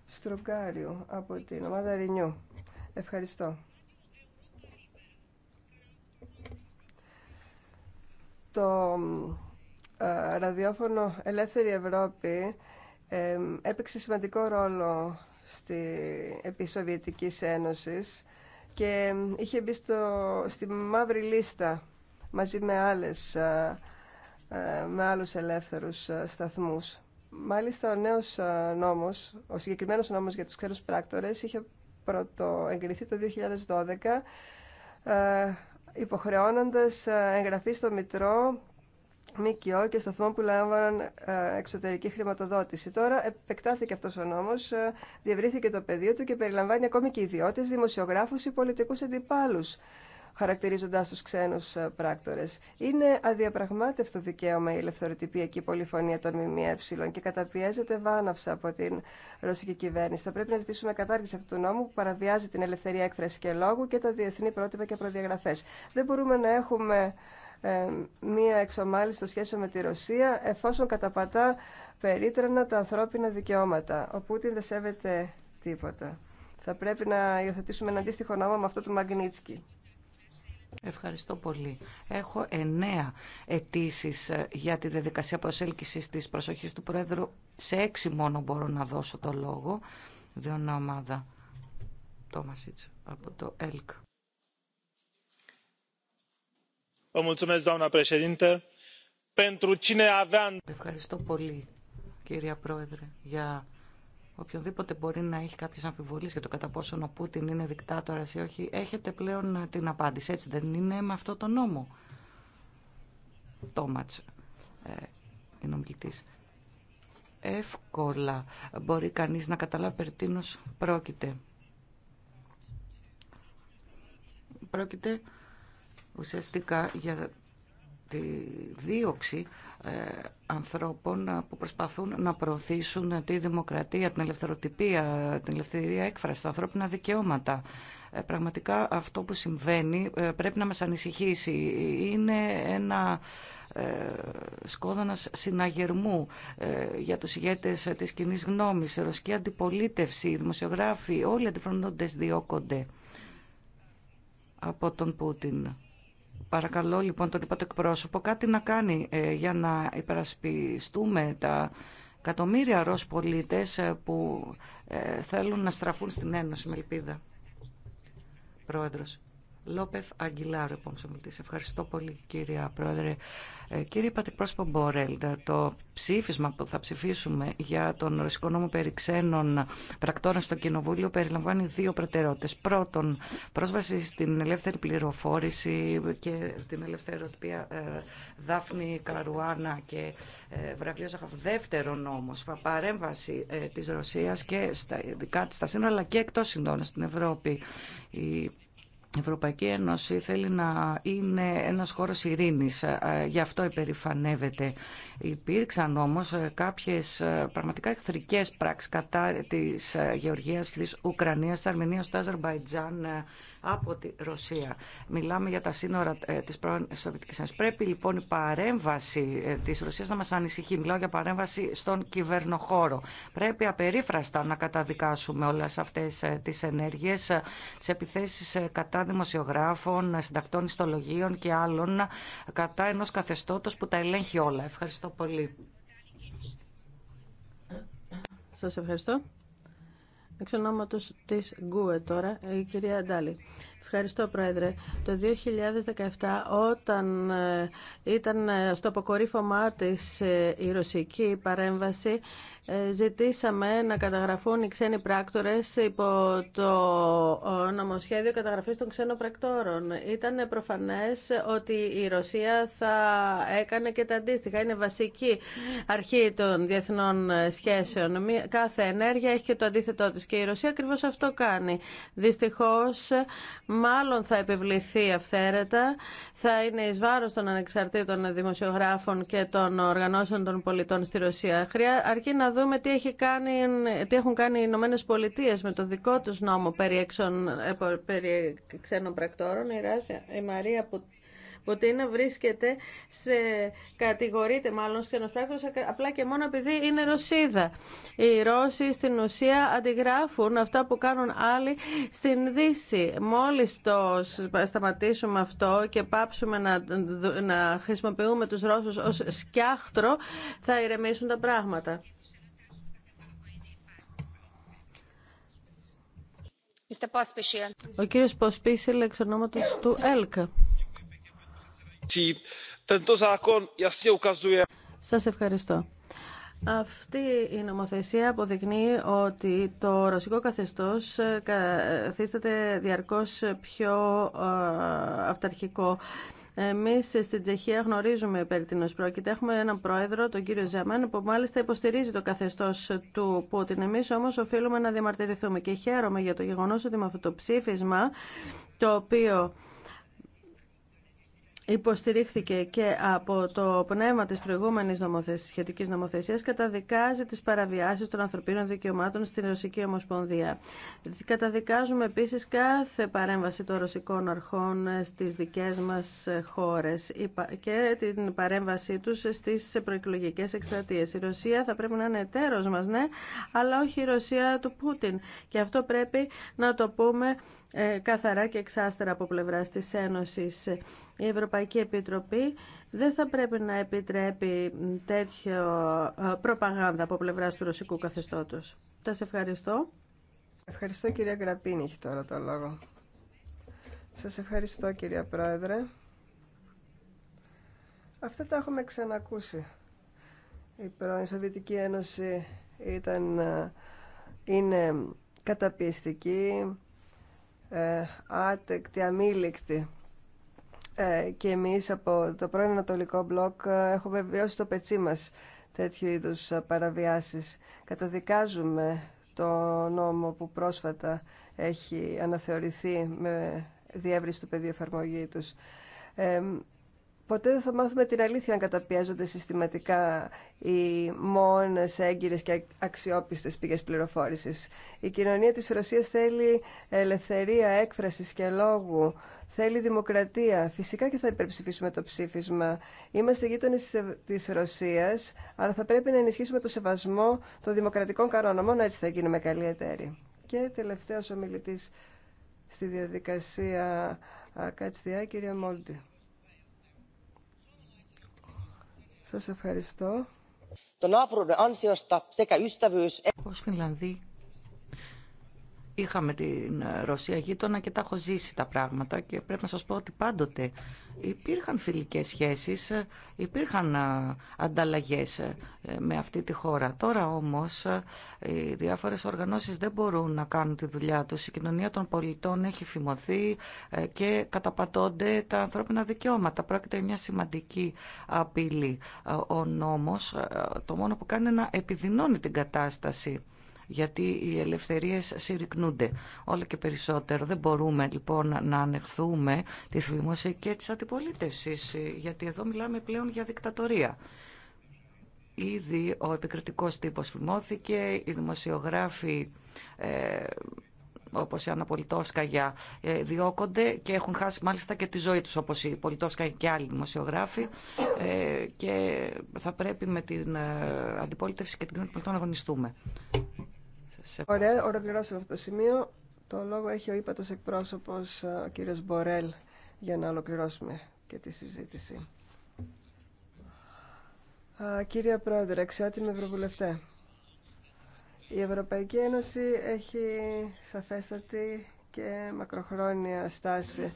Στρουγκάριου από την ομάδα Ρινιού. Ευχαριστώ. Το ε, ραδιόφωνο Ελεύθερη Ευρώπη ε, έπαιξε σημαντικό ρόλο στη επί Σοβιετικής Ένωσης και είχε μπει στο, στη μαύρη λίστα μαζί με, άλλες, ε, ε, με άλλους ελεύθερους ε, σταθμούς. Μάλιστα ο νέος νόμος, ο συγκεκριμένος νόμος για τους ξένους πράκτορες είχε πρωτοεγκριθεί το 2012 υποχρεώνοντας εγγραφή στο Μητρό ΜΚΟ και σταθμό που λάμβαναν ε, εξωτερική χρηματοδότηση. Τώρα επεκτάθηκε αυτό ο νόμο, ε, διευρύθηκε το πεδίο του και περιλαμβάνει ακόμη και ιδιώτε, δημοσιογράφου ή πολιτικού αντιπάλου, χαρακτηρίζοντά του ξένου ε, πράκτοτε. Είναι αδιαπραγμάτευτο δικαίωμα η πολιτικου αντιπαλου χαρακτηριζοντα του ξενου πρακτορες πολυφωνία των ΜΜΕ και καταπιέζεται βάναυσα από την ρωσική κυβέρνηση. Θα πρέπει να ζητήσουμε κατάργηση αυτού του νόμου που παραβιάζει την ελευθερία έκφραση και λόγου και τα διεθνή πρότυπα και προδιαγραφέ. Δεν μπορούμε να έχουμε ε, μία εξομάλυση στο σχέσιο με τη Ρωσία εφόσον καταπατά περίτρανα τα ανθρώπινα δικαιώματα. Ο Πούτιν δεν σέβεται τίποτα. Θα πρέπει να υιοθετήσουμε ένα αντίστοιχο νόμο με αυτό του Μαγνίτσκι. Ευχαριστώ πολύ. Έχω εννέα αιτήσει ε, για τη διαδικασία προσέλκυση της προσοχής του Πρόεδρου. Σε έξι μόνο μπορώ να δώσω το λόγο. διονόμαδα ομάδα. από το ΕΛΚ. Ευχαριστώ πολύ, κυρία Πρόεδρε, για οποιονδήποτε μπορεί να έχει κάποιε αμφιβολίες για το κατά πόσο ο Πούτιν είναι δικτάτορας ή όχι. Έχετε πλέον ε, την απάντηση, έτσι δεν είναι με αυτό το νόμο. Τόματς, ε, είναι Εύκολα μπορεί κανείς να καταλάβει περί τίνος πρόκειται. Πρόκειται ουσιαστικά για τη δίωξη ε, ανθρώπων που προσπαθούν να προωθήσουν τη δημοκρατία, την ελευθεροτυπία, την ελευθερία έκφραση, τα ανθρώπινα δικαιώματα. Ε, πραγματικά αυτό που συμβαίνει ε, πρέπει να μας ανησυχήσει. Είναι ένα σκόδανα συναγερμού για τους ηγέτες της κοινή γνώμης, η ρωσική αντιπολίτευση, οι δημοσιογράφοι, όλοι αντιφρονούντες διώκονται από τον Πούτιν. Παρακαλώ λοιπόν τον το εκπρόσωπο κάτι να κάνει ε, για να υπερασπιστούμε τα εκατομμύρια Ρώσ πολίτες ε, που ε, θέλουν να στραφούν στην Ένωση με ελπίδα. Πρόεδρος. Λόπεθ Αγγιλάρου, επόμενο Ευχαριστώ πολύ, κυρία Πρόεδρε. Ε, κύριε Πατεκπρόσωπο Μπορέλ, το ψήφισμα που θα ψηφίσουμε για τον ρωσικό νόμο περί ξένων πρακτόρων στο Κοινοβούλιο περιλαμβάνει δύο προτεραιότητε. Πρώτον, πρόσβαση στην ελεύθερη πληροφόρηση και την ελευθερωτική ε, Δάφνη Καρουάνα και ε, βραβείο Ζαχαφ. Δεύτερον, όμω, παρέμβαση τη Ρωσία και στα, στα σύνορα αλλά και εκτό στην Ευρώπη. Η Ευρωπαϊκή Ένωση θέλει να είναι ένας χώρος ειρήνης, ε, γι' αυτό υπερηφανεύεται. Υπήρξαν όμως ε, κάποιες ε, πραγματικά εχθρικές πράξεις κατά της Γεωργίας, της Ουκρανίας, της Αρμενίας, του Αζερμπαϊτζάν από τη Ρωσία. Μιλάμε για τα σύνορα της πρώην Σοβιτικής Ένωσης. Πρέπει λοιπόν η παρέμβαση της Ρωσίας να μας ανησυχεί. Μιλάω για παρέμβαση στον κυβερνοχώρο. Πρέπει απερίφραστα να καταδικάσουμε όλες αυτές τις ενέργειες, τις επιθέσεις κατά δημοσιογράφων, συντακτών ιστολογίων και άλλων, κατά ενός καθεστώτος που τα ελέγχει όλα. Ευχαριστώ πολύ. Σας ευχαριστώ. Εξ ονόματος της Γκουε τώρα, η κυρία Αντάλη. Ευχαριστώ, Πρόεδρε. Το 2017, όταν ε, ήταν στο αποκορύφωμά της ε, η ρωσική παρέμβαση, ζητήσαμε να καταγραφούν οι ξένοι πράκτορες υπό το νομοσχέδιο καταγραφής των ξένων πρακτόρων. Ήταν προφανές ότι η Ρωσία θα έκανε και τα αντίστοιχα. Είναι βασική αρχή των διεθνών σχέσεων. Κάθε ενέργεια έχει και το αντίθετό της και η Ρωσία ακριβώ αυτό κάνει. Δυστυχώς μάλλον θα επιβληθεί αυθαίρετα, θα είναι εις βάρος των ανεξαρτήτων δημοσιογράφων και των οργανώσεων των πολιτών στη Ρωσία. Αρκεί θα δούμε τι, έχει κάνει, τι έχουν κάνει οι Ηνωμένε Πολιτείε με το δικό τους νόμο περί, εξων, ε, περί ξένων πρακτόρων. Η, Μαρία που Πουτίνα βρίσκεται σε, κατηγορείται μάλλον πράκτος απλά και μόνο επειδή είναι Ρωσίδα. Οι Ρώσοι στην ουσία αντιγράφουν αυτά που κάνουν άλλοι στην Δύση. Μόλις το σταματήσουμε αυτό και πάψουμε να, να χρησιμοποιούμε τους Ρώσους ως σκιάχτρο θα ηρεμήσουν τα πράγματα. Ο κύριος Ποσπίσιλ του ΕΛΚΑ. Σας ευχαριστώ. Αυτή η νομοθεσία αποδεικνύει ότι το ρωσικό καθεστώς ε, καθίσταται διαρκώς πιο ε, αυταρχικό. Εμεί στην Τσεχία γνωρίζουμε περί τίνο πρόκειται. Έχουμε έναν πρόεδρο, τον κύριο Ζέμαν, που μάλιστα υποστηρίζει το καθεστώ του Πούτιν. Εμεί όμω οφείλουμε να διαμαρτυρηθούμε και χαίρομαι για το γεγονό ότι με αυτό το ψήφισμα, το οποίο υποστηρίχθηκε και από το πνεύμα της προηγούμενης νομοθεσίας, σχετικής νομοθεσίας καταδικάζει τις παραβιάσεις των ανθρωπίνων δικαιωμάτων στην Ρωσική Ομοσπονδία. Καταδικάζουμε επίσης κάθε παρέμβαση των ρωσικών αρχών στις δικές μας χώρες και την παρέμβασή τους στις προεκλογικές εκστρατείες. Η Ρωσία θα πρέπει να είναι εταίρος μας, ναι, αλλά όχι η Ρωσία του Πούτιν. Και αυτό πρέπει να το πούμε ε, καθαρά και εξάστερα από πλευρά της Ένωσης. Η Ευρωπαϊκή Επιτροπή δεν θα πρέπει να επιτρέπει τέτοιο ε, προπαγάνδα από πλευρά του ρωσικού καθεστώτος. Σας ευχαριστώ. Ευχαριστώ κυρία Γραπίνη, έχει τώρα το λόγο. Σας ευχαριστώ κυρία Πρόεδρε. Αυτά τα έχουμε ξανακούσει. Η πρώην Σοβιτική Ένωση ήταν, ε, είναι καταπιεστική, ε, άτεκτη, αμήλικτη. Ε, και εμείς από το πρώην Ανατολικό Μπλοκ ε, έχουμε βιώσει το πετσί μας τέτοιου είδους παραβιάσεις. Καταδικάζουμε το νόμο που πρόσφατα έχει αναθεωρηθεί με διεύρυνση του πεδίου εφαρμογή τους. Ποτέ δεν θα μάθουμε την αλήθεια αν καταπιέζονται συστηματικά οι μόνες έγκυρες και αξιόπιστες πηγές πληροφόρησης. Η κοινωνία της Ρωσίας θέλει ελευθερία έκφρασης και λόγου, θέλει δημοκρατία. Φυσικά και θα υπερψηφίσουμε το ψήφισμα. Είμαστε γείτονε τη Ρωσία, αλλά θα πρέπει να ενισχύσουμε το σεβασμό των δημοκρατικών κανόνων. Μόνο έτσι θα γίνουμε καλή εταίροι. Και τελευταίος ομιλητή στη διαδικασία Κατσδιά, κυρία Μόλτι. Σας ευχαριστώ. Ως Είχαμε την ε, Ρωσία γείτονα και τα έχω ζήσει τα πράγματα και πρέπει να σας πω ότι πάντοτε υπήρχαν φιλικές σχέσεις, ε, υπήρχαν ε, ανταλλαγές με αυτή τη χώρα. Τώρα όμως οι διάφορες οργανώσεις δεν μπορούν να κάνουν τη δουλειά τους. Η κοινωνία των πολιτών έχει φημωθεί και καταπατώνται τα ανθρώπινα δικαιώματα. Πρόκειται για μια σημαντική απειλή. Ο νόμος το μόνο που κάνει είναι να επιδεινώνει την κατάσταση γιατί οι ελευθερίες συρρυκνούνται όλο και περισσότερο. Δεν μπορούμε λοιπόν να ανεχθούμε τη θυμόση και τις αντιπολίτευσης, γιατί εδώ μιλάμε πλέον για δικτατορία. Ήδη ο επικριτικός τύπος φημώθηκε, οι δημοσιογράφοι ε, όπως η Άννα για ε, διώκονται και έχουν χάσει μάλιστα και τη ζωή τους όπως η Πολιτόσκαγια και άλλοι δημοσιογράφοι ε, και θα πρέπει με την ε, αντιπολίτευση και την κοινωνία των να αγωνιστούμε. Σε... Ωραία, ολοκληρώσαμε αυτό το σημείο. Το λόγο έχει ο ύπατος εκπρόσωπος, ε, ο κύριος Μπορέλ, για να ολοκληρώσουμε και τη συζήτηση. Κύριε Πρόεδρε, αξιότιμη Ευρωβουλευτέ, η Ευρωπαϊκή Ένωση έχει σαφέστατη και μακροχρόνια στάση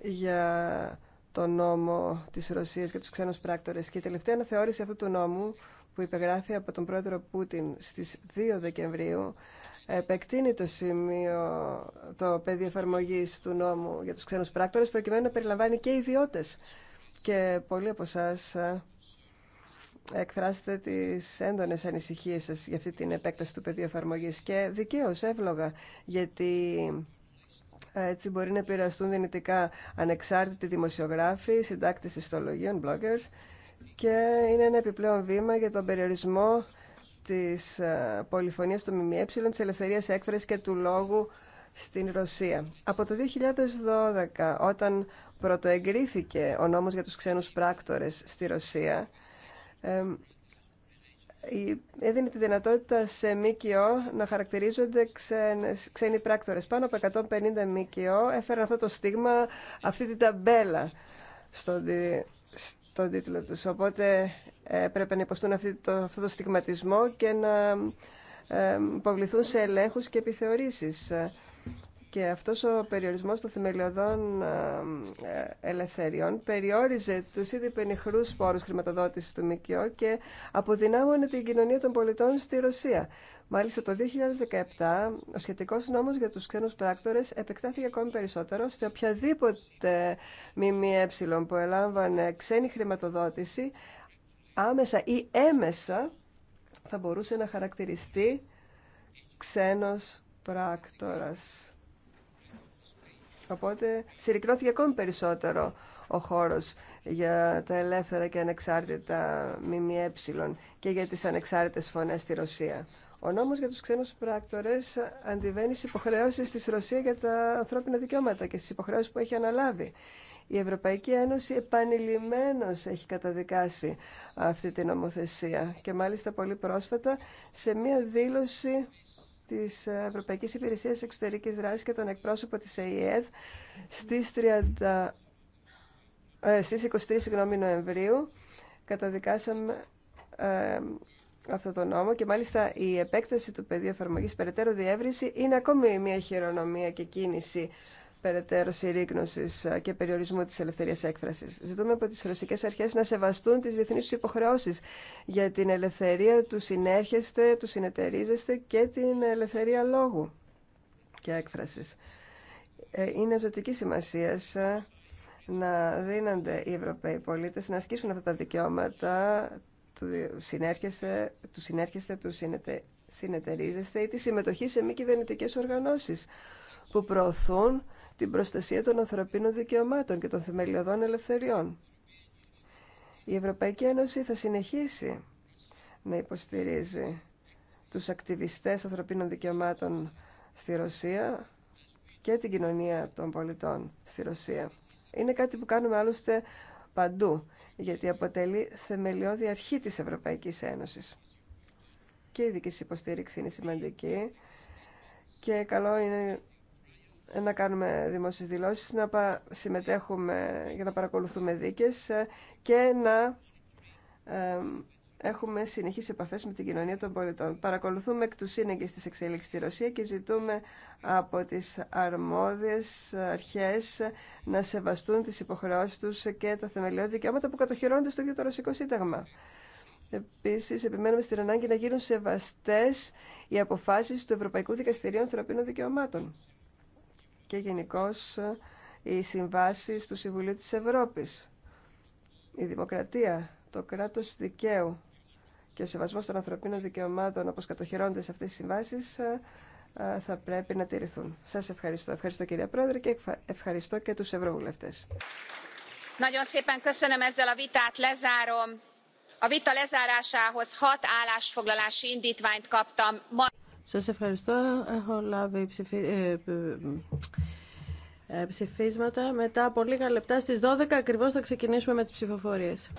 για το νόμο της Ρωσίας και τους ξένους πράκτορες. Και η τελευταία αναθεώρηση αυτού του νόμου που υπεγράφει από τον πρόεδρο Πούτιν στις 2 Δεκεμβρίου επεκτείνει το σημείο, το πεδίο εφαρμογή του νόμου για τους ξένους πράκτορες προκειμένου να περιλαμβάνει και ιδιώτες. Και πολλοί από εσά ε, εκφράσετε τις έντονες ανησυχίες σας για αυτή την επέκταση του πεδίου εφαρμογή και δικαίως εύλογα γιατί ε, έτσι μπορεί να επηρεαστούν δυνητικά ανεξάρτητοι δημοσιογράφοι, συντάκτες ιστολογίων, bloggers και είναι ένα επιπλέον βήμα για τον περιορισμό της ε, πολυφωνίας του ΜΜΕ, της ελευθερίας έκφρασης και του λόγου στην Ρωσία. Από το 2012, όταν πρωτοεγκρίθηκε ο νόμος για τους ξένους πράκτορες στη Ρωσία, έδινε τη δυνατότητα σε ΜΚΟ να χαρακτηρίζονται ξένοι πράκτορες. Πάνω από 150 ΜΚΟ έφεραν αυτό το στίγμα, αυτή την ταμπέλα στον στον τίτλο τους. Οπότε ε, πρέπει να υποστούν αυτό το στιγματισμό και να ε, υποβληθούν σε ελέγχους και επιθεωρήσεις και αυτός ο περιορισμός των θεμελιωδών ε, ε, ελευθεριών περιόριζε τους ήδη πενιχρούς πόρους χρηματοδότησης του ΜΚΟ και αποδυνάμωνε την κοινωνία των πολιτών στη Ρωσία. Μάλιστα το 2017 ο σχετικός νόμος για τους ξένους πράκτορες επεκτάθηκε ακόμη περισσότερο σε οποιαδήποτε ΜΜΕ που ελάμβανε ξένη χρηματοδότηση άμεσα ή έμεσα θα μπορούσε να χαρακτηριστεί ξένος πράκτορας. Οπότε συρρυκνώθηκε ακόμη περισσότερο ο χώρος για τα ελεύθερα και ανεξάρτητα ΜΜΕ και για τις ανεξάρτητες φωνές στη Ρωσία. Ο νόμος για τους ξένους πράκτορες αντιβαίνει στις υποχρεώσεις της Ρωσία για τα ανθρώπινα δικαιώματα και στις υποχρεώσεις που έχει αναλάβει. Η Ευρωπαϊκή Ένωση επανειλημμένως έχει καταδικάσει αυτή την νομοθεσία και μάλιστα πολύ πρόσφατα σε μία δήλωση Τη Ευρωπαϊκή Υπηρεσία Εξωτερικής Δράσης και τον εκπρόσωπο της ΕΙΕΔ στις, 30, 23 ε, Νοεμβρίου. Καταδικάσαμε ε, αυτό το νόμο και μάλιστα η επέκταση του πεδίου εφαρμογή περαιτέρω διεύρυνση είναι ακόμη μια χειρονομία και κίνηση περαιτέρω συρρήκνωση και περιορισμού τη ελευθερία έκφραση. Ζητούμε από τι ρωσικέ αρχέ να σεβαστούν τι διεθνεί του υποχρεώσει για την ελευθερία του συνέρχεστε, του συνεταιρίζεστε και την ελευθερία λόγου και έκφραση. Ε, είναι ζωτική σημασία να δίνονται οι Ευρωπαίοι πολίτε να ασκήσουν αυτά τα δικαιώματα του συνέρχεστε, του, συνεταιρίζεστε ή τη συμμετοχή σε μη κυβερνητικέ οργανώσεις που προωθούν την προστασία των ανθρωπίνων δικαιωμάτων και των θεμελιωδών ελευθεριών. Η Ευρωπαϊκή Ένωση θα συνεχίσει να υποστηρίζει τους ακτιβιστές ανθρωπίνων δικαιωμάτων στη Ρωσία και την κοινωνία των πολιτών στη Ρωσία. Είναι κάτι που κάνουμε άλλωστε παντού, γιατί αποτελεί θεμελιώδη αρχή της Ευρωπαϊκής Ένωσης. Και η δική υποστήριξη είναι σημαντική και καλό είναι να κάνουμε δημόσιες δηλώσεις, να συμμετέχουμε για να παρακολουθούμε δίκες ε, και να έχουμε συνεχείς επαφές με την κοινωνία των πολιτών. Παρακολουθούμε εκ του σύνεγγε της εξέλιξη στη Ρωσία και ζητούμε από τις αρμόδιες αρχές να σεβαστούν τις υποχρεώσεις τους και τα θεμελιώδη δικαιώματα που κατοχυρώνονται στο ίδιο το Ρωσικό Σύνταγμα. Επίση, επιμένουμε στην ανάγκη να γίνουν σεβαστέ οι αποφάσει του Ευρωπαϊκού Δικαστηρίου Ανθρωπίνων Δικαιωμάτων και γενικώ ε, οι συμβάσει του Συμβουλίου της Ευρώπης. Η δημοκρατία, το κράτος δικαίου και ο σεβασμός των ανθρωπίνων δικαιωμάτων όπως κατοχυρώνονται σε αυτές τις συμβάσεις ε, ε, θα πρέπει να τηρηθούν. Σας ευχαριστώ. Ευχαριστώ κυρία Πρόεδρε και ευχαριστώ και τους Ευρωβουλευτές. Nagyon szépen köszönöm ezzel a vitát, lezárom. A vita lezárásához hat állásfoglalási indítványt kaptam. Σας ευχαριστώ. Έχω λάβει ψηφί... Ε, ε, ε, ψηφίσματα. Μετά από λίγα λεπτά στις 12 ακριβώς θα ξεκινήσουμε με τις ψηφοφορίες.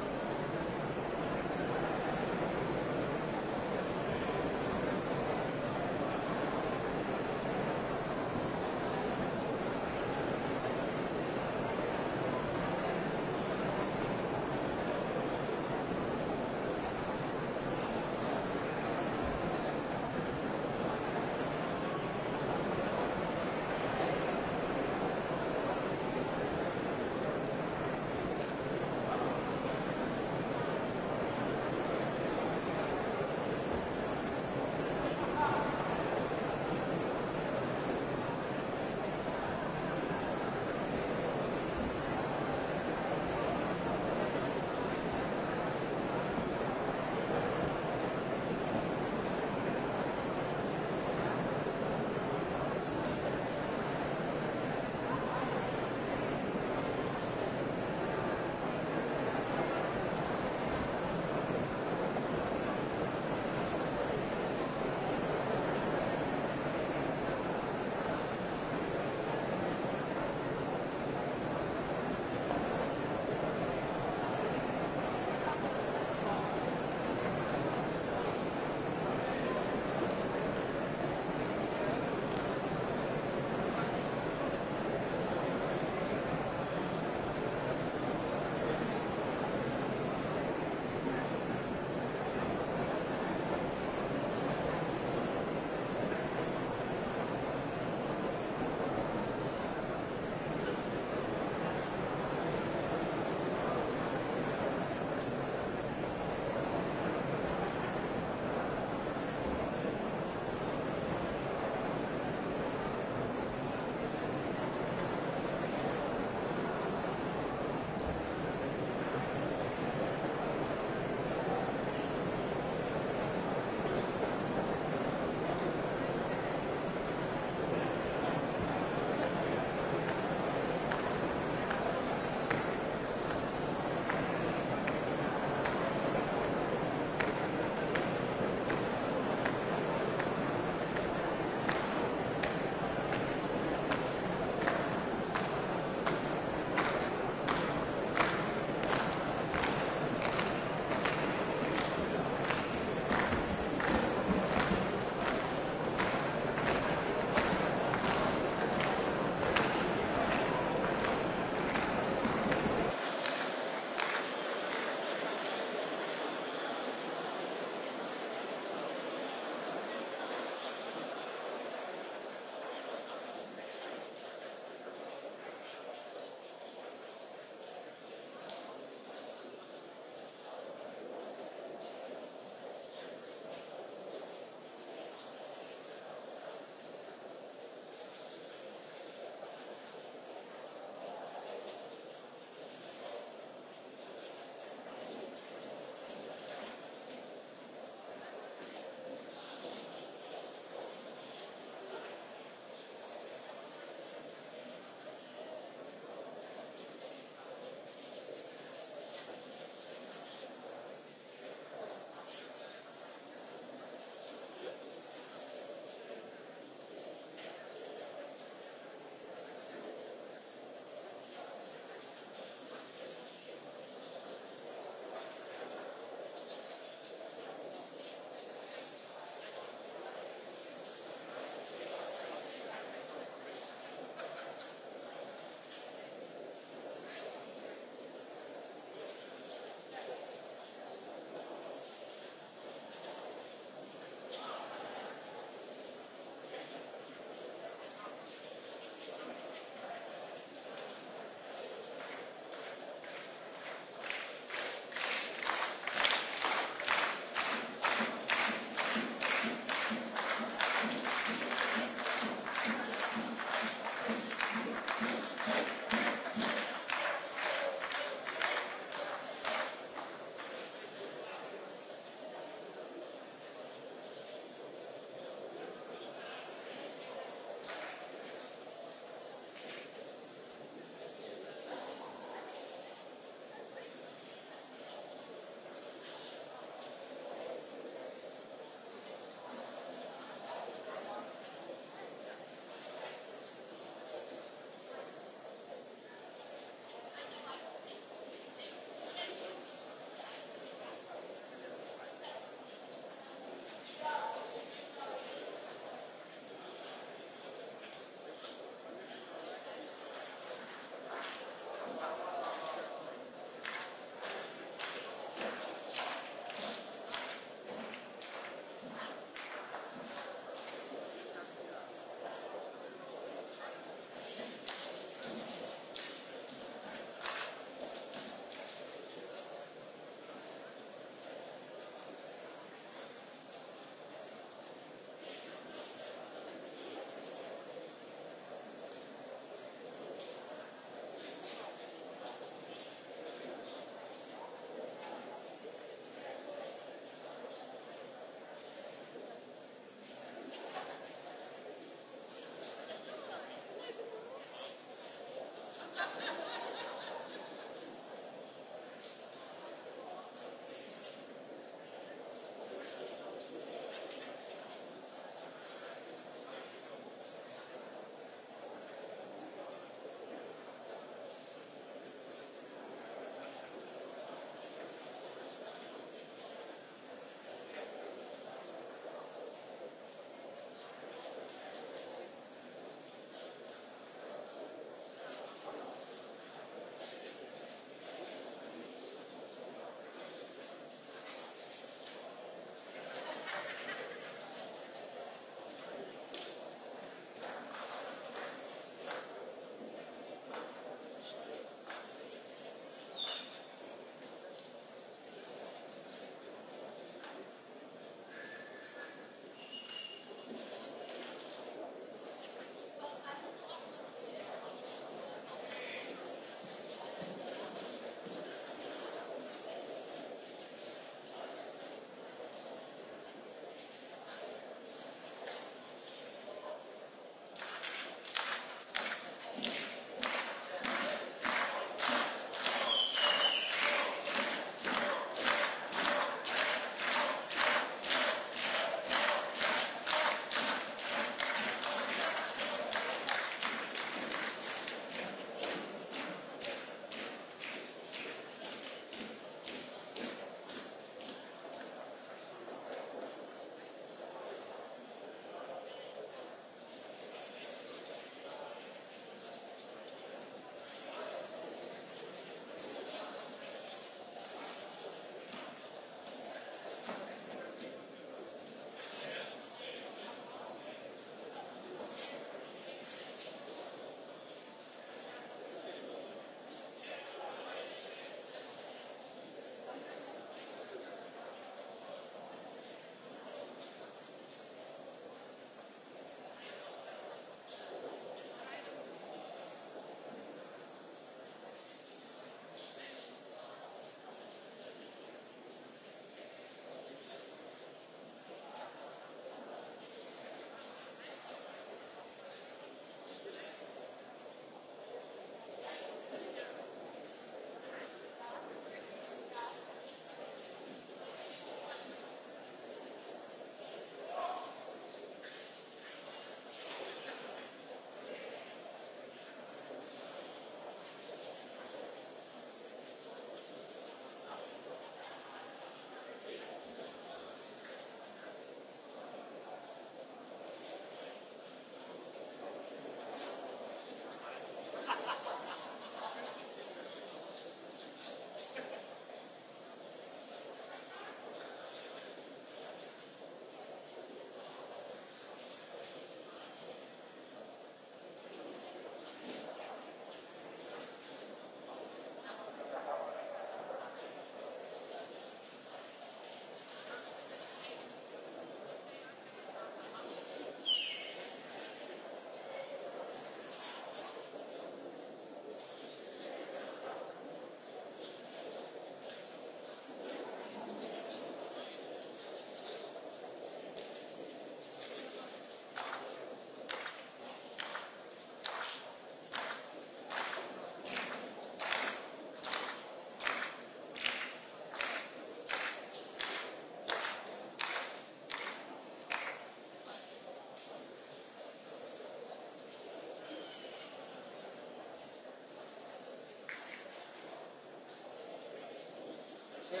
Yeah.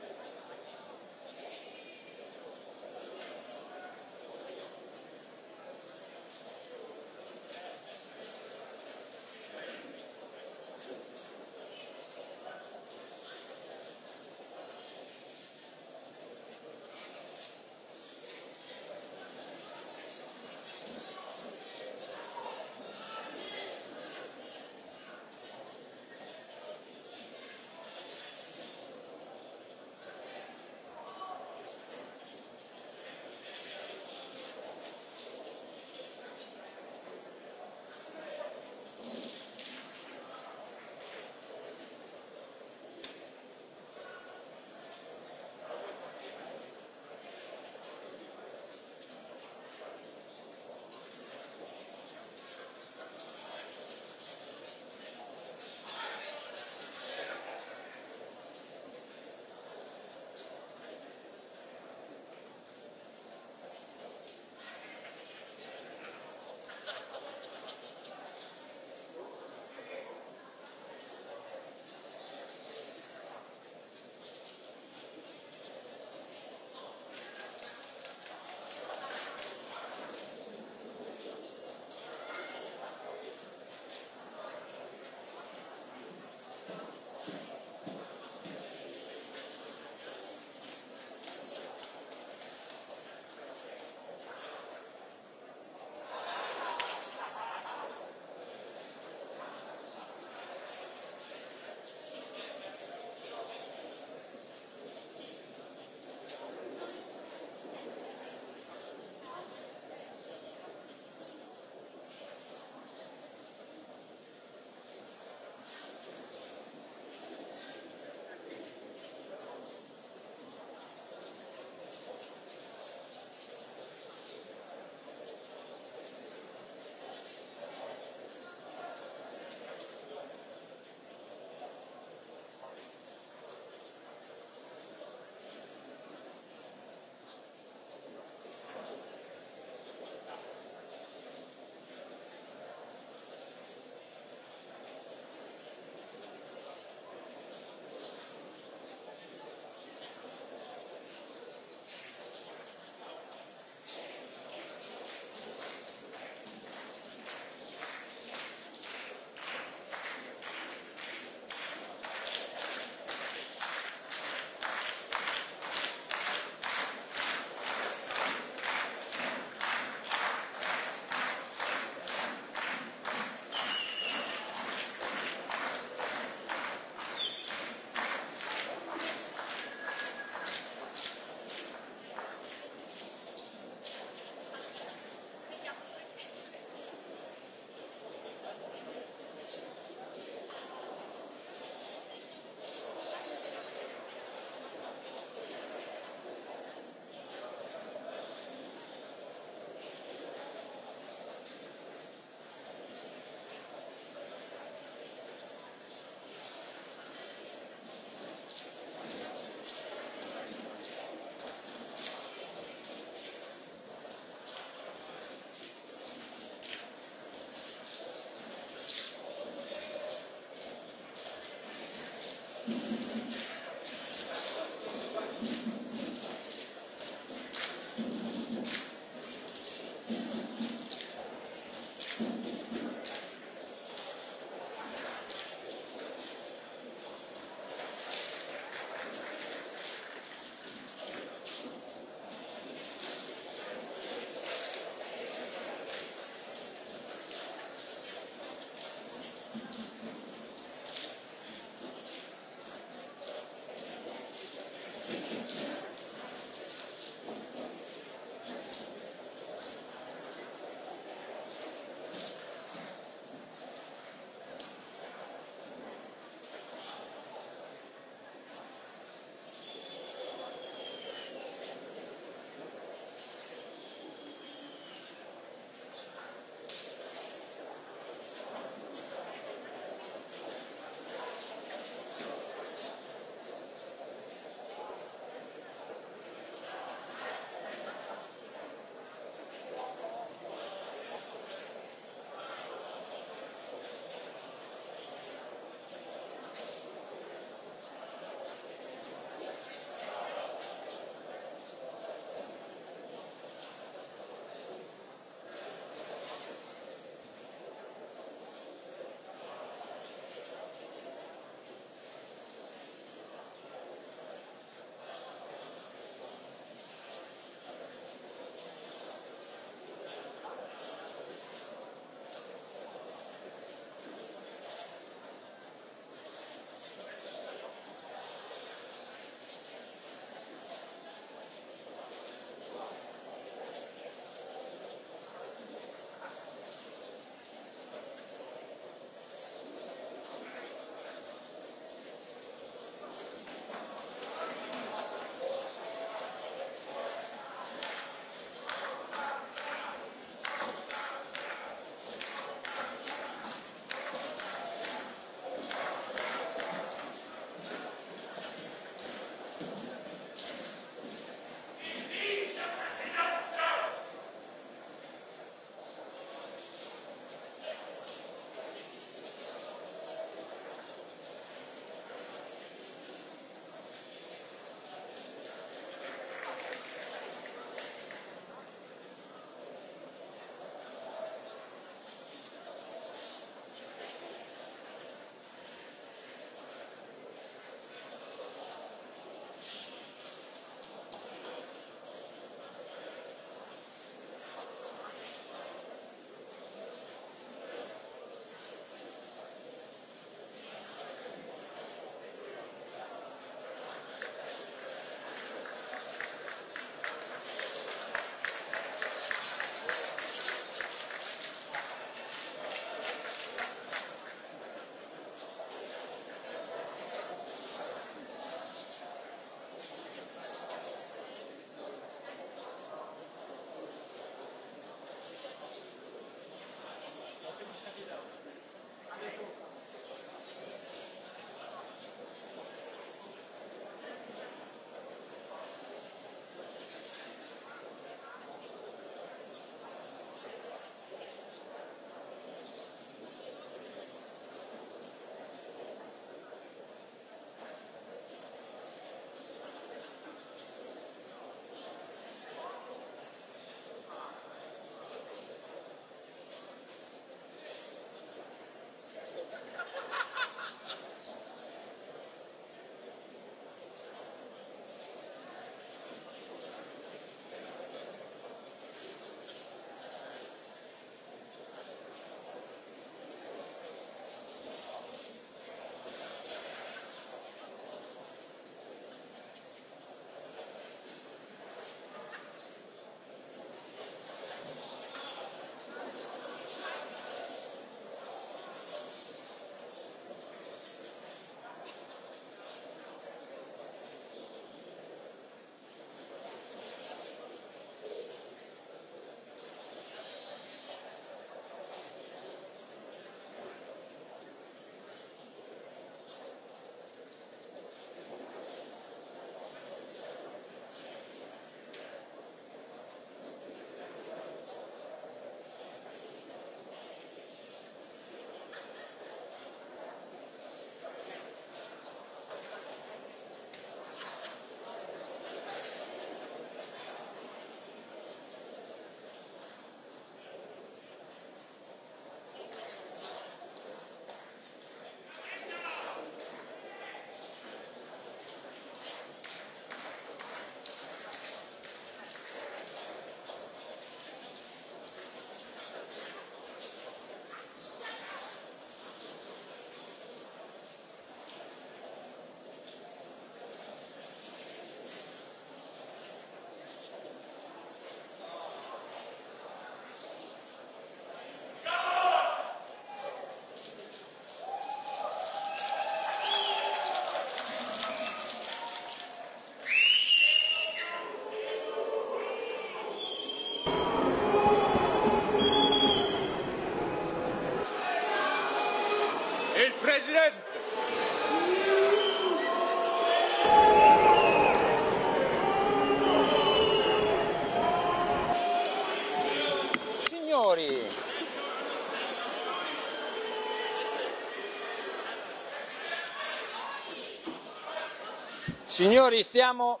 Signori, stiamo...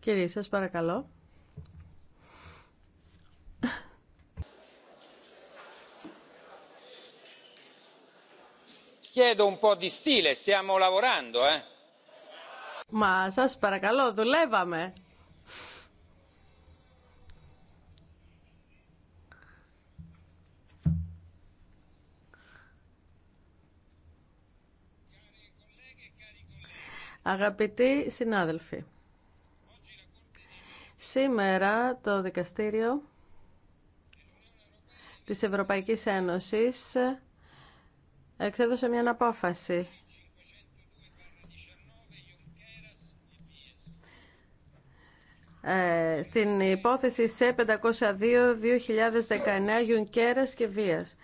Κύριε, σας παρακαλώ. Chiedo un po' di stile, stiamo lavorando, eh. Ma, σας παρακαλώ, δουλεύαμε. Αγαπητοί συνάδελφοι, σήμερα το Δικαστήριο της Ευρωπαϊκής Ένωσης εξέδωσε μια απόφαση ε, στην υπόθεση σε 502-2019 Γιουνκέρας και Βίας.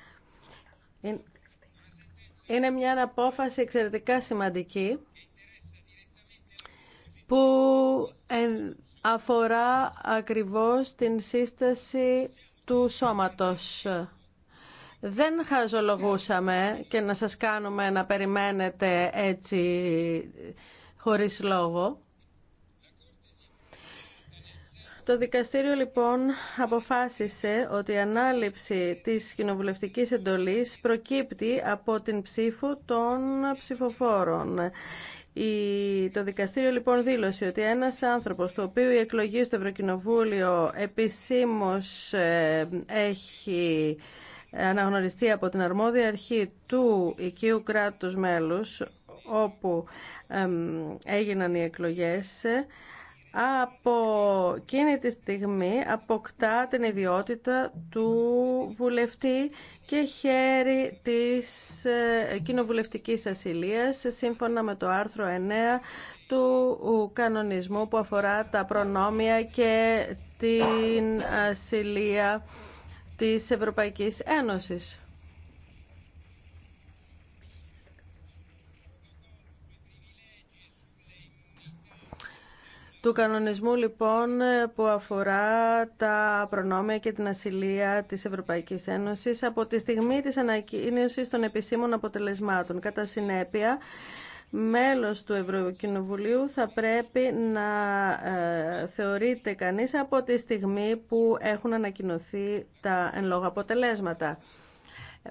Είναι μια απόφαση εξαιρετικά σημαντική που αφορά ακριβώς την σύσταση του σώματος. Δεν χαζολογούσαμε και να σας κάνουμε να περιμένετε έτσι χωρίς λόγο. Το δικαστήριο λοιπόν αποφάσισε ότι η ανάληψη της κοινοβουλευτική εντολής προκύπτει από την ψήφο των ψηφοφόρων. Το δικαστήριο λοιπόν δήλωσε ότι ένας άνθρωπος το οποίο η εκλογή στο Ευρωκοινοβούλιο επισήμως ε, έχει αναγνωριστεί από την αρμόδια αρχή του οικίου κράτους μέλους όπου έγιναν οι εκλογές από εκείνη τη στιγμή αποκτά την ιδιότητα του βουλευτή και χέρι της ε, κοινοβουλευτικής ασυλίας σύμφωνα με το άρθρο 9 του κανονισμού που αφορά τα προνόμια και την ασυλία της Ευρωπαϊκής Ένωσης. του κανονισμού λοιπόν που αφορά τα προνόμια και την ασυλία της Ευρωπαϊκής Ένωσης από τη στιγμή της ανακοίνωσης των επισήμων αποτελεσμάτων. Κατά συνέπεια, μέλος του Ευρωκοινοβουλίου θα πρέπει να ε, θεωρείται κανείς από τη στιγμή που έχουν ανακοινωθεί τα εν λόγω αποτελέσματα.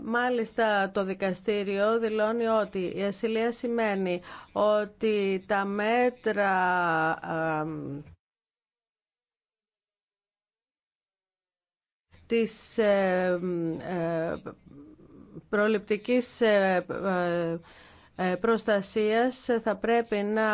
Μάλιστα το δικαστήριο δηλώνει ότι η ασυλία σημαίνει ότι τα μέτρα της ε, ε, προληπτικής ε, ε, προστασίας θα πρέπει να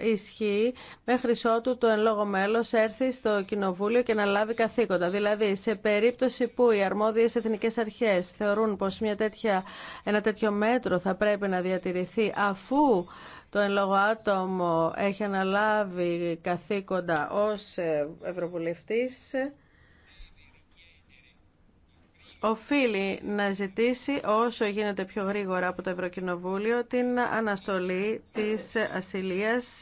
ε, ισχύει μέχρι ότου το εν λόγω μέλος έρθει στο Κοινοβούλιο και να λάβει καθήκοντα. Δηλαδή, σε περίπτωση που οι αρμόδιες εθνικές αρχές θεωρούν πως μια τέτοια, ένα τέτοιο μέτρο θα πρέπει να διατηρηθεί αφού το εν λόγω άτομο έχει αναλάβει καθήκοντα ως ε, Ευρωβουλευτής, οφείλει να ζητήσει όσο γίνεται πιο γρήγορα από το Ευρωκοινοβούλιο την αναστολή της ασυλίας,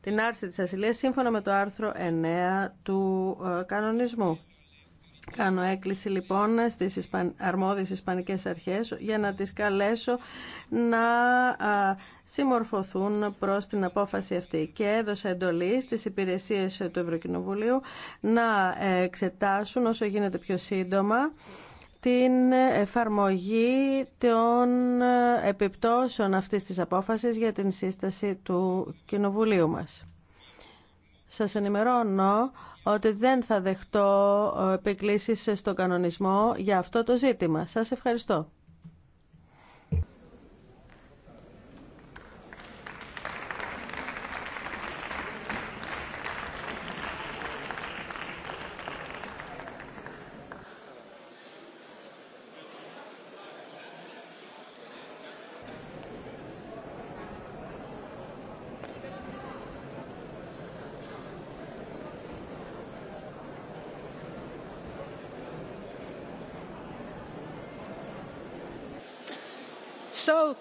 την άρση της ασυλίας σύμφωνα με το άρθρο 9 του ε, κανονισμού. Κάνω έκκληση λοιπόν στις αρμόδιες ισπανικές αρχές για να τις καλέσω να ε, συμμορφωθούν προς την απόφαση αυτή και έδωσα εντολή στις υπηρεσίες του Ευρωκοινοβουλίου να ε, εξετάσουν όσο γίνεται πιο σύντομα την εφαρμογή των επιπτώσεων αυτής της απόφασης για την σύσταση του Κοινοβουλίου μας. Σας ενημερώνω ότι δεν θα δεχτώ ε, επικλήσεις στον κανονισμό για αυτό το ζήτημα. Σας ευχαριστώ.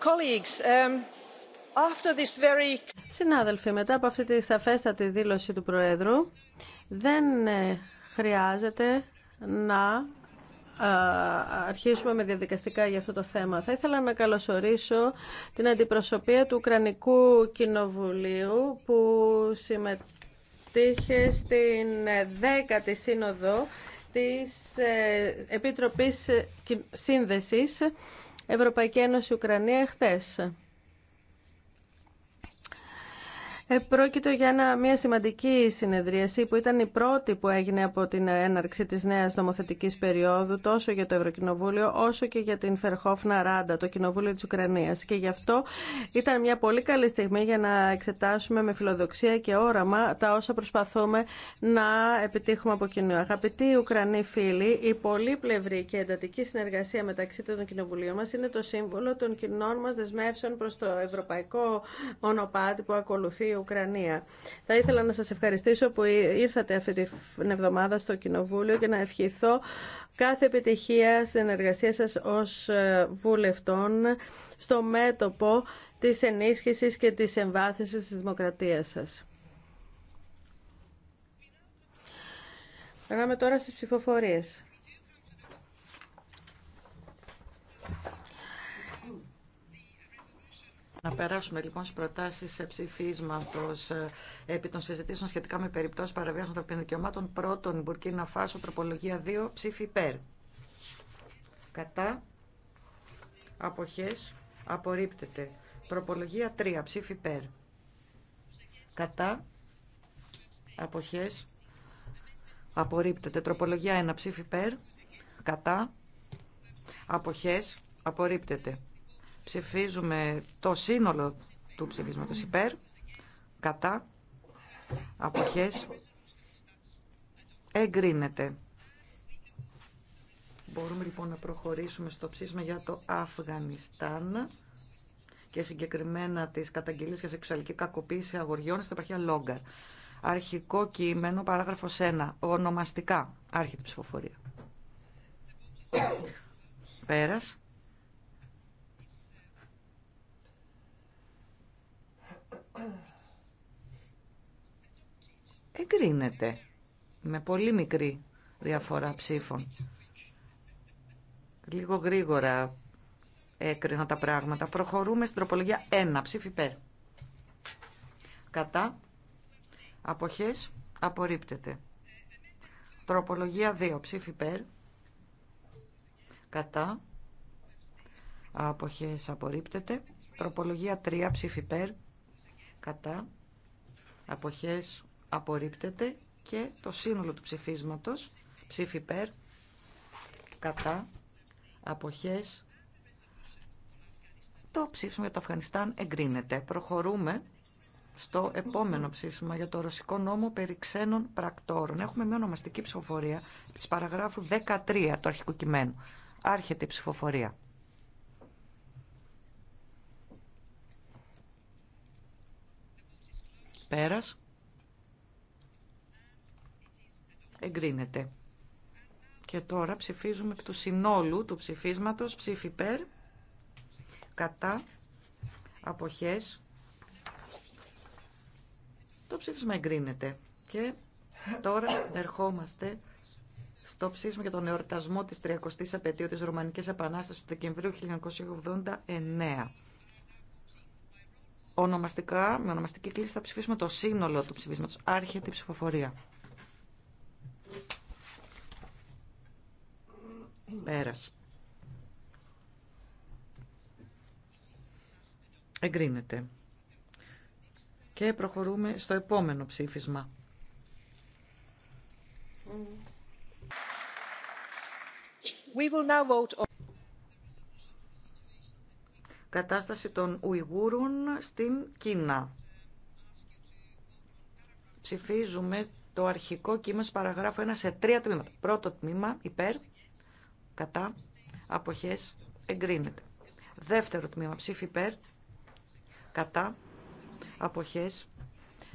Um, Συνάδελφοι, μετά από αυτή τη σαφέστατη δήλωση του Προέδρου, δεν ε, χρειάζεται να ε, αρχίσουμε με διαδικαστικά για αυτό το θέμα. Θα ήθελα να καλωσορίσω την αντιπροσωπεία του Ουκρανικού Κοινοβουλίου που συμμετείχε στην ε, δέκατη Σύνοδο της Επιτροπής Σύνδεσης Ευρωπαϊκή Ένωση Ουκρανία εχθές. Ε, Πρόκειται για μια σημαντική συνεδρίαση που ήταν η πρώτη που έγινε από την έναρξη της νέας νομοθετικής περίοδου τόσο για το Ευρωκοινοβούλιο όσο και για την Φερχόφνα Ράντα, το Κοινοβούλιο της Ουκρανίας. Και γι' αυτό ήταν μια πολύ καλή στιγμή για να εξετάσουμε με φιλοδοξία και όραμα τα όσα προσπαθούμε να επιτύχουμε από κοινού. Αγαπητοί Ουκρανοί φίλοι, η πολύπλευρη και εντατική συνεργασία μεταξύ των κοινοβουλίων μας είναι το σύμβολο των κοινών μας δεσμεύσεων προς το ευρωπαϊκό μονοπάτι που ακολουθεί θα ήθελα να σας ευχαριστήσω που ήρθατε αυτή την εβδομάδα στο Κοινοβούλιο και να ευχηθώ κάθε επιτυχία στην εργασία σας ως ε, βουλευτών στο μέτωπο της ενίσχυσης και της εμβάθυνσης της δημοκρατίας σας. Περνάμε τώρα στις ψηφοφορίες. Να περάσουμε λοιπόν στι προτάσει σε ψηφίσματο ε, επί των συζητήσεων σχετικά με περιπτώσει παραβίαση ανθρωπίνων δικαιωμάτων. Πρώτον, Μπουρκίνα Φάσο, τροπολογία 2, ψήφι υπέρ. Κατά. Αποχέ. Απορρίπτεται. Τροπολογία 3, ψήφι υπέρ. Κατά. Αποχέ. Απορρίπτεται. Τροπολογία 1, ψήφι υπέρ. Κατά. Αποχέ. Απορρίπτεται. Ψηφίζουμε το σύνολο του ψηφίσματος υπέρ, κατά, αποχές, εγκρίνεται. Μπορούμε λοιπόν να προχωρήσουμε στο ψήσμα για το Αφγανιστάν και συγκεκριμένα τις καταγγελίες για σεξουαλική κακοποίηση αγοριών στην επαρχία Λόγκαρ. Αρχικό κείμενο, παράγραφος 1, ονομαστικά, άρχεται ψηφοφορία. Πέρας. εγκρίνεται με πολύ μικρή διαφορά ψήφων. Λίγο γρήγορα έκρινα τα πράγματα. Προχωρούμε στην τροπολογία 1, ψήφι Κατά, αποχές, απορρίπτεται. Τροπολογία 2, ψήφι Κατά, αποχές, απορρίπτεται. Τροπολογία 3, ψήφι κατά αποχές απορρίπτεται και το σύνολο του ψηφίσματος ψήφι υπέρ κατά αποχές το ψήφισμα για το Αφγανιστάν εγκρίνεται. Προχωρούμε στο επόμενο ψήφισμα για το ρωσικό νόμο περί ξένων πρακτόρων. Έχουμε μια ονομαστική ψηφοφορία της παραγράφου 13 του αρχικού κειμένου. Άρχεται η ψηφοφορία. Πέρας. Εγκρίνεται. Και τώρα ψηφίζουμε του συνόλου του ψηφίσματος ψήφι περ, κατά, αποχές. Το ψήφισμα εγκρίνεται. Και τώρα ερχόμαστε στο ψήφισμα για τον εορτασμό της 30ης απαιτίου της Ρωμανικής Επανάστασης του Δεκεμβρίου 1989 ονομαστικά, με ονομαστική κλίση θα ψηφίσουμε το σύνολο του ψηφίσματος. Άρχεται η ψηφοφορία. Πέρας. Εγκρίνεται. Και προχωρούμε στο επόμενο ψήφισμα. We will now vote κατάσταση των Ουιγούρων στην Κίνα. Ψηφίζουμε το αρχικό κείμενο παραγράφου 1 σε τρία τμήματα. Πρώτο τμήμα υπέρ, κατά, αποχές, εγκρίνεται. Δεύτερο τμήμα ψήφι υπέρ, κατά, αποχές,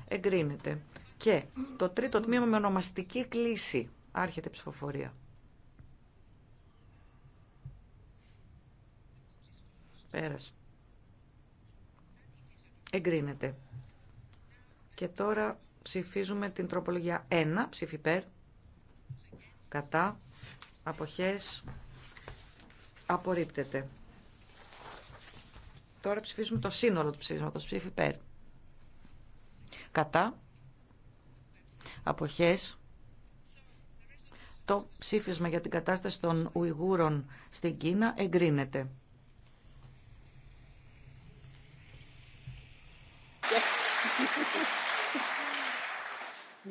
εγκρίνεται. Και το τρίτο τμήμα με ονομαστική κλίση άρχεται η ψηφοφορία. Πέρας. Εγκρίνεται. Και τώρα ψηφίζουμε την τροπολογία 1, ψήφι κατά, αποχές, απορρίπτεται. Τώρα ψηφίζουμε το σύνολο του ψηφίσματος, ψήφι υπέρ, κατά, αποχές, το ψήφισμα για την κατάσταση των Ουιγούρων στην Κίνα εγκρίνεται. Uh,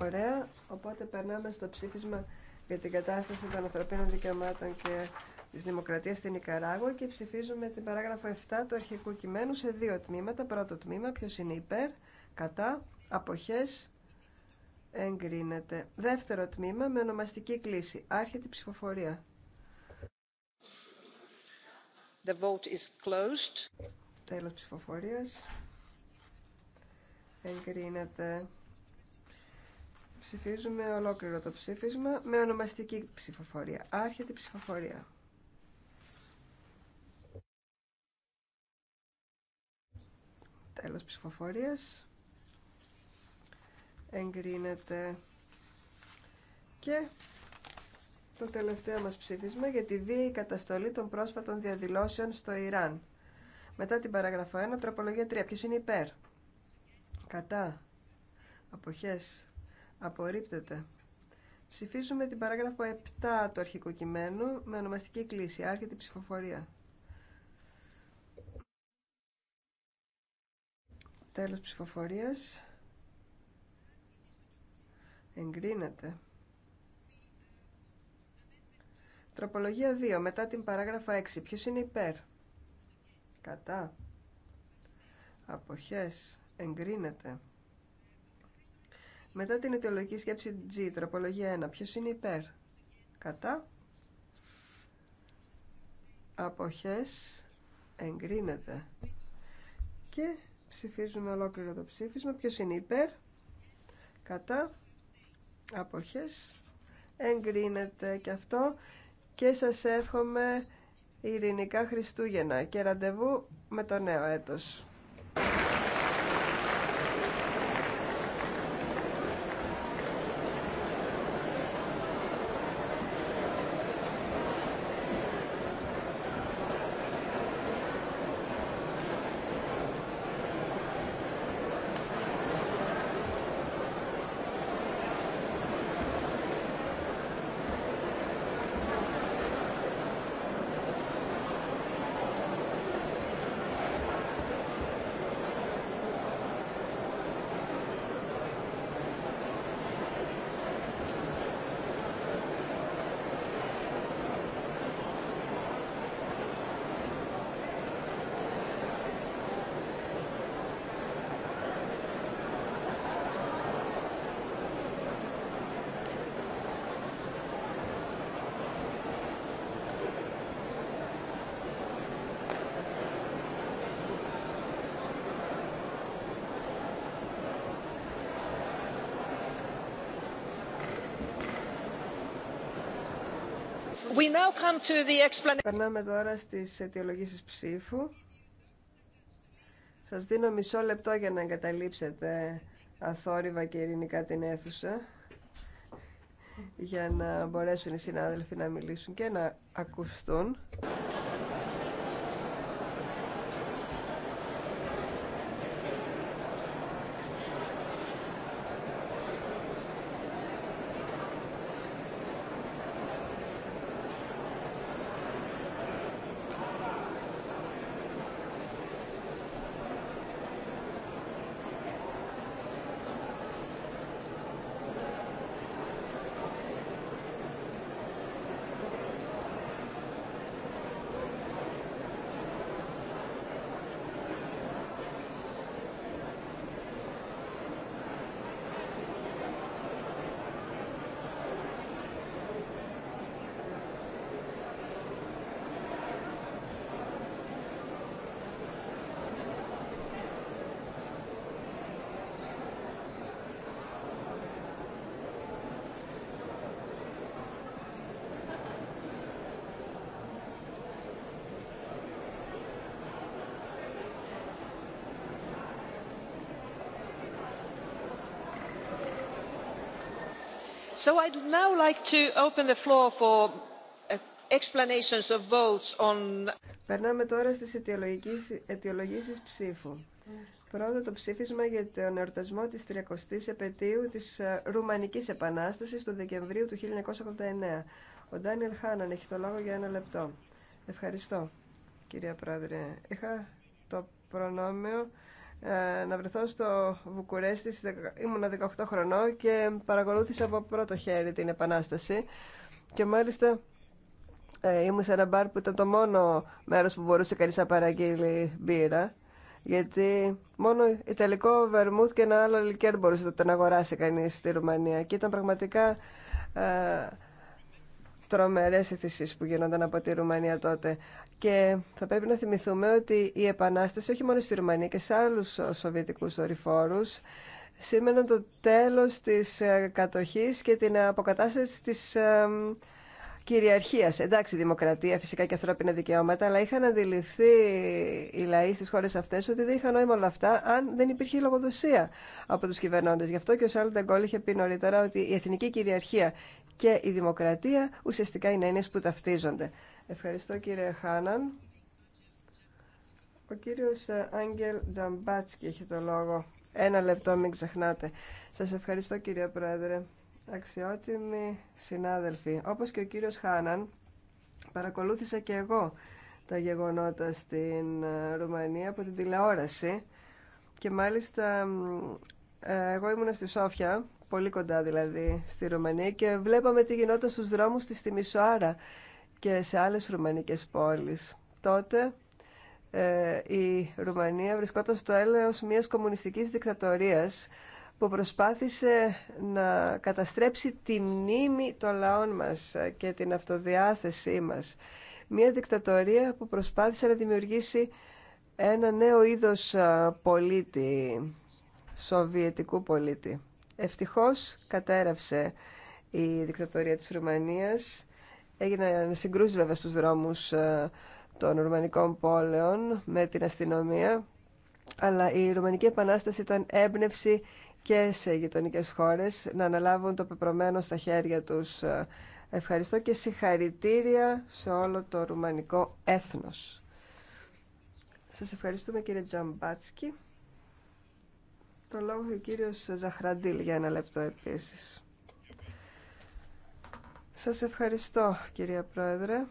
Ωραία, οπότε περνάμε στο ψήφισμα για την κατάσταση των ανθρωπίνων δικαιωμάτων και της Δημοκρατίας στην Ικαράγουα και ψηφίζουμε την παράγραφο 7 του αρχικού κειμένου σε δύο τμήματα. Πρώτο τμήμα, ποιος είναι υπέρ, κατά, αποχές, εγκρίνεται. Δεύτερο τμήμα, με ονομαστική κλίση. Άρχεται η ψηφοφορία. The vote Τέλος ψηφοφορίας. Εγκρίνεται. Ψηφίζουμε ολόκληρο το ψήφισμα με ονομαστική ψηφοφορία. Άρχεται η ψηφοφορία. Τέλος ψηφοφορίας. Εγκρίνεται. Και το τελευταίο μας ψήφισμα για τη βίαιη καταστολή των πρόσφατων διαδηλώσεων στο Ιράν. Μετά την παραγραφό 1, τροπολογία 3. Ποιος είναι υπέρ κατά, αποχές, απορρίπτεται. Ψηφίζουμε την παράγραφο 7 του αρχικού κειμένου με ονομαστική κλίση, άρχεται η ψηφοφορία. Τέλος ψηφοφορίας. Εγκρίνεται. Τροπολογία 2. Μετά την παράγραφο 6. Ποιος είναι υπέρ. Κατά. Αποχές εγκρίνεται. Μετά την αιτιολογική σκέψη G, τροπολογία 1, ποιος είναι υπέρ, κατά, αποχές, εγκρίνεται. Και ψηφίζουμε ολόκληρο το ψήφισμα, ποιος είναι υπέρ, κατά, αποχές, εγκρίνεται και αυτό και σας εύχομαι ειρηνικά Χριστούγεννα και ραντεβού με το νέο έτος. Περνάμε τώρα στις αιτιολογήσεις ψήφου. Σας δίνω μισό λεπτό για να εγκαταλείψετε αθόρυβα και ειρηνικά την αίθουσα για να μπορέσουν οι συνάδελφοι να μιλήσουν και να ακουστούν. so i'd now like to open the floor for uh, explanations of votes on. Περνάμε τώρα στις αιτιολογήσεις ψήφου. Πρώτα το ψήφισμα για τον εορτασμό της 30ης επαιτίου της ε, Ρουμανικής Επανάστασης του Δεκεμβρίου του 1989. Ο Ντάνιελ Χάναν έχει το λόγο για ένα λεπτό. Ευχαριστώ, κυρία Πρόεδρε. Είχα το προνόμιο ε, να βρεθώ στο Βουκουρέστι. ήμουν 18 χρονών και παρακολούθησα από πρώτο χέρι την Επανάσταση. Και μάλιστα ε, ήμουν σε ένα μπαρ που ήταν το μόνο μέρος που μπορούσε κανείς να παραγγείλει μπύρα. Γιατί μόνο ιταλικό βερμούθ και ένα άλλο λικέρ μπορούσε να τον αγοράσει κανείς στη Ρουμανία. Και ήταν πραγματικά ε, τρομερές εθισίες που γίνονταν από τη Ρουμανία τότε. Και θα πρέπει να θυμηθούμε ότι η Επανάσταση όχι μόνο στη Ρουμανία και σε άλλους σοβιετικούς δορυφόρους σήμαιναν το τέλος της ε, κατοχής και την αποκατάσταση της ε, κυριαρχίας. Εντάξει, δημοκρατία, φυσικά και ανθρώπινα δικαιώματα, αλλά είχαν αντιληφθεί οι λαοί στις χώρες αυτές ότι δεν είχαν νόημα όλα αυτά αν δεν υπήρχε λογοδοσία από τους κυβερνώντες. Γι' αυτό και ο Σάλ είχε πει νωρίτερα ότι η εθνική κυριαρχία και η δημοκρατία ουσιαστικά είναι έννοιες που ταυτίζονται. Ευχαριστώ κύριε Χάναν. Ο κύριος ε, Άγγελ Τζαμπάτσκι έχει το λόγο. Ένα λεπτό μην ξεχνάτε. Σας ευχαριστώ κύριε Πρόεδρε. Αξιότιμοι συνάδελφοι, όπως και ο κύριος Χάναν, παρακολούθησα και εγώ τα γεγονότα στην ε, Ρουμανία από την τηλεόραση και μάλιστα ε, εγώ ήμουν στη Σόφια πολύ κοντά δηλαδή στη Ρουμανία και βλέπαμε τι γινόταν στους δρόμους της Μισοάρα και σε άλλες ρουμανικές πόλεις. Τότε ε, η Ρουμανία βρισκόταν στο έλεος μιας κομμουνιστικής δικτατορίας που προσπάθησε να καταστρέψει τη μνήμη των λαών μας και την αυτοδιάθεσή μας. Μια δικτατορία που προσπάθησε να δημιουργήσει ένα νέο είδος πολίτη, σοβιετικού πολίτη. Ευτυχώς κατέρευσε η δικτατορία της Ρουμανίας. Έγιναν συγκρούσεις βέβαια στους δρόμους ε, των Ρουμανικών πόλεων με την αστυνομία, αλλά η Ρουμανική Επανάσταση ήταν έμπνευση και σε γειτονικέ χώρες να αναλάβουν το πεπρωμένο στα χέρια τους. Ε, ευχαριστώ και συγχαρητήρια σε όλο το ρουμανικό έθνος. Σας ευχαριστούμε κύριε Τζαμπάτσκι. Το λόγο έχει ο κύριος Ζαχραντήλ για ένα λεπτό επίσης. Σας ευχαριστώ κυρία Πρόεδρε.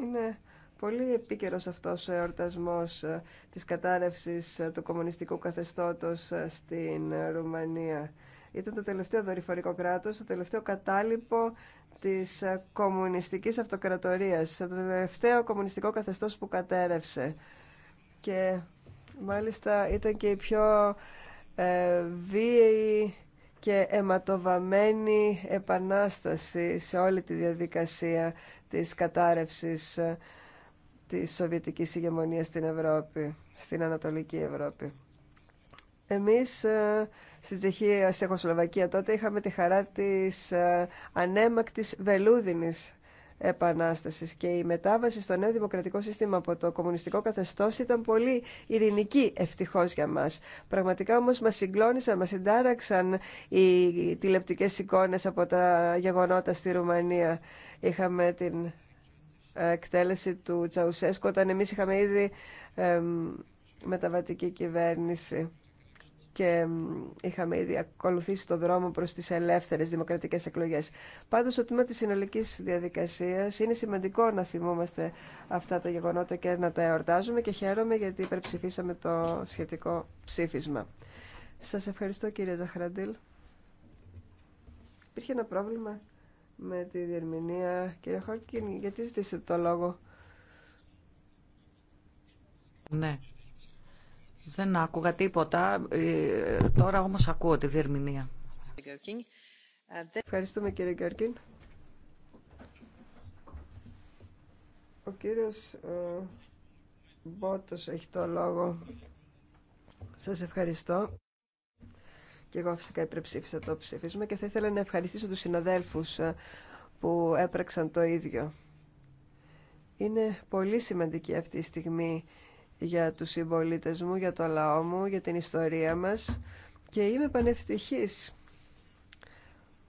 Είναι πολύ επίκαιρος αυτός ο εορτασμός ε, της κατάρρευσης ε, του κομμουνιστικού καθεστώτος ε, στην Ρουμανία. Ήταν το τελευταίο δορυφορικό κράτος, το τελευταίο κατάλοιπο της κομμουνιστικής αυτοκρατορίας, το τελευταίο κομμουνιστικό καθεστώς που κατέρευσε. Και Μάλιστα ήταν και η πιο ε, βίαιη και αιματοβαμένη επανάσταση σε όλη τη διαδικασία της κατάρρευσης ε, της Σοβιετικής ηγεμονίας στην Ευρώπη, στην Ανατολική Ευρώπη. Εμείς ε, στην Τσεχία, στη τότε είχαμε τη χαρά της ε, ανέμακτης βελούδινης και η μετάβαση στο νέο δημοκρατικό σύστημα από το κομμουνιστικό καθεστώς ήταν πολύ ειρηνική ευτυχώ για μας. Πραγματικά όμως μας συγκλώνησαν, μας συντάραξαν οι τηλεπτικές εικόνες από τα γεγονότα στη Ρουμανία. Είχαμε την ε, εκτέλεση του Τσαουσέσκου όταν εμείς είχαμε ήδη μεταβατική κυβέρνηση και είχαμε ήδη ακολουθήσει το δρόμο προς τις ελεύθερες δημοκρατικές εκλογές. Πάντως, το τμήμα τη συνολική διαδικασία, είναι σημαντικό να θυμόμαστε αυτά τα γεγονότα και να τα εορτάζουμε και χαίρομαι γιατί υπερψηφίσαμε το σχετικό ψήφισμα. Σας ευχαριστώ κύριε Ζαχραντήλ. Υπήρχε ένα πρόβλημα με τη διερμηνία. Κύριε Χόρκιν, γιατί ζητήσετε το λόγο. Ναι, δεν άκουγα τίποτα. Ε, τώρα όμως ακούω τη διερμηνία. Ευχαριστούμε κύριε Γκέρκιν. Ο κύριος ε, Μπότος έχει το λόγο. Σας ευχαριστώ. Και εγώ φυσικά υπερψήφισα το ψηφίσμα και θα ήθελα να ευχαριστήσω τους συναδέλφους ε, που έπραξαν το ίδιο. Είναι πολύ σημαντική αυτή η στιγμή για τους συμπολίτε μου, για το λαό μου, για την ιστορία μας και είμαι πανευτυχής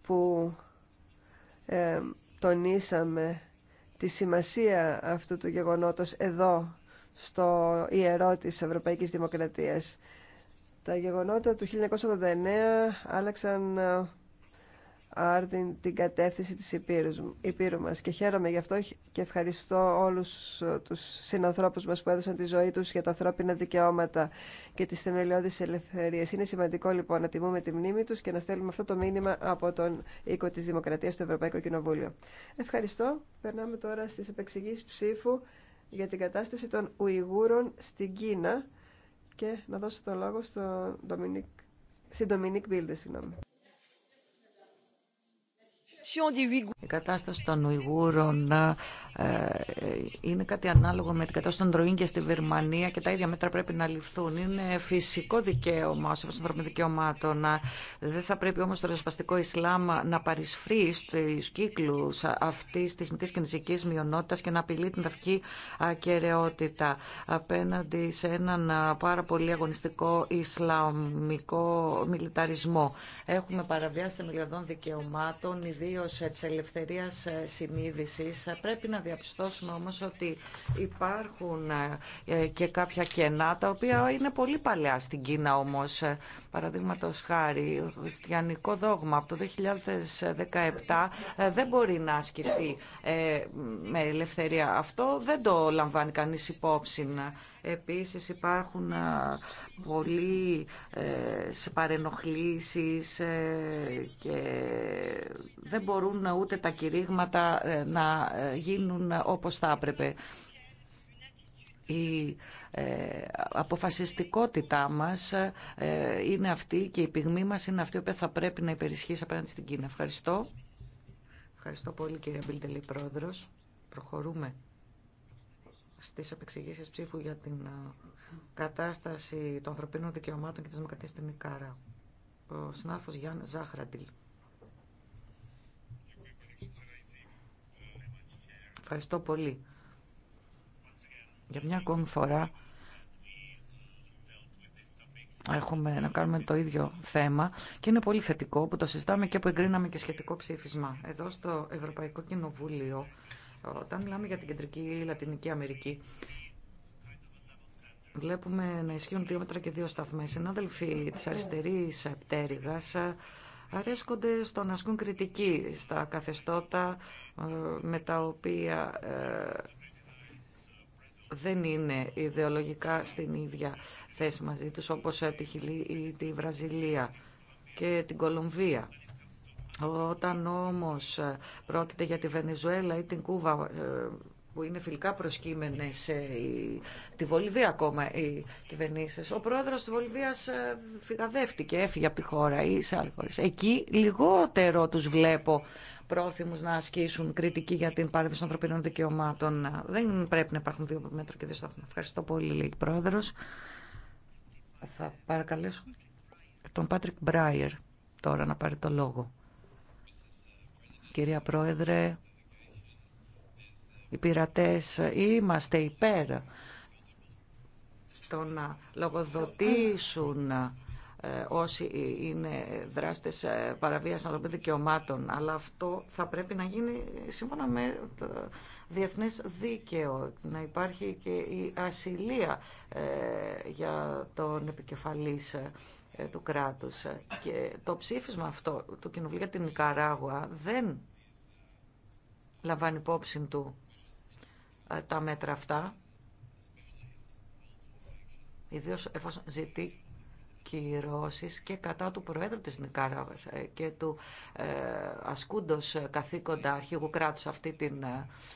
που ε, τονίσαμε τη σημασία αυτού του γεγονότος εδώ στο ιερό της Ευρωπαϊκής Δημοκρατίας. Τα γεγονότα του 1989 άλλαξαν ε, άρδιν την κατεύθυνση της Υπήρου, μας. Και χαίρομαι γι' αυτό και ευχαριστώ όλους ε, τους συνανθρώπους μας που έδωσαν τη ζωή τους για τα ανθρώπινα δικαιώματα και τις θεμελιώδεις ελευθερίες. Είναι σημαντικό λοιπόν να τιμούμε τη μνήμη τους και να στέλνουμε αυτό το μήνυμα από τον οίκο της Δημοκρατίας στο Ευρωπαϊκό Κοινοβούλιο. Ευχαριστώ. Περνάμε τώρα στις επεξηγήσεις ψήφου για την κατάσταση των Ουιγούρων στην Κίνα και να δώσω το λόγο στον στην Ντομινίκ Μπίλντε, συγγνώμη. Η κατάσταση των Ουιγούρων ε, ε, είναι κάτι ανάλογο με την κατάσταση των Ροίνγκια στη Βερμανία και τα ίδια μέτρα πρέπει να ληφθούν. Είναι φυσικό δικαίωμα ω ανθρώπινων δικαιωμάτων. Δεν θα πρέπει όμω το ρεσπαστικό Ισλάμ να παρισφρεί στου κύκλου αυτή τη μικρή κινησική μειονότητα και να απειλεί την ταυτική ακαιρεότητα απέναντι σε έναν πάρα πολύ αγωνιστικό Ισλαμικό μιλιταρισμό. Έχουμε παραβιάσει θεμελιωδών δικαιωμάτων, Τη της ελευθερίας ε, συνείδησης. Πρέπει να διαπιστώσουμε όμως ότι υπάρχουν ε, ε, και κάποια κενά, τα οποία είναι πολύ παλιά στην Κίνα όμως. Παραδείγματο χάρη, χριστιανικό δόγμα από το 2017 δεν μπορεί να ασκηθεί με ελευθερία. Αυτό δεν το λαμβάνει κανείς υπόψη. Επίσης υπάρχουν πολλοί ε, παρενοχλήσεις ε, και δεν μπορούν ούτε τα κηρύγματα ε, να γίνουν όπως θα έπρεπε. Η αποφασιστικότητά μας είναι αυτή και η πυγμή μας είναι αυτή που θα πρέπει να υπερισχύσει απέναντι στην Κίνα. Ευχαριστώ. Ευχαριστώ πολύ κύριε Μπίλτελη Πρόεδρος. Προχωρούμε στις επεξηγήσεις ψήφου για την ε, κατάσταση των ανθρωπίνων δικαιωμάτων και της δημοκρατίας στην Ικάρα. Ο συνάδελφος Γιάνν Ζάχραντιλ. Ευχαριστώ πολύ. Για μια ακόμη φορά έχουμε να κάνουμε το ίδιο θέμα και είναι πολύ θετικό που το συζητάμε και που εγκρίναμε και σχετικό ψήφισμα. Εδώ στο Ευρωπαϊκό Κοινοβούλιο όταν μιλάμε για την Κεντρική Λατινική Αμερική, βλέπουμε να ισχύουν δύο μέτρα και δύο σταθμές. Συνάδελφοι της αριστερής πτέρυγας ε, αρέσκονται στο να ασκούν κριτική στα καθεστώτα ε, με τα οποία ε, δεν είναι ιδεολογικά στην ίδια θέση μαζί τους, όπως τη Χιλή ή τη Βραζιλία και την Κολομβία. Όταν όμως ε, πρόκειται για τη Βενεζουέλα ή την Κούβα ε, που είναι φιλικά προσκύμενες ε, τη Βολιβία ακόμα οι κυβερνήσεις. Ο πρόεδρος της Βολιβίας φυγαδεύτηκε, έφυγε από τη χώρα ή σε άλλες χώρες. Εκεί λιγότερο τους βλέπω πρόθυμους να ασκήσουν κριτική για την παρέμβαση των ανθρωπίνων δικαιωμάτων. Δεν πρέπει να υπάρχουν δύο μέτρα και δύο Ευχαριστώ πολύ, λέει η πρόεδρος. Θα παρακαλέσω τον Πάτρικ Μπράιερ τώρα να πάρει το λόγο. Κυρία Πρόεδρε, οι πειρατές είμαστε υπέρ στο να λογοδοτήσουν ε, όσοι είναι δράστες ε, παραβίας ανθρωπίνων δικαιωμάτων. Αλλά αυτό θα πρέπει να γίνει σύμφωνα με το διεθνές δίκαιο. Να υπάρχει και η ασυλία ε, για τον επικεφαλής ε, του κράτους. Και το ψήφισμα αυτό του Κοινοβουλίου για την Νικαράγουα δεν λαμβάνει υπόψη του ε, τα μέτρα αυτά, ιδίως εφόσον ζητεί κυρώσεις και κατά του Προέδρου της Νικαράγουα ε, και του ε, ασκούντος καθήκοντα αρχηγού κράτους αυτή τη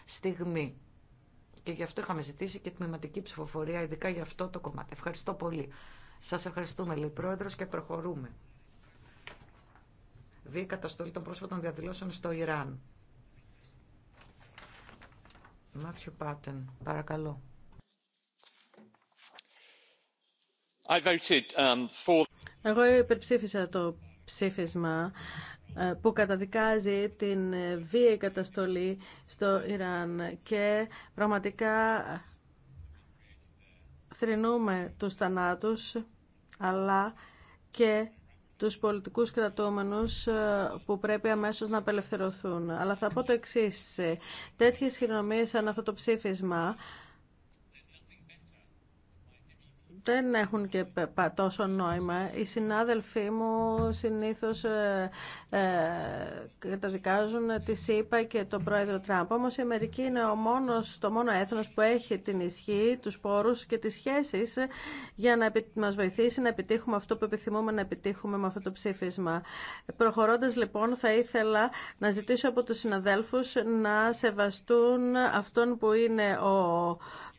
στιγμή. Και γι' αυτό είχαμε ζητήσει και τμηματική ψηφοφορία, ειδικά για αυτό το κομμάτι. Ευχαριστώ πολύ. Σας ευχαριστούμε, λέει Πρόεδρος, και προχωρούμε. Βία καταστολή των πρόσφατων διαδηλώσεων στο Ιράν. Μάθιου Πάτεν, παρακαλώ. Um, Εγώ υπερψήφισα το ψήφισμα ε, που καταδικάζει την ε, βία καταστολή στο Ιράν και πραγματικά θρηνούμε τους θανάτους αλλά και τους πολιτικούς κρατούμενους ε, που πρέπει αμέσως να απελευθερωθούν. Αλλά θα πω το εξής. Τέτοιες χειρονομίες σαν αυτό το ψήφισμα δεν έχουν και τόσο νόημα. Οι συνάδελφοί μου συνήθως ε, ε, καταδικάζουν τη ΣΥΠΑ και τον πρόεδρο Τραμπ. Όμως η Αμερική είναι ο μόνος, το μόνο έθνος που έχει την ισχύ, τους πόρους και τις σχέσεις για να μας βοηθήσει να επιτύχουμε αυτό που επιθυμούμε να επιτύχουμε με αυτό το ψήφισμα. Προχωρώντας λοιπόν θα ήθελα να ζητήσω από τους συναδέλφους να σεβαστούν αυτόν που είναι ο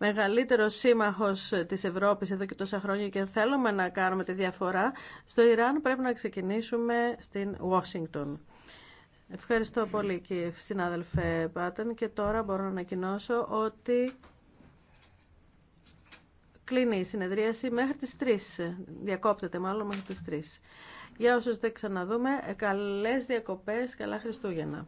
μεγαλύτερο σύμμαχος της Ευρώπης εδώ και τόσα χρόνια και θέλουμε να κάνουμε τη διαφορά, στο Ιράν πρέπει να ξεκινήσουμε στην Ουάσιγκτον. Ευχαριστώ πολύ και συνάδελφε Πάτεν και τώρα μπορώ να ανακοινώσω ότι κλείνει η συνεδρίαση μέχρι τις 3. Διακόπτεται μάλλον μέχρι τις 3. Για όσους δεν ξαναδούμε, καλές διακοπές, καλά Χριστούγεννα.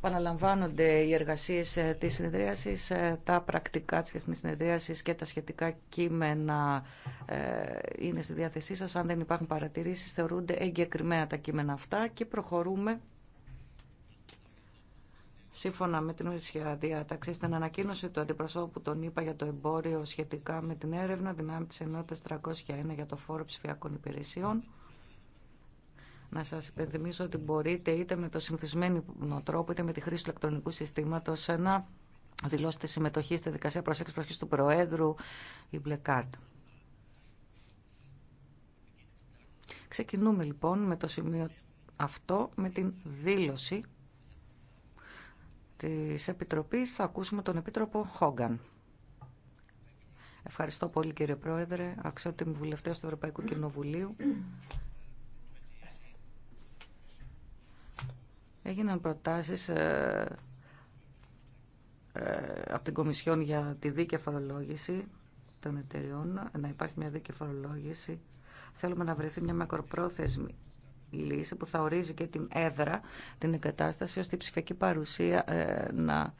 Παναλαμβάνονται οι εργασίε ε, τη συνεδρίασης, ε, τα πρακτικά της συνεδρίασης και τα σχετικά κείμενα ε, είναι στη διάθεσή σα. Αν δεν υπάρχουν παρατηρήσει, θεωρούνται εγκεκριμένα τα κείμενα αυτά και προχωρούμε Σύμφωνα με την ουσία διάταξη, στην ανακοίνωση του αντιπροσώπου τον είπα για το εμπόριο σχετικά με την έρευνα δυνάμει τη ενότητα 301 για το φόρο ψηφιακών υπηρεσιών, να σας υπενθυμίσω ότι μπορείτε είτε με το συνηθισμένο τρόπο είτε με τη χρήση του ηλεκτρονικού συστήματος να δηλώσετε συμμετοχή στη δικασία προσέξης προσοχής του Προέδρου ή μπλε κάρτα. Ξεκινούμε λοιπόν με το σημείο αυτό, με την δήλωση της Επιτροπής. Θα ακούσουμε τον Επίτροπο Χόγκαν. Ευχαριστώ πολύ κύριε Πρόεδρε, αξιότιμοι βουλευτές του Ευρωπαϊκού Κοινοβουλίου. Έγιναν προτάσεις ε, ε, από την Κομισιόν για τη δίκαια φορολόγηση των εταιριών, να υπάρχει μια δίκαια φορολόγηση. Θέλουμε να βρεθεί μια μακροπρόθεσμη λύση που θα ορίζει και την έδρα, την εγκατάσταση, ώστε η ψηφιακή παρουσία ε, να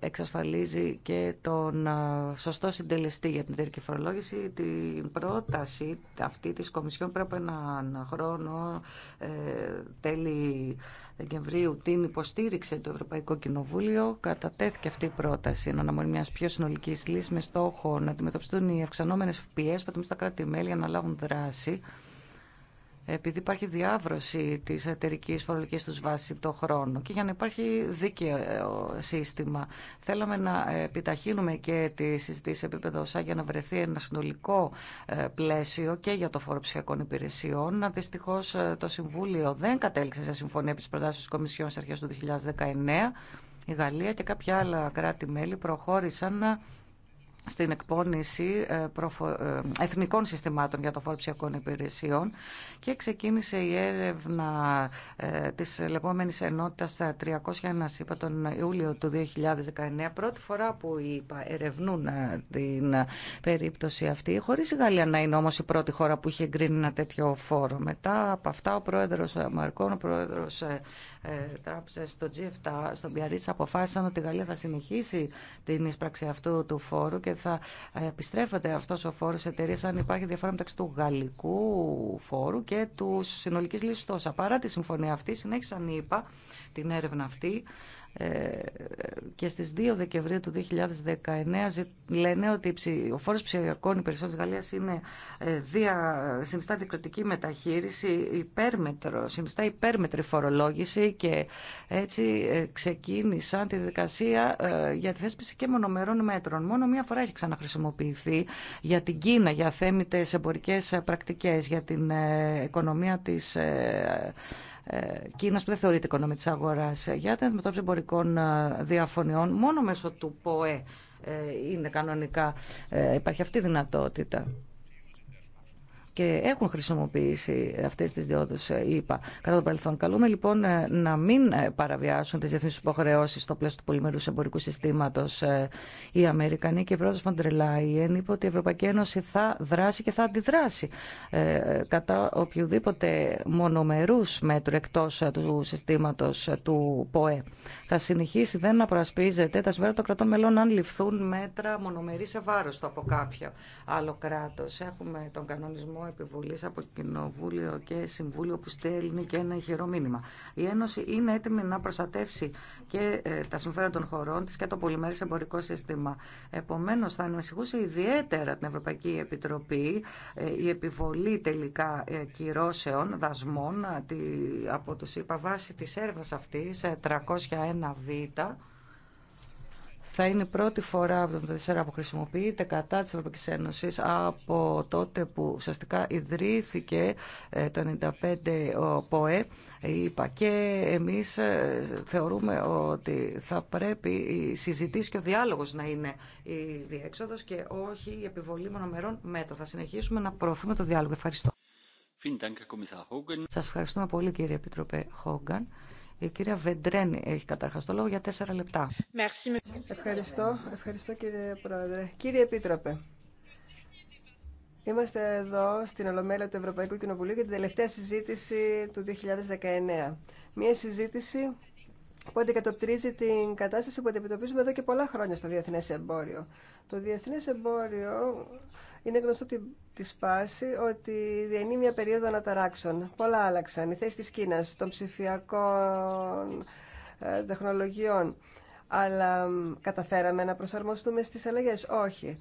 εξασφαλίζει και τον σωστό συντελεστή για την εταιρική φορολόγηση. Την πρόταση αυτή της Κομισιόν πρέπει έναν χρόνο ε, τέλη Δεκεμβρίου την υποστήριξε το Ευρωπαϊκό Κοινοβούλιο. Κατατέθηκε αυτή η πρόταση να αναμονή μια πιο συνολική λύση με στόχο να αντιμετωπιστούν οι αυξανόμενε πιέσει που ατομίζουν τα κράτη-μέλη για να λάβουν δράση επειδή υπάρχει διάβρωση της εταιρική φορολογικής τους βάση το χρόνο και για να υπάρχει δίκαιο ε, σύστημα. Θέλαμε να επιταχύνουμε και τη συζήτηση επίπεδο ΩΣΑ για να βρεθεί ένα συνολικό ε, πλαίσιο και για το φόρο ψηφιακών υπηρεσιών. Δυστυχώ ε, το Συμβούλιο δεν κατέληξε σε συμφωνία επί της προτάσεως της Κομισιόν αρχές του 2019. Η Γαλλία και κάποια άλλα κράτη-μέλη προχώρησαν να στην εκπόνηση ε, ε, εθνικών συστημάτων για το φόρο ψηφιακών υπηρεσιών και ξεκίνησε η έρευνα ε, της λεγόμενης ενότητας 301 είπα τον Ιούλιο του 2019 πρώτη φορά που είπα ερευνούν την περίπτωση αυτή χωρίς η Γαλλία να είναι όμως η πρώτη χώρα που είχε εγκρίνει ένα τέτοιο φόρο μετά από αυτά ο πρόεδρος Μαρκών ο πρόεδρος ε, στο G7 στον Πιαρίτσα αποφάσισαν ότι η Γαλλία θα συνεχίσει την εισπράξη αυτού του φόρου και θα επιστρέφεται αυτό ο φόρο σε αν υπάρχει διαφορά μεταξύ του γαλλικού φόρου και του συνολική λύσης τόσα. Παρά τη συμφωνία αυτή, συνέχισαν είπα, την έρευνα αυτή ε, και στις 2 Δεκεμβρίου του 2019 λένε ότι ο φόρος ψηφιακών υπηρεσιών της Γαλλίας είναι ε, δια, συνιστά δικαιωτική μεταχείριση, υπέρμετρο, συνιστά υπέρμετρη φορολόγηση και έτσι ε, ξεκίνησαν τη δικασία για τη θέσπιση και μονομερών μέτρων. Μόνο μία φορά έχει ξαναχρησιμοποιηθεί για την Κίνα, για θέμητες εμπορικές πρακτικές, για την οικονομία της ε, Κίνας που δεν θεωρείται οικονομία της αγοράς ε, για την αντιμετώπιση εμπορικών ε, διαφωνιών μόνο μέσω του ΠΟΕ είναι κανονικά υπάρχει αυτή η δυνατότητα και έχουν χρησιμοποιήσει αυτέ τι διόδου, είπα, κατά το παρελθόν. Καλούμε λοιπόν ε, να μην ε, παραβιάσουν τι διεθνεί υποχρεώσει στο πλαίσιο του πολυμερού εμπορικού συστήματο ε, οι Αμερικανοί. Και η πρόεδρο Φοντερ είπε ότι η Ευρωπαϊκή Ένωση θα δράσει και θα αντιδράσει κατά οποιοδήποτε μονομερού μέτρου εκτό του συστήματο του ΠΟΕ. Θα συνεχίσει δεν να προασπίζεται τα συμφέροντα των κρατών μελών αν ληφθούν μέτρα μονομερή σε βάρο του από κάποιο άλλο κράτο. Έχουμε τον κανονισμό Επιβολή επιβολής από Κοινοβούλιο και Συμβούλιο που στέλνει και ένα ηχηρό μήνυμα. Η Ένωση είναι έτοιμη να προστατεύσει και ε, τα συμφέροντα των χωρών της και το πολυμερι εμπορικό σύστημα. Επομένως, θα ανησυχούσε ιδιαίτερα την Ευρωπαϊκή Επιτροπή ε, η επιβολή τελικά ε, κυρώσεων, δασμών από του ΣΥΠΑ βάσει της έρευνας αυτής 301β θα είναι πρώτη φορά από το 1974 που χρησιμοποιείται κατά της Ευρωπαϊκής Ένωσης από τότε που ουσιαστικά ιδρύθηκε ε, το 1995 ο ΠΟΕ είπα και εμείς ε, θεωρούμε ότι θα πρέπει η συζητήση και ο διάλογος να είναι η διέξοδος και όχι η επιβολή μονομερών μέτρων. Θα συνεχίσουμε να προωθούμε το διάλογο. Ευχαριστώ. Σας ευχαριστούμε πολύ κύριε Επιτροπέ Χόγκαν. Η κυρία Βεντρέν έχει καταρχάς το λόγο για τέσσερα λεπτά. Ευχαριστώ, ευχαριστώ κύριε Πρόεδρε. Κύριε Επίτροπε, είμαστε εδώ στην Ολομέλεια του Ευρωπαϊκού Κοινοβουλίου για την τελευταία συζήτηση του 2019. Μία συζήτηση που αντικατοπτρίζει την κατάσταση που αντιμετωπίζουμε εδώ και πολλά χρόνια στο διεθνές εμπόριο. Το διεθνές εμπόριο είναι γνωστό τη σπάση ότι διανύει μια περίοδο αναταράξεων. Πολλά άλλαξαν. Η θέση τη κίνα, των ψηφιακών ε, τεχνολογιών. Αλλά καταφέραμε να προσαρμοστούμε στις αλλαγές. Όχι.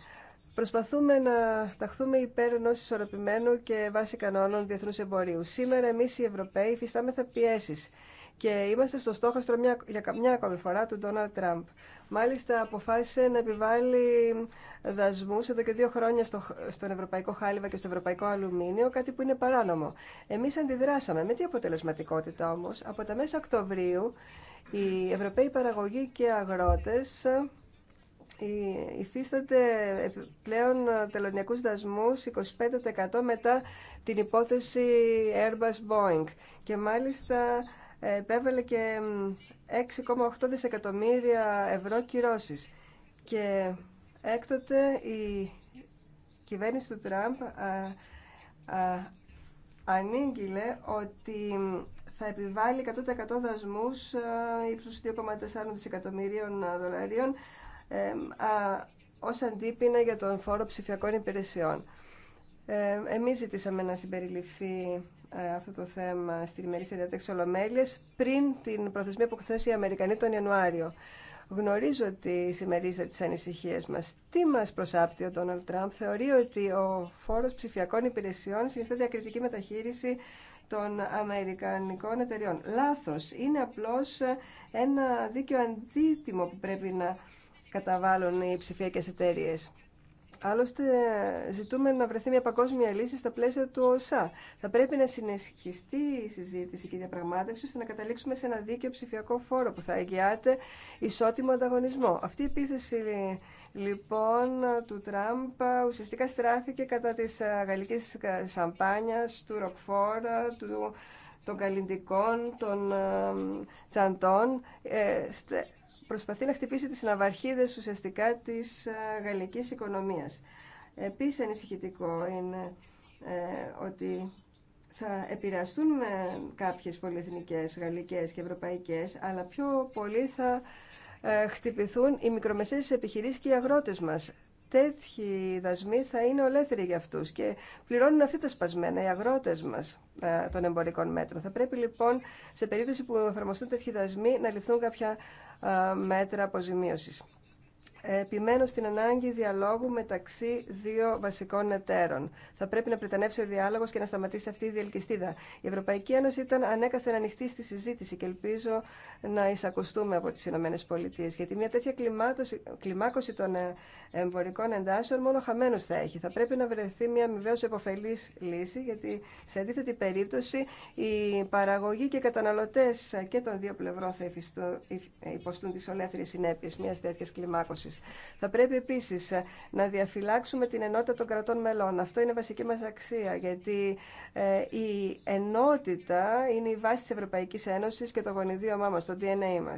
Προσπαθούμε να ταχθούμε υπέρ ενό ισορροπημένου και βάση κανόνων διεθνού εμπορίου. Σήμερα εμεί οι Ευρωπαίοι υφιστάμεθα πιέσει και είμαστε στο στόχαστρο μια, για μια ακόμη φορά του Ντόναλτ Τραμπ. Μάλιστα αποφάσισε να επιβάλλει δασμούς εδώ και δύο χρόνια στο, στον ευρωπαϊκό χάλιβα και στο ευρωπαϊκό αλουμίνιο, κάτι που είναι παράνομο. Εμείς αντιδράσαμε με τι αποτελεσματικότητα όμως. Από τα μέσα Οκτωβρίου οι ευρωπαίοι παραγωγοί και αγρότες ε, υφίσταται πλέον τελωνιακούς δασμούς 25% μετά την υπόθεση Airbus Boeing και μάλιστα επέβαλε και 6,8 δισεκατομμύρια ευρώ κυρώσεις. Και έκτοτε η κυβέρνηση του Τραμπ α, α, ανήγγειλε ότι θα επιβάλλει 100% δασμούς ύψους 2,4 δισεκατομμυρίων δολαρίων ε, α, ως αντίπεινα για τον φόρο ψηφιακών υπηρεσιών. Ε, εμείς ζητήσαμε να συμπεριληφθεί ε, αυτό το θέμα στην ημερήσια διάταξη Ολομέλεια πριν την προθεσμία που έχουν οι Αμερικανοί τον Ιανουάριο. Γνωρίζω ότι συμμερίζεται τις ανησυχίες μα. Τι μα προσάπτει ο Ντόναλτ Τραμπ. Θεωρεί ότι ο φόρο ψηφιακών υπηρεσιών συνιστά διακριτική μεταχείριση των Αμερικανικών εταιριών. Λάθο Είναι απλώ ε, ένα δίκαιο αντίτιμο που πρέπει να καταβάλουν οι ψηφιακέ εταιρείε. Άλλωστε, ζητούμε να βρεθεί μια παγκόσμια λύση στα πλαίσια του ΟΣΑ. Θα πρέπει να συνεχιστεί η συζήτηση και η διαπραγμάτευση ώστε να καταλήξουμε σε ένα δίκαιο ψηφιακό φόρο που θα εγγυάται ισότιμο ανταγωνισμό. Αυτή η επίθεση λοιπόν του Τραμπ ουσιαστικά στράφηκε κατά τη ε, γαλλική ε, σαμπάνια, του ροκφόρ, ε, του των καλλιντικών, των τσαντών, προσπαθεί να χτυπήσει τις ναυαρχίδες ουσιαστικά της ε, γαλλικής οικονομίας. Επίσης ανησυχητικό είναι ε, ότι θα επηρεαστούν με κάποιες πολυεθνικές, γαλλικές και ευρωπαϊκές, αλλά πιο πολύ θα ε, χτυπηθούν οι μικρομεσαίες επιχειρήσεις και οι αγρότες μας. Τέτοιοι δασμοί θα είναι ολέθριοι για αυτούς και πληρώνουν αυτοί τα σπασμένα, οι αγρότες μας των εμπορικών μέτρων. Θα πρέπει λοιπόν σε περίπτωση που εφαρμοστούν τέτοιοι δασμοί να ληφθούν κάποια ε, μέτρα αποζημίωσης. Επιμένω στην ανάγκη διαλόγου μεταξύ δύο βασικών εταίρων. Θα πρέπει να πρετανεύσει ο διάλογο και να σταματήσει αυτή η διελκυστίδα. Η Ευρωπαϊκή Ένωση ήταν ανέκαθεν ανοιχτή στη συζήτηση και ελπίζω να εισακουστούμε από τι ΗΠΑ. Γιατί μια τέτοια κλιμάκωση των ε, εμπορικών εντάσεων μόνο χαμένου θα έχει. Θα πρέπει να βρεθεί μια αμοιβαίω επωφελή λύση γιατί σε αντίθετη περίπτωση οι παραγωγοί και οι καταναλωτέ και των δύο πλευρών θα υποστούν τι ολέθριε συνέπειε μια τέτοια κλιμάκωση. Θα πρέπει επίση να διαφυλάξουμε την ενότητα των κρατών μελών. Αυτό είναι βασική μα αξία γιατί ε, η ενότητα είναι η βάση τη Ευρωπαϊκή Ένωση και το γονιδίωμά μα, το DNA μα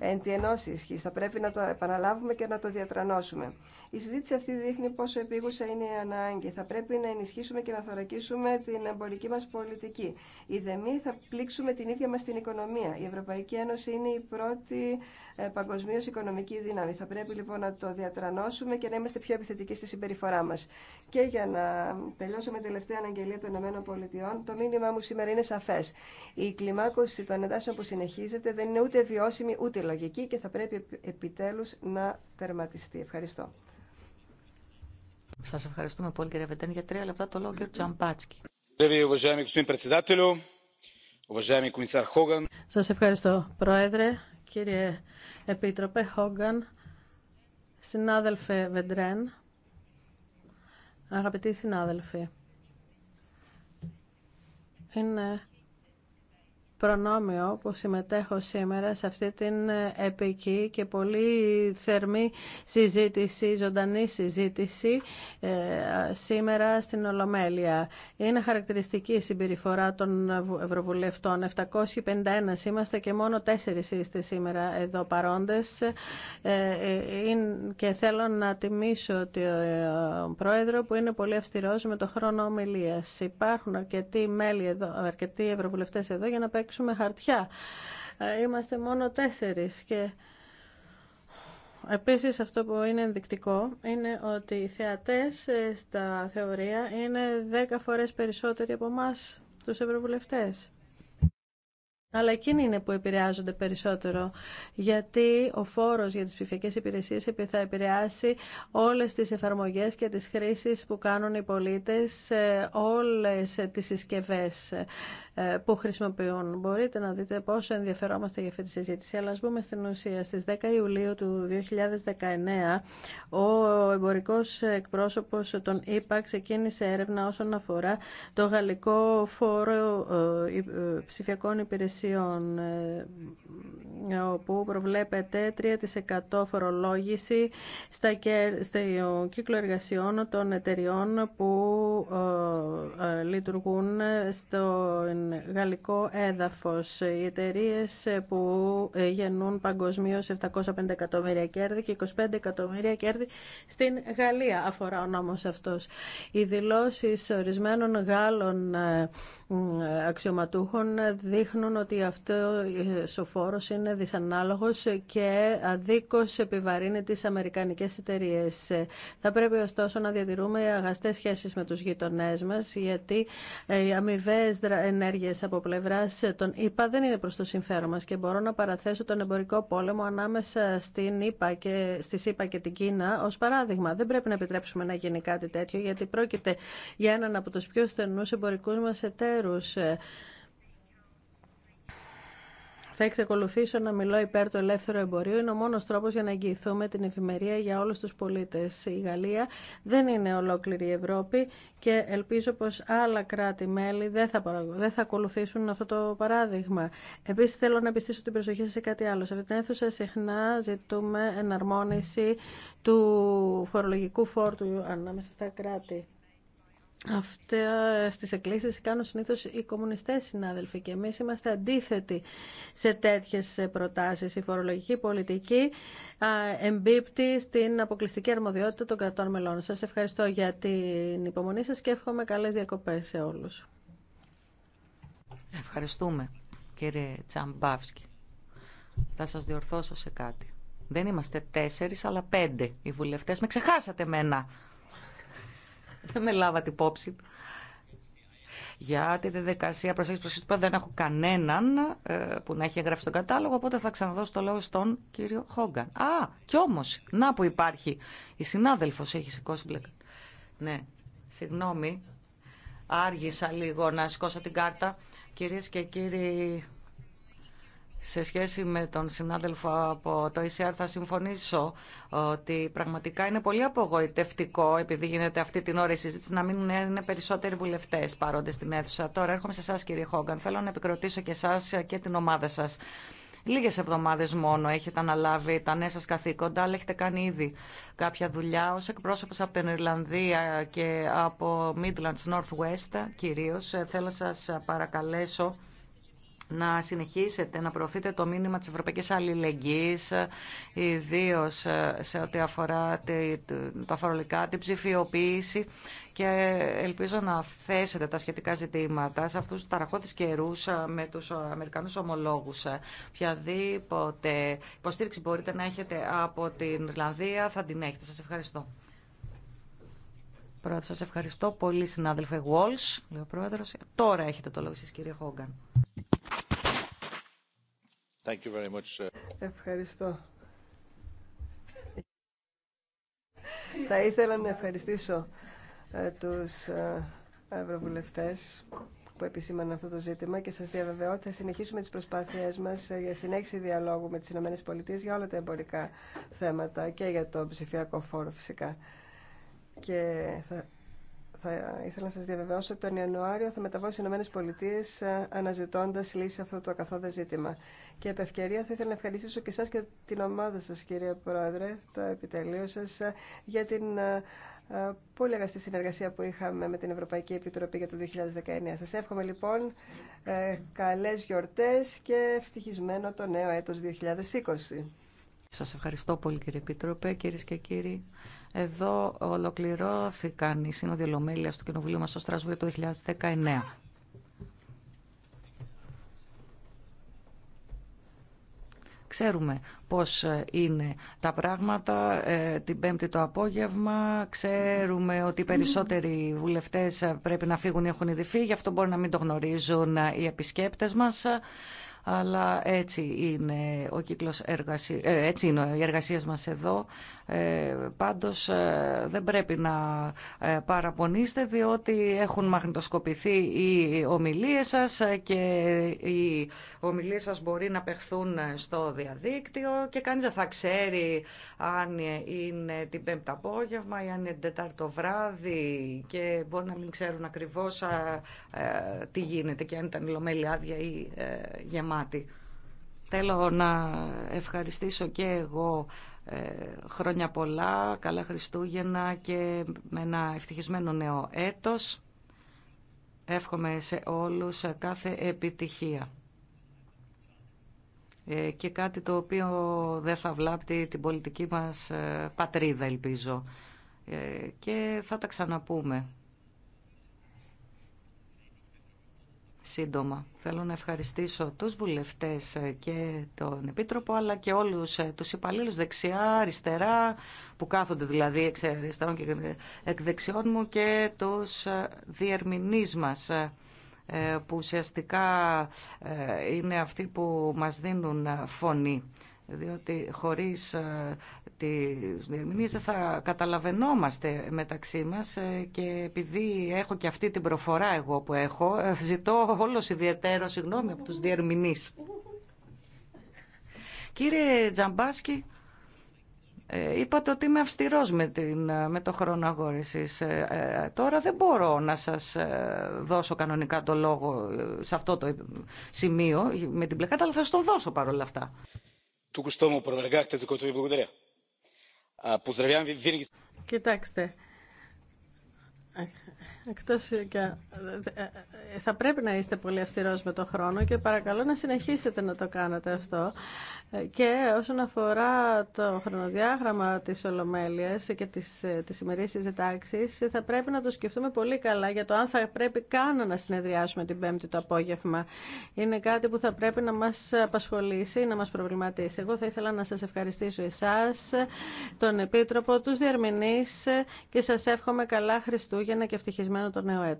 Εν τη ενώση ισχύει. Θα πρέπει να το επαναλάβουμε και να το διατρανώσουμε. Η συζήτηση αυτή δείχνει πόσο επίγουσα είναι η ανάγκη. Θα πρέπει να ενισχύσουμε και να θωρακίσουμε την εμπορική μα πολιτική. Η δεμή θα πλήξουμε την ίδια μα την οικονομία. Η Ευρωπαϊκή Ένωση είναι η πρώτη ε, παγκοσμίω οικονομική δύναμη. Θα πρέπει λοιπόν να το διατρανώσουμε και να είμαστε πιο επιθετικοί στη συμπεριφορά μα. Και για να τελειώσω με τελευταία αναγγελία των ΗΠΑ, το μήνυμά μου σήμερα είναι σαφέ. Η κλιμάκωση των εντάσσεων που συνεχίζεται δεν είναι ούτε βιώσιμη ούτε λογική και θα πρέπει επιτέλου να τερματιστεί. Ευχαριστώ. Σας ευχαριστούμε πολύ κύριε Βεντέν. Για τρία λεπτά το λόγο κύριο Τσαμπάτσκι. Σας ευχαριστώ Πρόεδρε, κύριε Επίτροπε Χόγκαν, συνάδελφε Βεντρέν, αγαπητοί συνάδελφοι. Είναι προνόμιο που συμμετέχω σήμερα σε αυτή την ε, επική και πολύ θερμή συζήτηση, ζωντανή συζήτηση ε, σήμερα στην Ολομέλεια. Είναι χαρακτηριστική η συμπεριφορά των Ευρωβουλευτών. 751 είμαστε και μόνο τέσσερις είστε σήμερα εδώ παρόντες ε, και θέλω να τιμήσω ο Πρόεδρο που είναι πολύ αυστηρός με το χρόνο ομιλίας. Υπάρχουν αρκετοί, μέλη εδώ, αρκετοί Ευρωβουλευτές εδώ για να παίξουν παίξουμε χαρτιά. Ε, είμαστε μόνο τέσσερις και... Επίσης αυτό που είναι ενδεικτικό είναι ότι οι θεατές ε, στα θεωρία είναι δέκα φορές περισσότεροι από μας τους ευρωβουλευτές. Αλλά εκείνοι είναι που επηρεάζονται περισσότερο, γιατί ο φόρος για τις ψηφιακές υπηρεσίες θα επηρεάσει όλες τις εφαρμογές και τις χρήσεις που κάνουν οι πολίτες, όλες τις συσκευές. Ε, που χρησιμοποιούν. Μπορείτε να δείτε πόσο ενδιαφερόμαστε για αυτή τη συζήτηση. Αλλά ας πούμε στην ουσία. Στις 10 Ιουλίου του 2019 ο εμπορικός εκπρόσωπος των ΕΠΑ ξεκίνησε έρευνα όσον αφορά το γαλλικό φόρο ε, ε, ψηφιακών υπηρεσιών όπου προβλέπεται 3% φορολόγηση στα κύκλο εργασιών των εταιριών που λειτουργούν στο γαλλικό έδαφος. Οι εταιρείε που γεννούν παγκοσμίως 750 εκατομμύρια κέρδη και 25 εκατομμύρια κέρδη στην Γαλλία αφορά ο νόμος αυτός. Οι δηλώσεις ορισμένων Γάλλων ε, αξιωματούχων δείχνουν ότι αυτό ε, ο φόρος είναι δυσανάλογος και αδίκως επιβαρύνει τις αμερικανικές εταιρείε. Θα πρέπει ωστόσο να διατηρούμε αγαστές σχέσεις με τους γειτονές μας γιατί ε, οι αμοιβές ενέργειες ενέργειες από πλευράς ε, των ΗΠΑ δεν είναι προ το συμφέρον μα και μπορώ να παραθέσω τον εμπορικό πόλεμο ανάμεσα στην ΗΠΑ και, στις ΗΠΑ και την Κίνα ω παράδειγμα. Δεν πρέπει να επιτρέψουμε να γίνει κάτι τέτοιο γιατί πρόκειται για έναν από του πιο στενού εμπορικού μα εταίρου. Ε, θα εξακολουθήσω να μιλώ υπέρ του ελεύθερου εμπορίου. Είναι ο μόνο τρόπο για να εγγυηθούμε την εφημερία για όλου του πολίτε. Η Γαλλία δεν είναι ολόκληρη η Ευρώπη και ελπίζω πω άλλα κράτη-μέλη δεν θα, δεν θα ακολουθήσουν αυτό το παράδειγμα. Επίση, θέλω να επιστήσω την προσοχή σε κάτι άλλο. Σε αυτή την αίθουσα συχνά ζητούμε εναρμόνιση του φορολογικού φόρτου ανάμεσα στα κράτη. Αυτά ε, στις εκκλήσεις κάνουν συνήθως οι κομμουνιστές συνάδελφοι και εμείς είμαστε αντίθετοι σε τέτοιες ε, προτάσεις. Η φορολογική πολιτική εμπίπτει στην αποκλειστική αρμοδιότητα των κρατών μελών. Σας ευχαριστώ για την υπομονή σας και εύχομαι καλές διακοπές σε όλους. Ευχαριστούμε κύριε Τσαμπάφσκι. Θα σας διορθώσω σε κάτι. Δεν είμαστε τέσσερις αλλά πέντε οι βουλευτές. Με ξεχάσατε μένα. Δεν με λάβατε υπόψη. Για τη διαδικασία προσέγγιση προσέγγιση δεν έχω κανέναν ε, που να έχει εγγραφεί στον κατάλογο, οπότε θα ξαναδώσω το λόγο στον κύριο Χόγκαν. Α, κι όμω, να που υπάρχει. Η συνάδελφο έχει σηκώσει μπλε. Ναι, συγγνώμη. Άργησα λίγο να σηκώσω την κάρτα. Κυρίες και κύριοι, σε σχέση με τον συνάδελφο από το ECR θα συμφωνήσω ότι πραγματικά είναι πολύ απογοητευτικό επειδή γίνεται αυτή την ώρα η συζήτηση να μην είναι περισσότεροι βουλευτέ παρόντε στην αίθουσα. Τώρα έρχομαι σε εσά κύριε Χόγκαν. Θέλω να επικροτήσω και εσά και την ομάδα σα. Λίγες εβδομάδες μόνο έχετε αναλάβει τα νέα σας καθήκοντα, αλλά έχετε κάνει ήδη κάποια δουλειά ως εκπρόσωπος από την Ιρλανδία και από Midlands Northwest κυρίως. Θέλω να σας παρακαλέσω να συνεχίσετε να προωθείτε το μήνυμα της Ευρωπαϊκής Αλληλεγγύης, ιδίω σε ό,τι αφορά τα φορολικά, την ψηφιοποίηση και ελπίζω να θέσετε τα σχετικά ζητήματα σε αυτούς τους ταραχώδεις καιρούς ε, με τους Αμερικανούς ομολόγους. Ε, Ποιαδήποτε υποστήριξη μπορείτε να έχετε από την Ιρλανδία θα την έχετε. Σας ευχαριστώ. Πρώτα σα ευχαριστώ πολύ συνάδελφε Walsh, λέει ο Τώρα έχετε το λόγο εσεί, κύριε Χόγκαν. Ευχαριστώ. Θα ήθελα να ευχαριστήσω ε, τους ε, ευρωβουλευτές που επισήμαναν αυτό το ζήτημα και σας διαβεβαιώ ότι θα συνεχίσουμε τις προσπάθειές μας ε, για συνέχιση διαλόγου με τις ΗΠΑ για όλα τα εμπορικά θέματα και για το ψηφιακό φόρο φυσικά. Και θα, θα ήθελα να σας διαβεβαιώσω ότι τον Ιανουάριο θα μεταβώ στις Ηνωμένες Πολιτείες ε, αναζητώντας λύση σε αυτό το ακαθόδε ζήτημα. Και επ' ευκαιρία θα ήθελα να ευχαριστήσω και εσάς και την ομάδα σας, κύριε Πρόεδρε, το επιτελείο σας, ε, για την ε, πολύ αγαστή συνεργασία που είχαμε με την Ευρωπαϊκή Επιτροπή για το 2019. Σας εύχομαι λοιπόν καλές γιορτές και ευτυχισμένο το νέο έτος 2020. Σας ευχαριστώ πολύ κύριε Επίτροπε, κύριε και κύριοι. Εδώ ολοκληρώθηκαν οι σύνοδοι ολομέλειας του Κοινοβουλίου μας στο Στρασβούργο το 2019. Ξέρουμε πώς είναι τα πράγματα ε, την Πέμπτη το απόγευμα. Ξέρουμε ότι οι περισσότεροι βουλευτές πρέπει να φύγουν ή έχουν ήδη φύγει. Αυτό μπορεί να μην το γνωρίζουν οι επισκέπτες μας αλλά έτσι είναι ο κύκλος ε, έτσι είναι οι εργασίες μας εδώ. Ε, πάντως ε, δεν πρέπει να ε, παραπονείστε διότι έχουν μαγνητοσκοπηθεί οι ομιλίες σας και οι ομιλίες σας μπορεί να παιχθούν στο διαδίκτυο και κανείς δεν θα ξέρει αν είναι την πέμπτα απόγευμα ή αν είναι την τετάρτο βράδυ και μπορεί να μην ξέρουν ακριβώς τι γίνεται και αν ήταν η λομέλη άδεια ή γεμάτη. Θέλω να ευχαριστήσω και εγώ ε, χρόνια πολλά, καλά Χριστούγεννα και με ένα ευτυχισμένο νέο έτος. Εύχομαι σε όλους κάθε επιτυχία ε, και κάτι το οποίο δεν θα βλάπτει την πολιτική μας ε, πατρίδα, ελπίζω. Και θα τα ξαναπούμε. σύντομα. Θέλω να ευχαριστήσω τους βουλευτές ε, και τον Επίτροπο, αλλά και όλους ε, τους υπαλλήλους δεξιά, αριστερά, που κάθονται δηλαδή εξ ε, αριστερών και εκ δεξιών μου και τους διερμηνείς μας που ουσιαστικά είναι αυτοί που μας δίνουν φωνή διότι χωρίς τις διερμηνίες δεν θα καταλαβαινόμαστε μεταξύ μας ε, και επειδή έχω και αυτή την προφορά εγώ που έχω, ε, ζητώ όλος ιδιαίτερο συγγνώμη από τους διερμηνείς. Κύριε Τζαμπάσκι, ε, είπατε ότι είμαι αυστηρός με, το χρόνο αγόρησης. τώρα δεν μπορώ να σας δώσω κανονικά το λόγο σε αυτό το σημείο με την πλεκάτα, αλλά θα σας το δώσω παρόλα αυτά. Του κουστόμου, Κοιτάξτε, εκτός και ε, ε, θα πρέπει να είστε πολύ αυστηρός με το χρόνο και παρακαλώ να συνεχίσετε να το κάνετε αυτό. Ε, και όσον αφορά το χρονοδιάγραμμα της Ολομέλειας και της, της ημερής συζητάξης, θα πρέπει να το σκεφτούμε πολύ καλά για το αν θα πρέπει καν να συνεδριάσουμε την Πέμπτη το απόγευμα. Είναι κάτι που θα πρέπει να μας απασχολήσει, να μας προβληματίσει. Εγώ θα ήθελα να σας ευχαριστήσω εσάς, τον Επίτροπο, τους Διερμηνείς και σας εύχομαι καλά Χριστούγεννα και ευτυχία ευτυχισμένο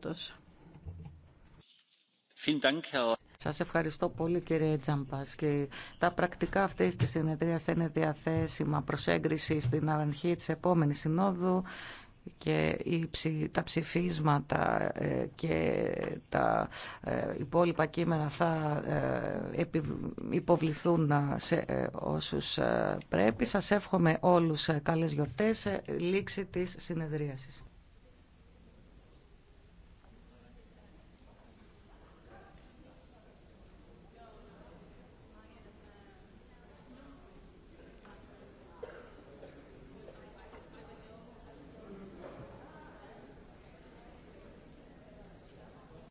Σας ευχαριστώ πολύ κύριε Τζαμπά, και τα πρακτικά αυτή της συνεδρία θα είναι διαθέσιμα προς έγκριση στην αρχή τη επόμενη συνόδου και τα ψηφίσματα ε, και τα ε, υπόλοιπα κείμενα θα ε, υποβληθούν σε όσους πρέπει. Σας εύχομαι όλους καλές γιορτές. Λήξη της συνεδρίασης.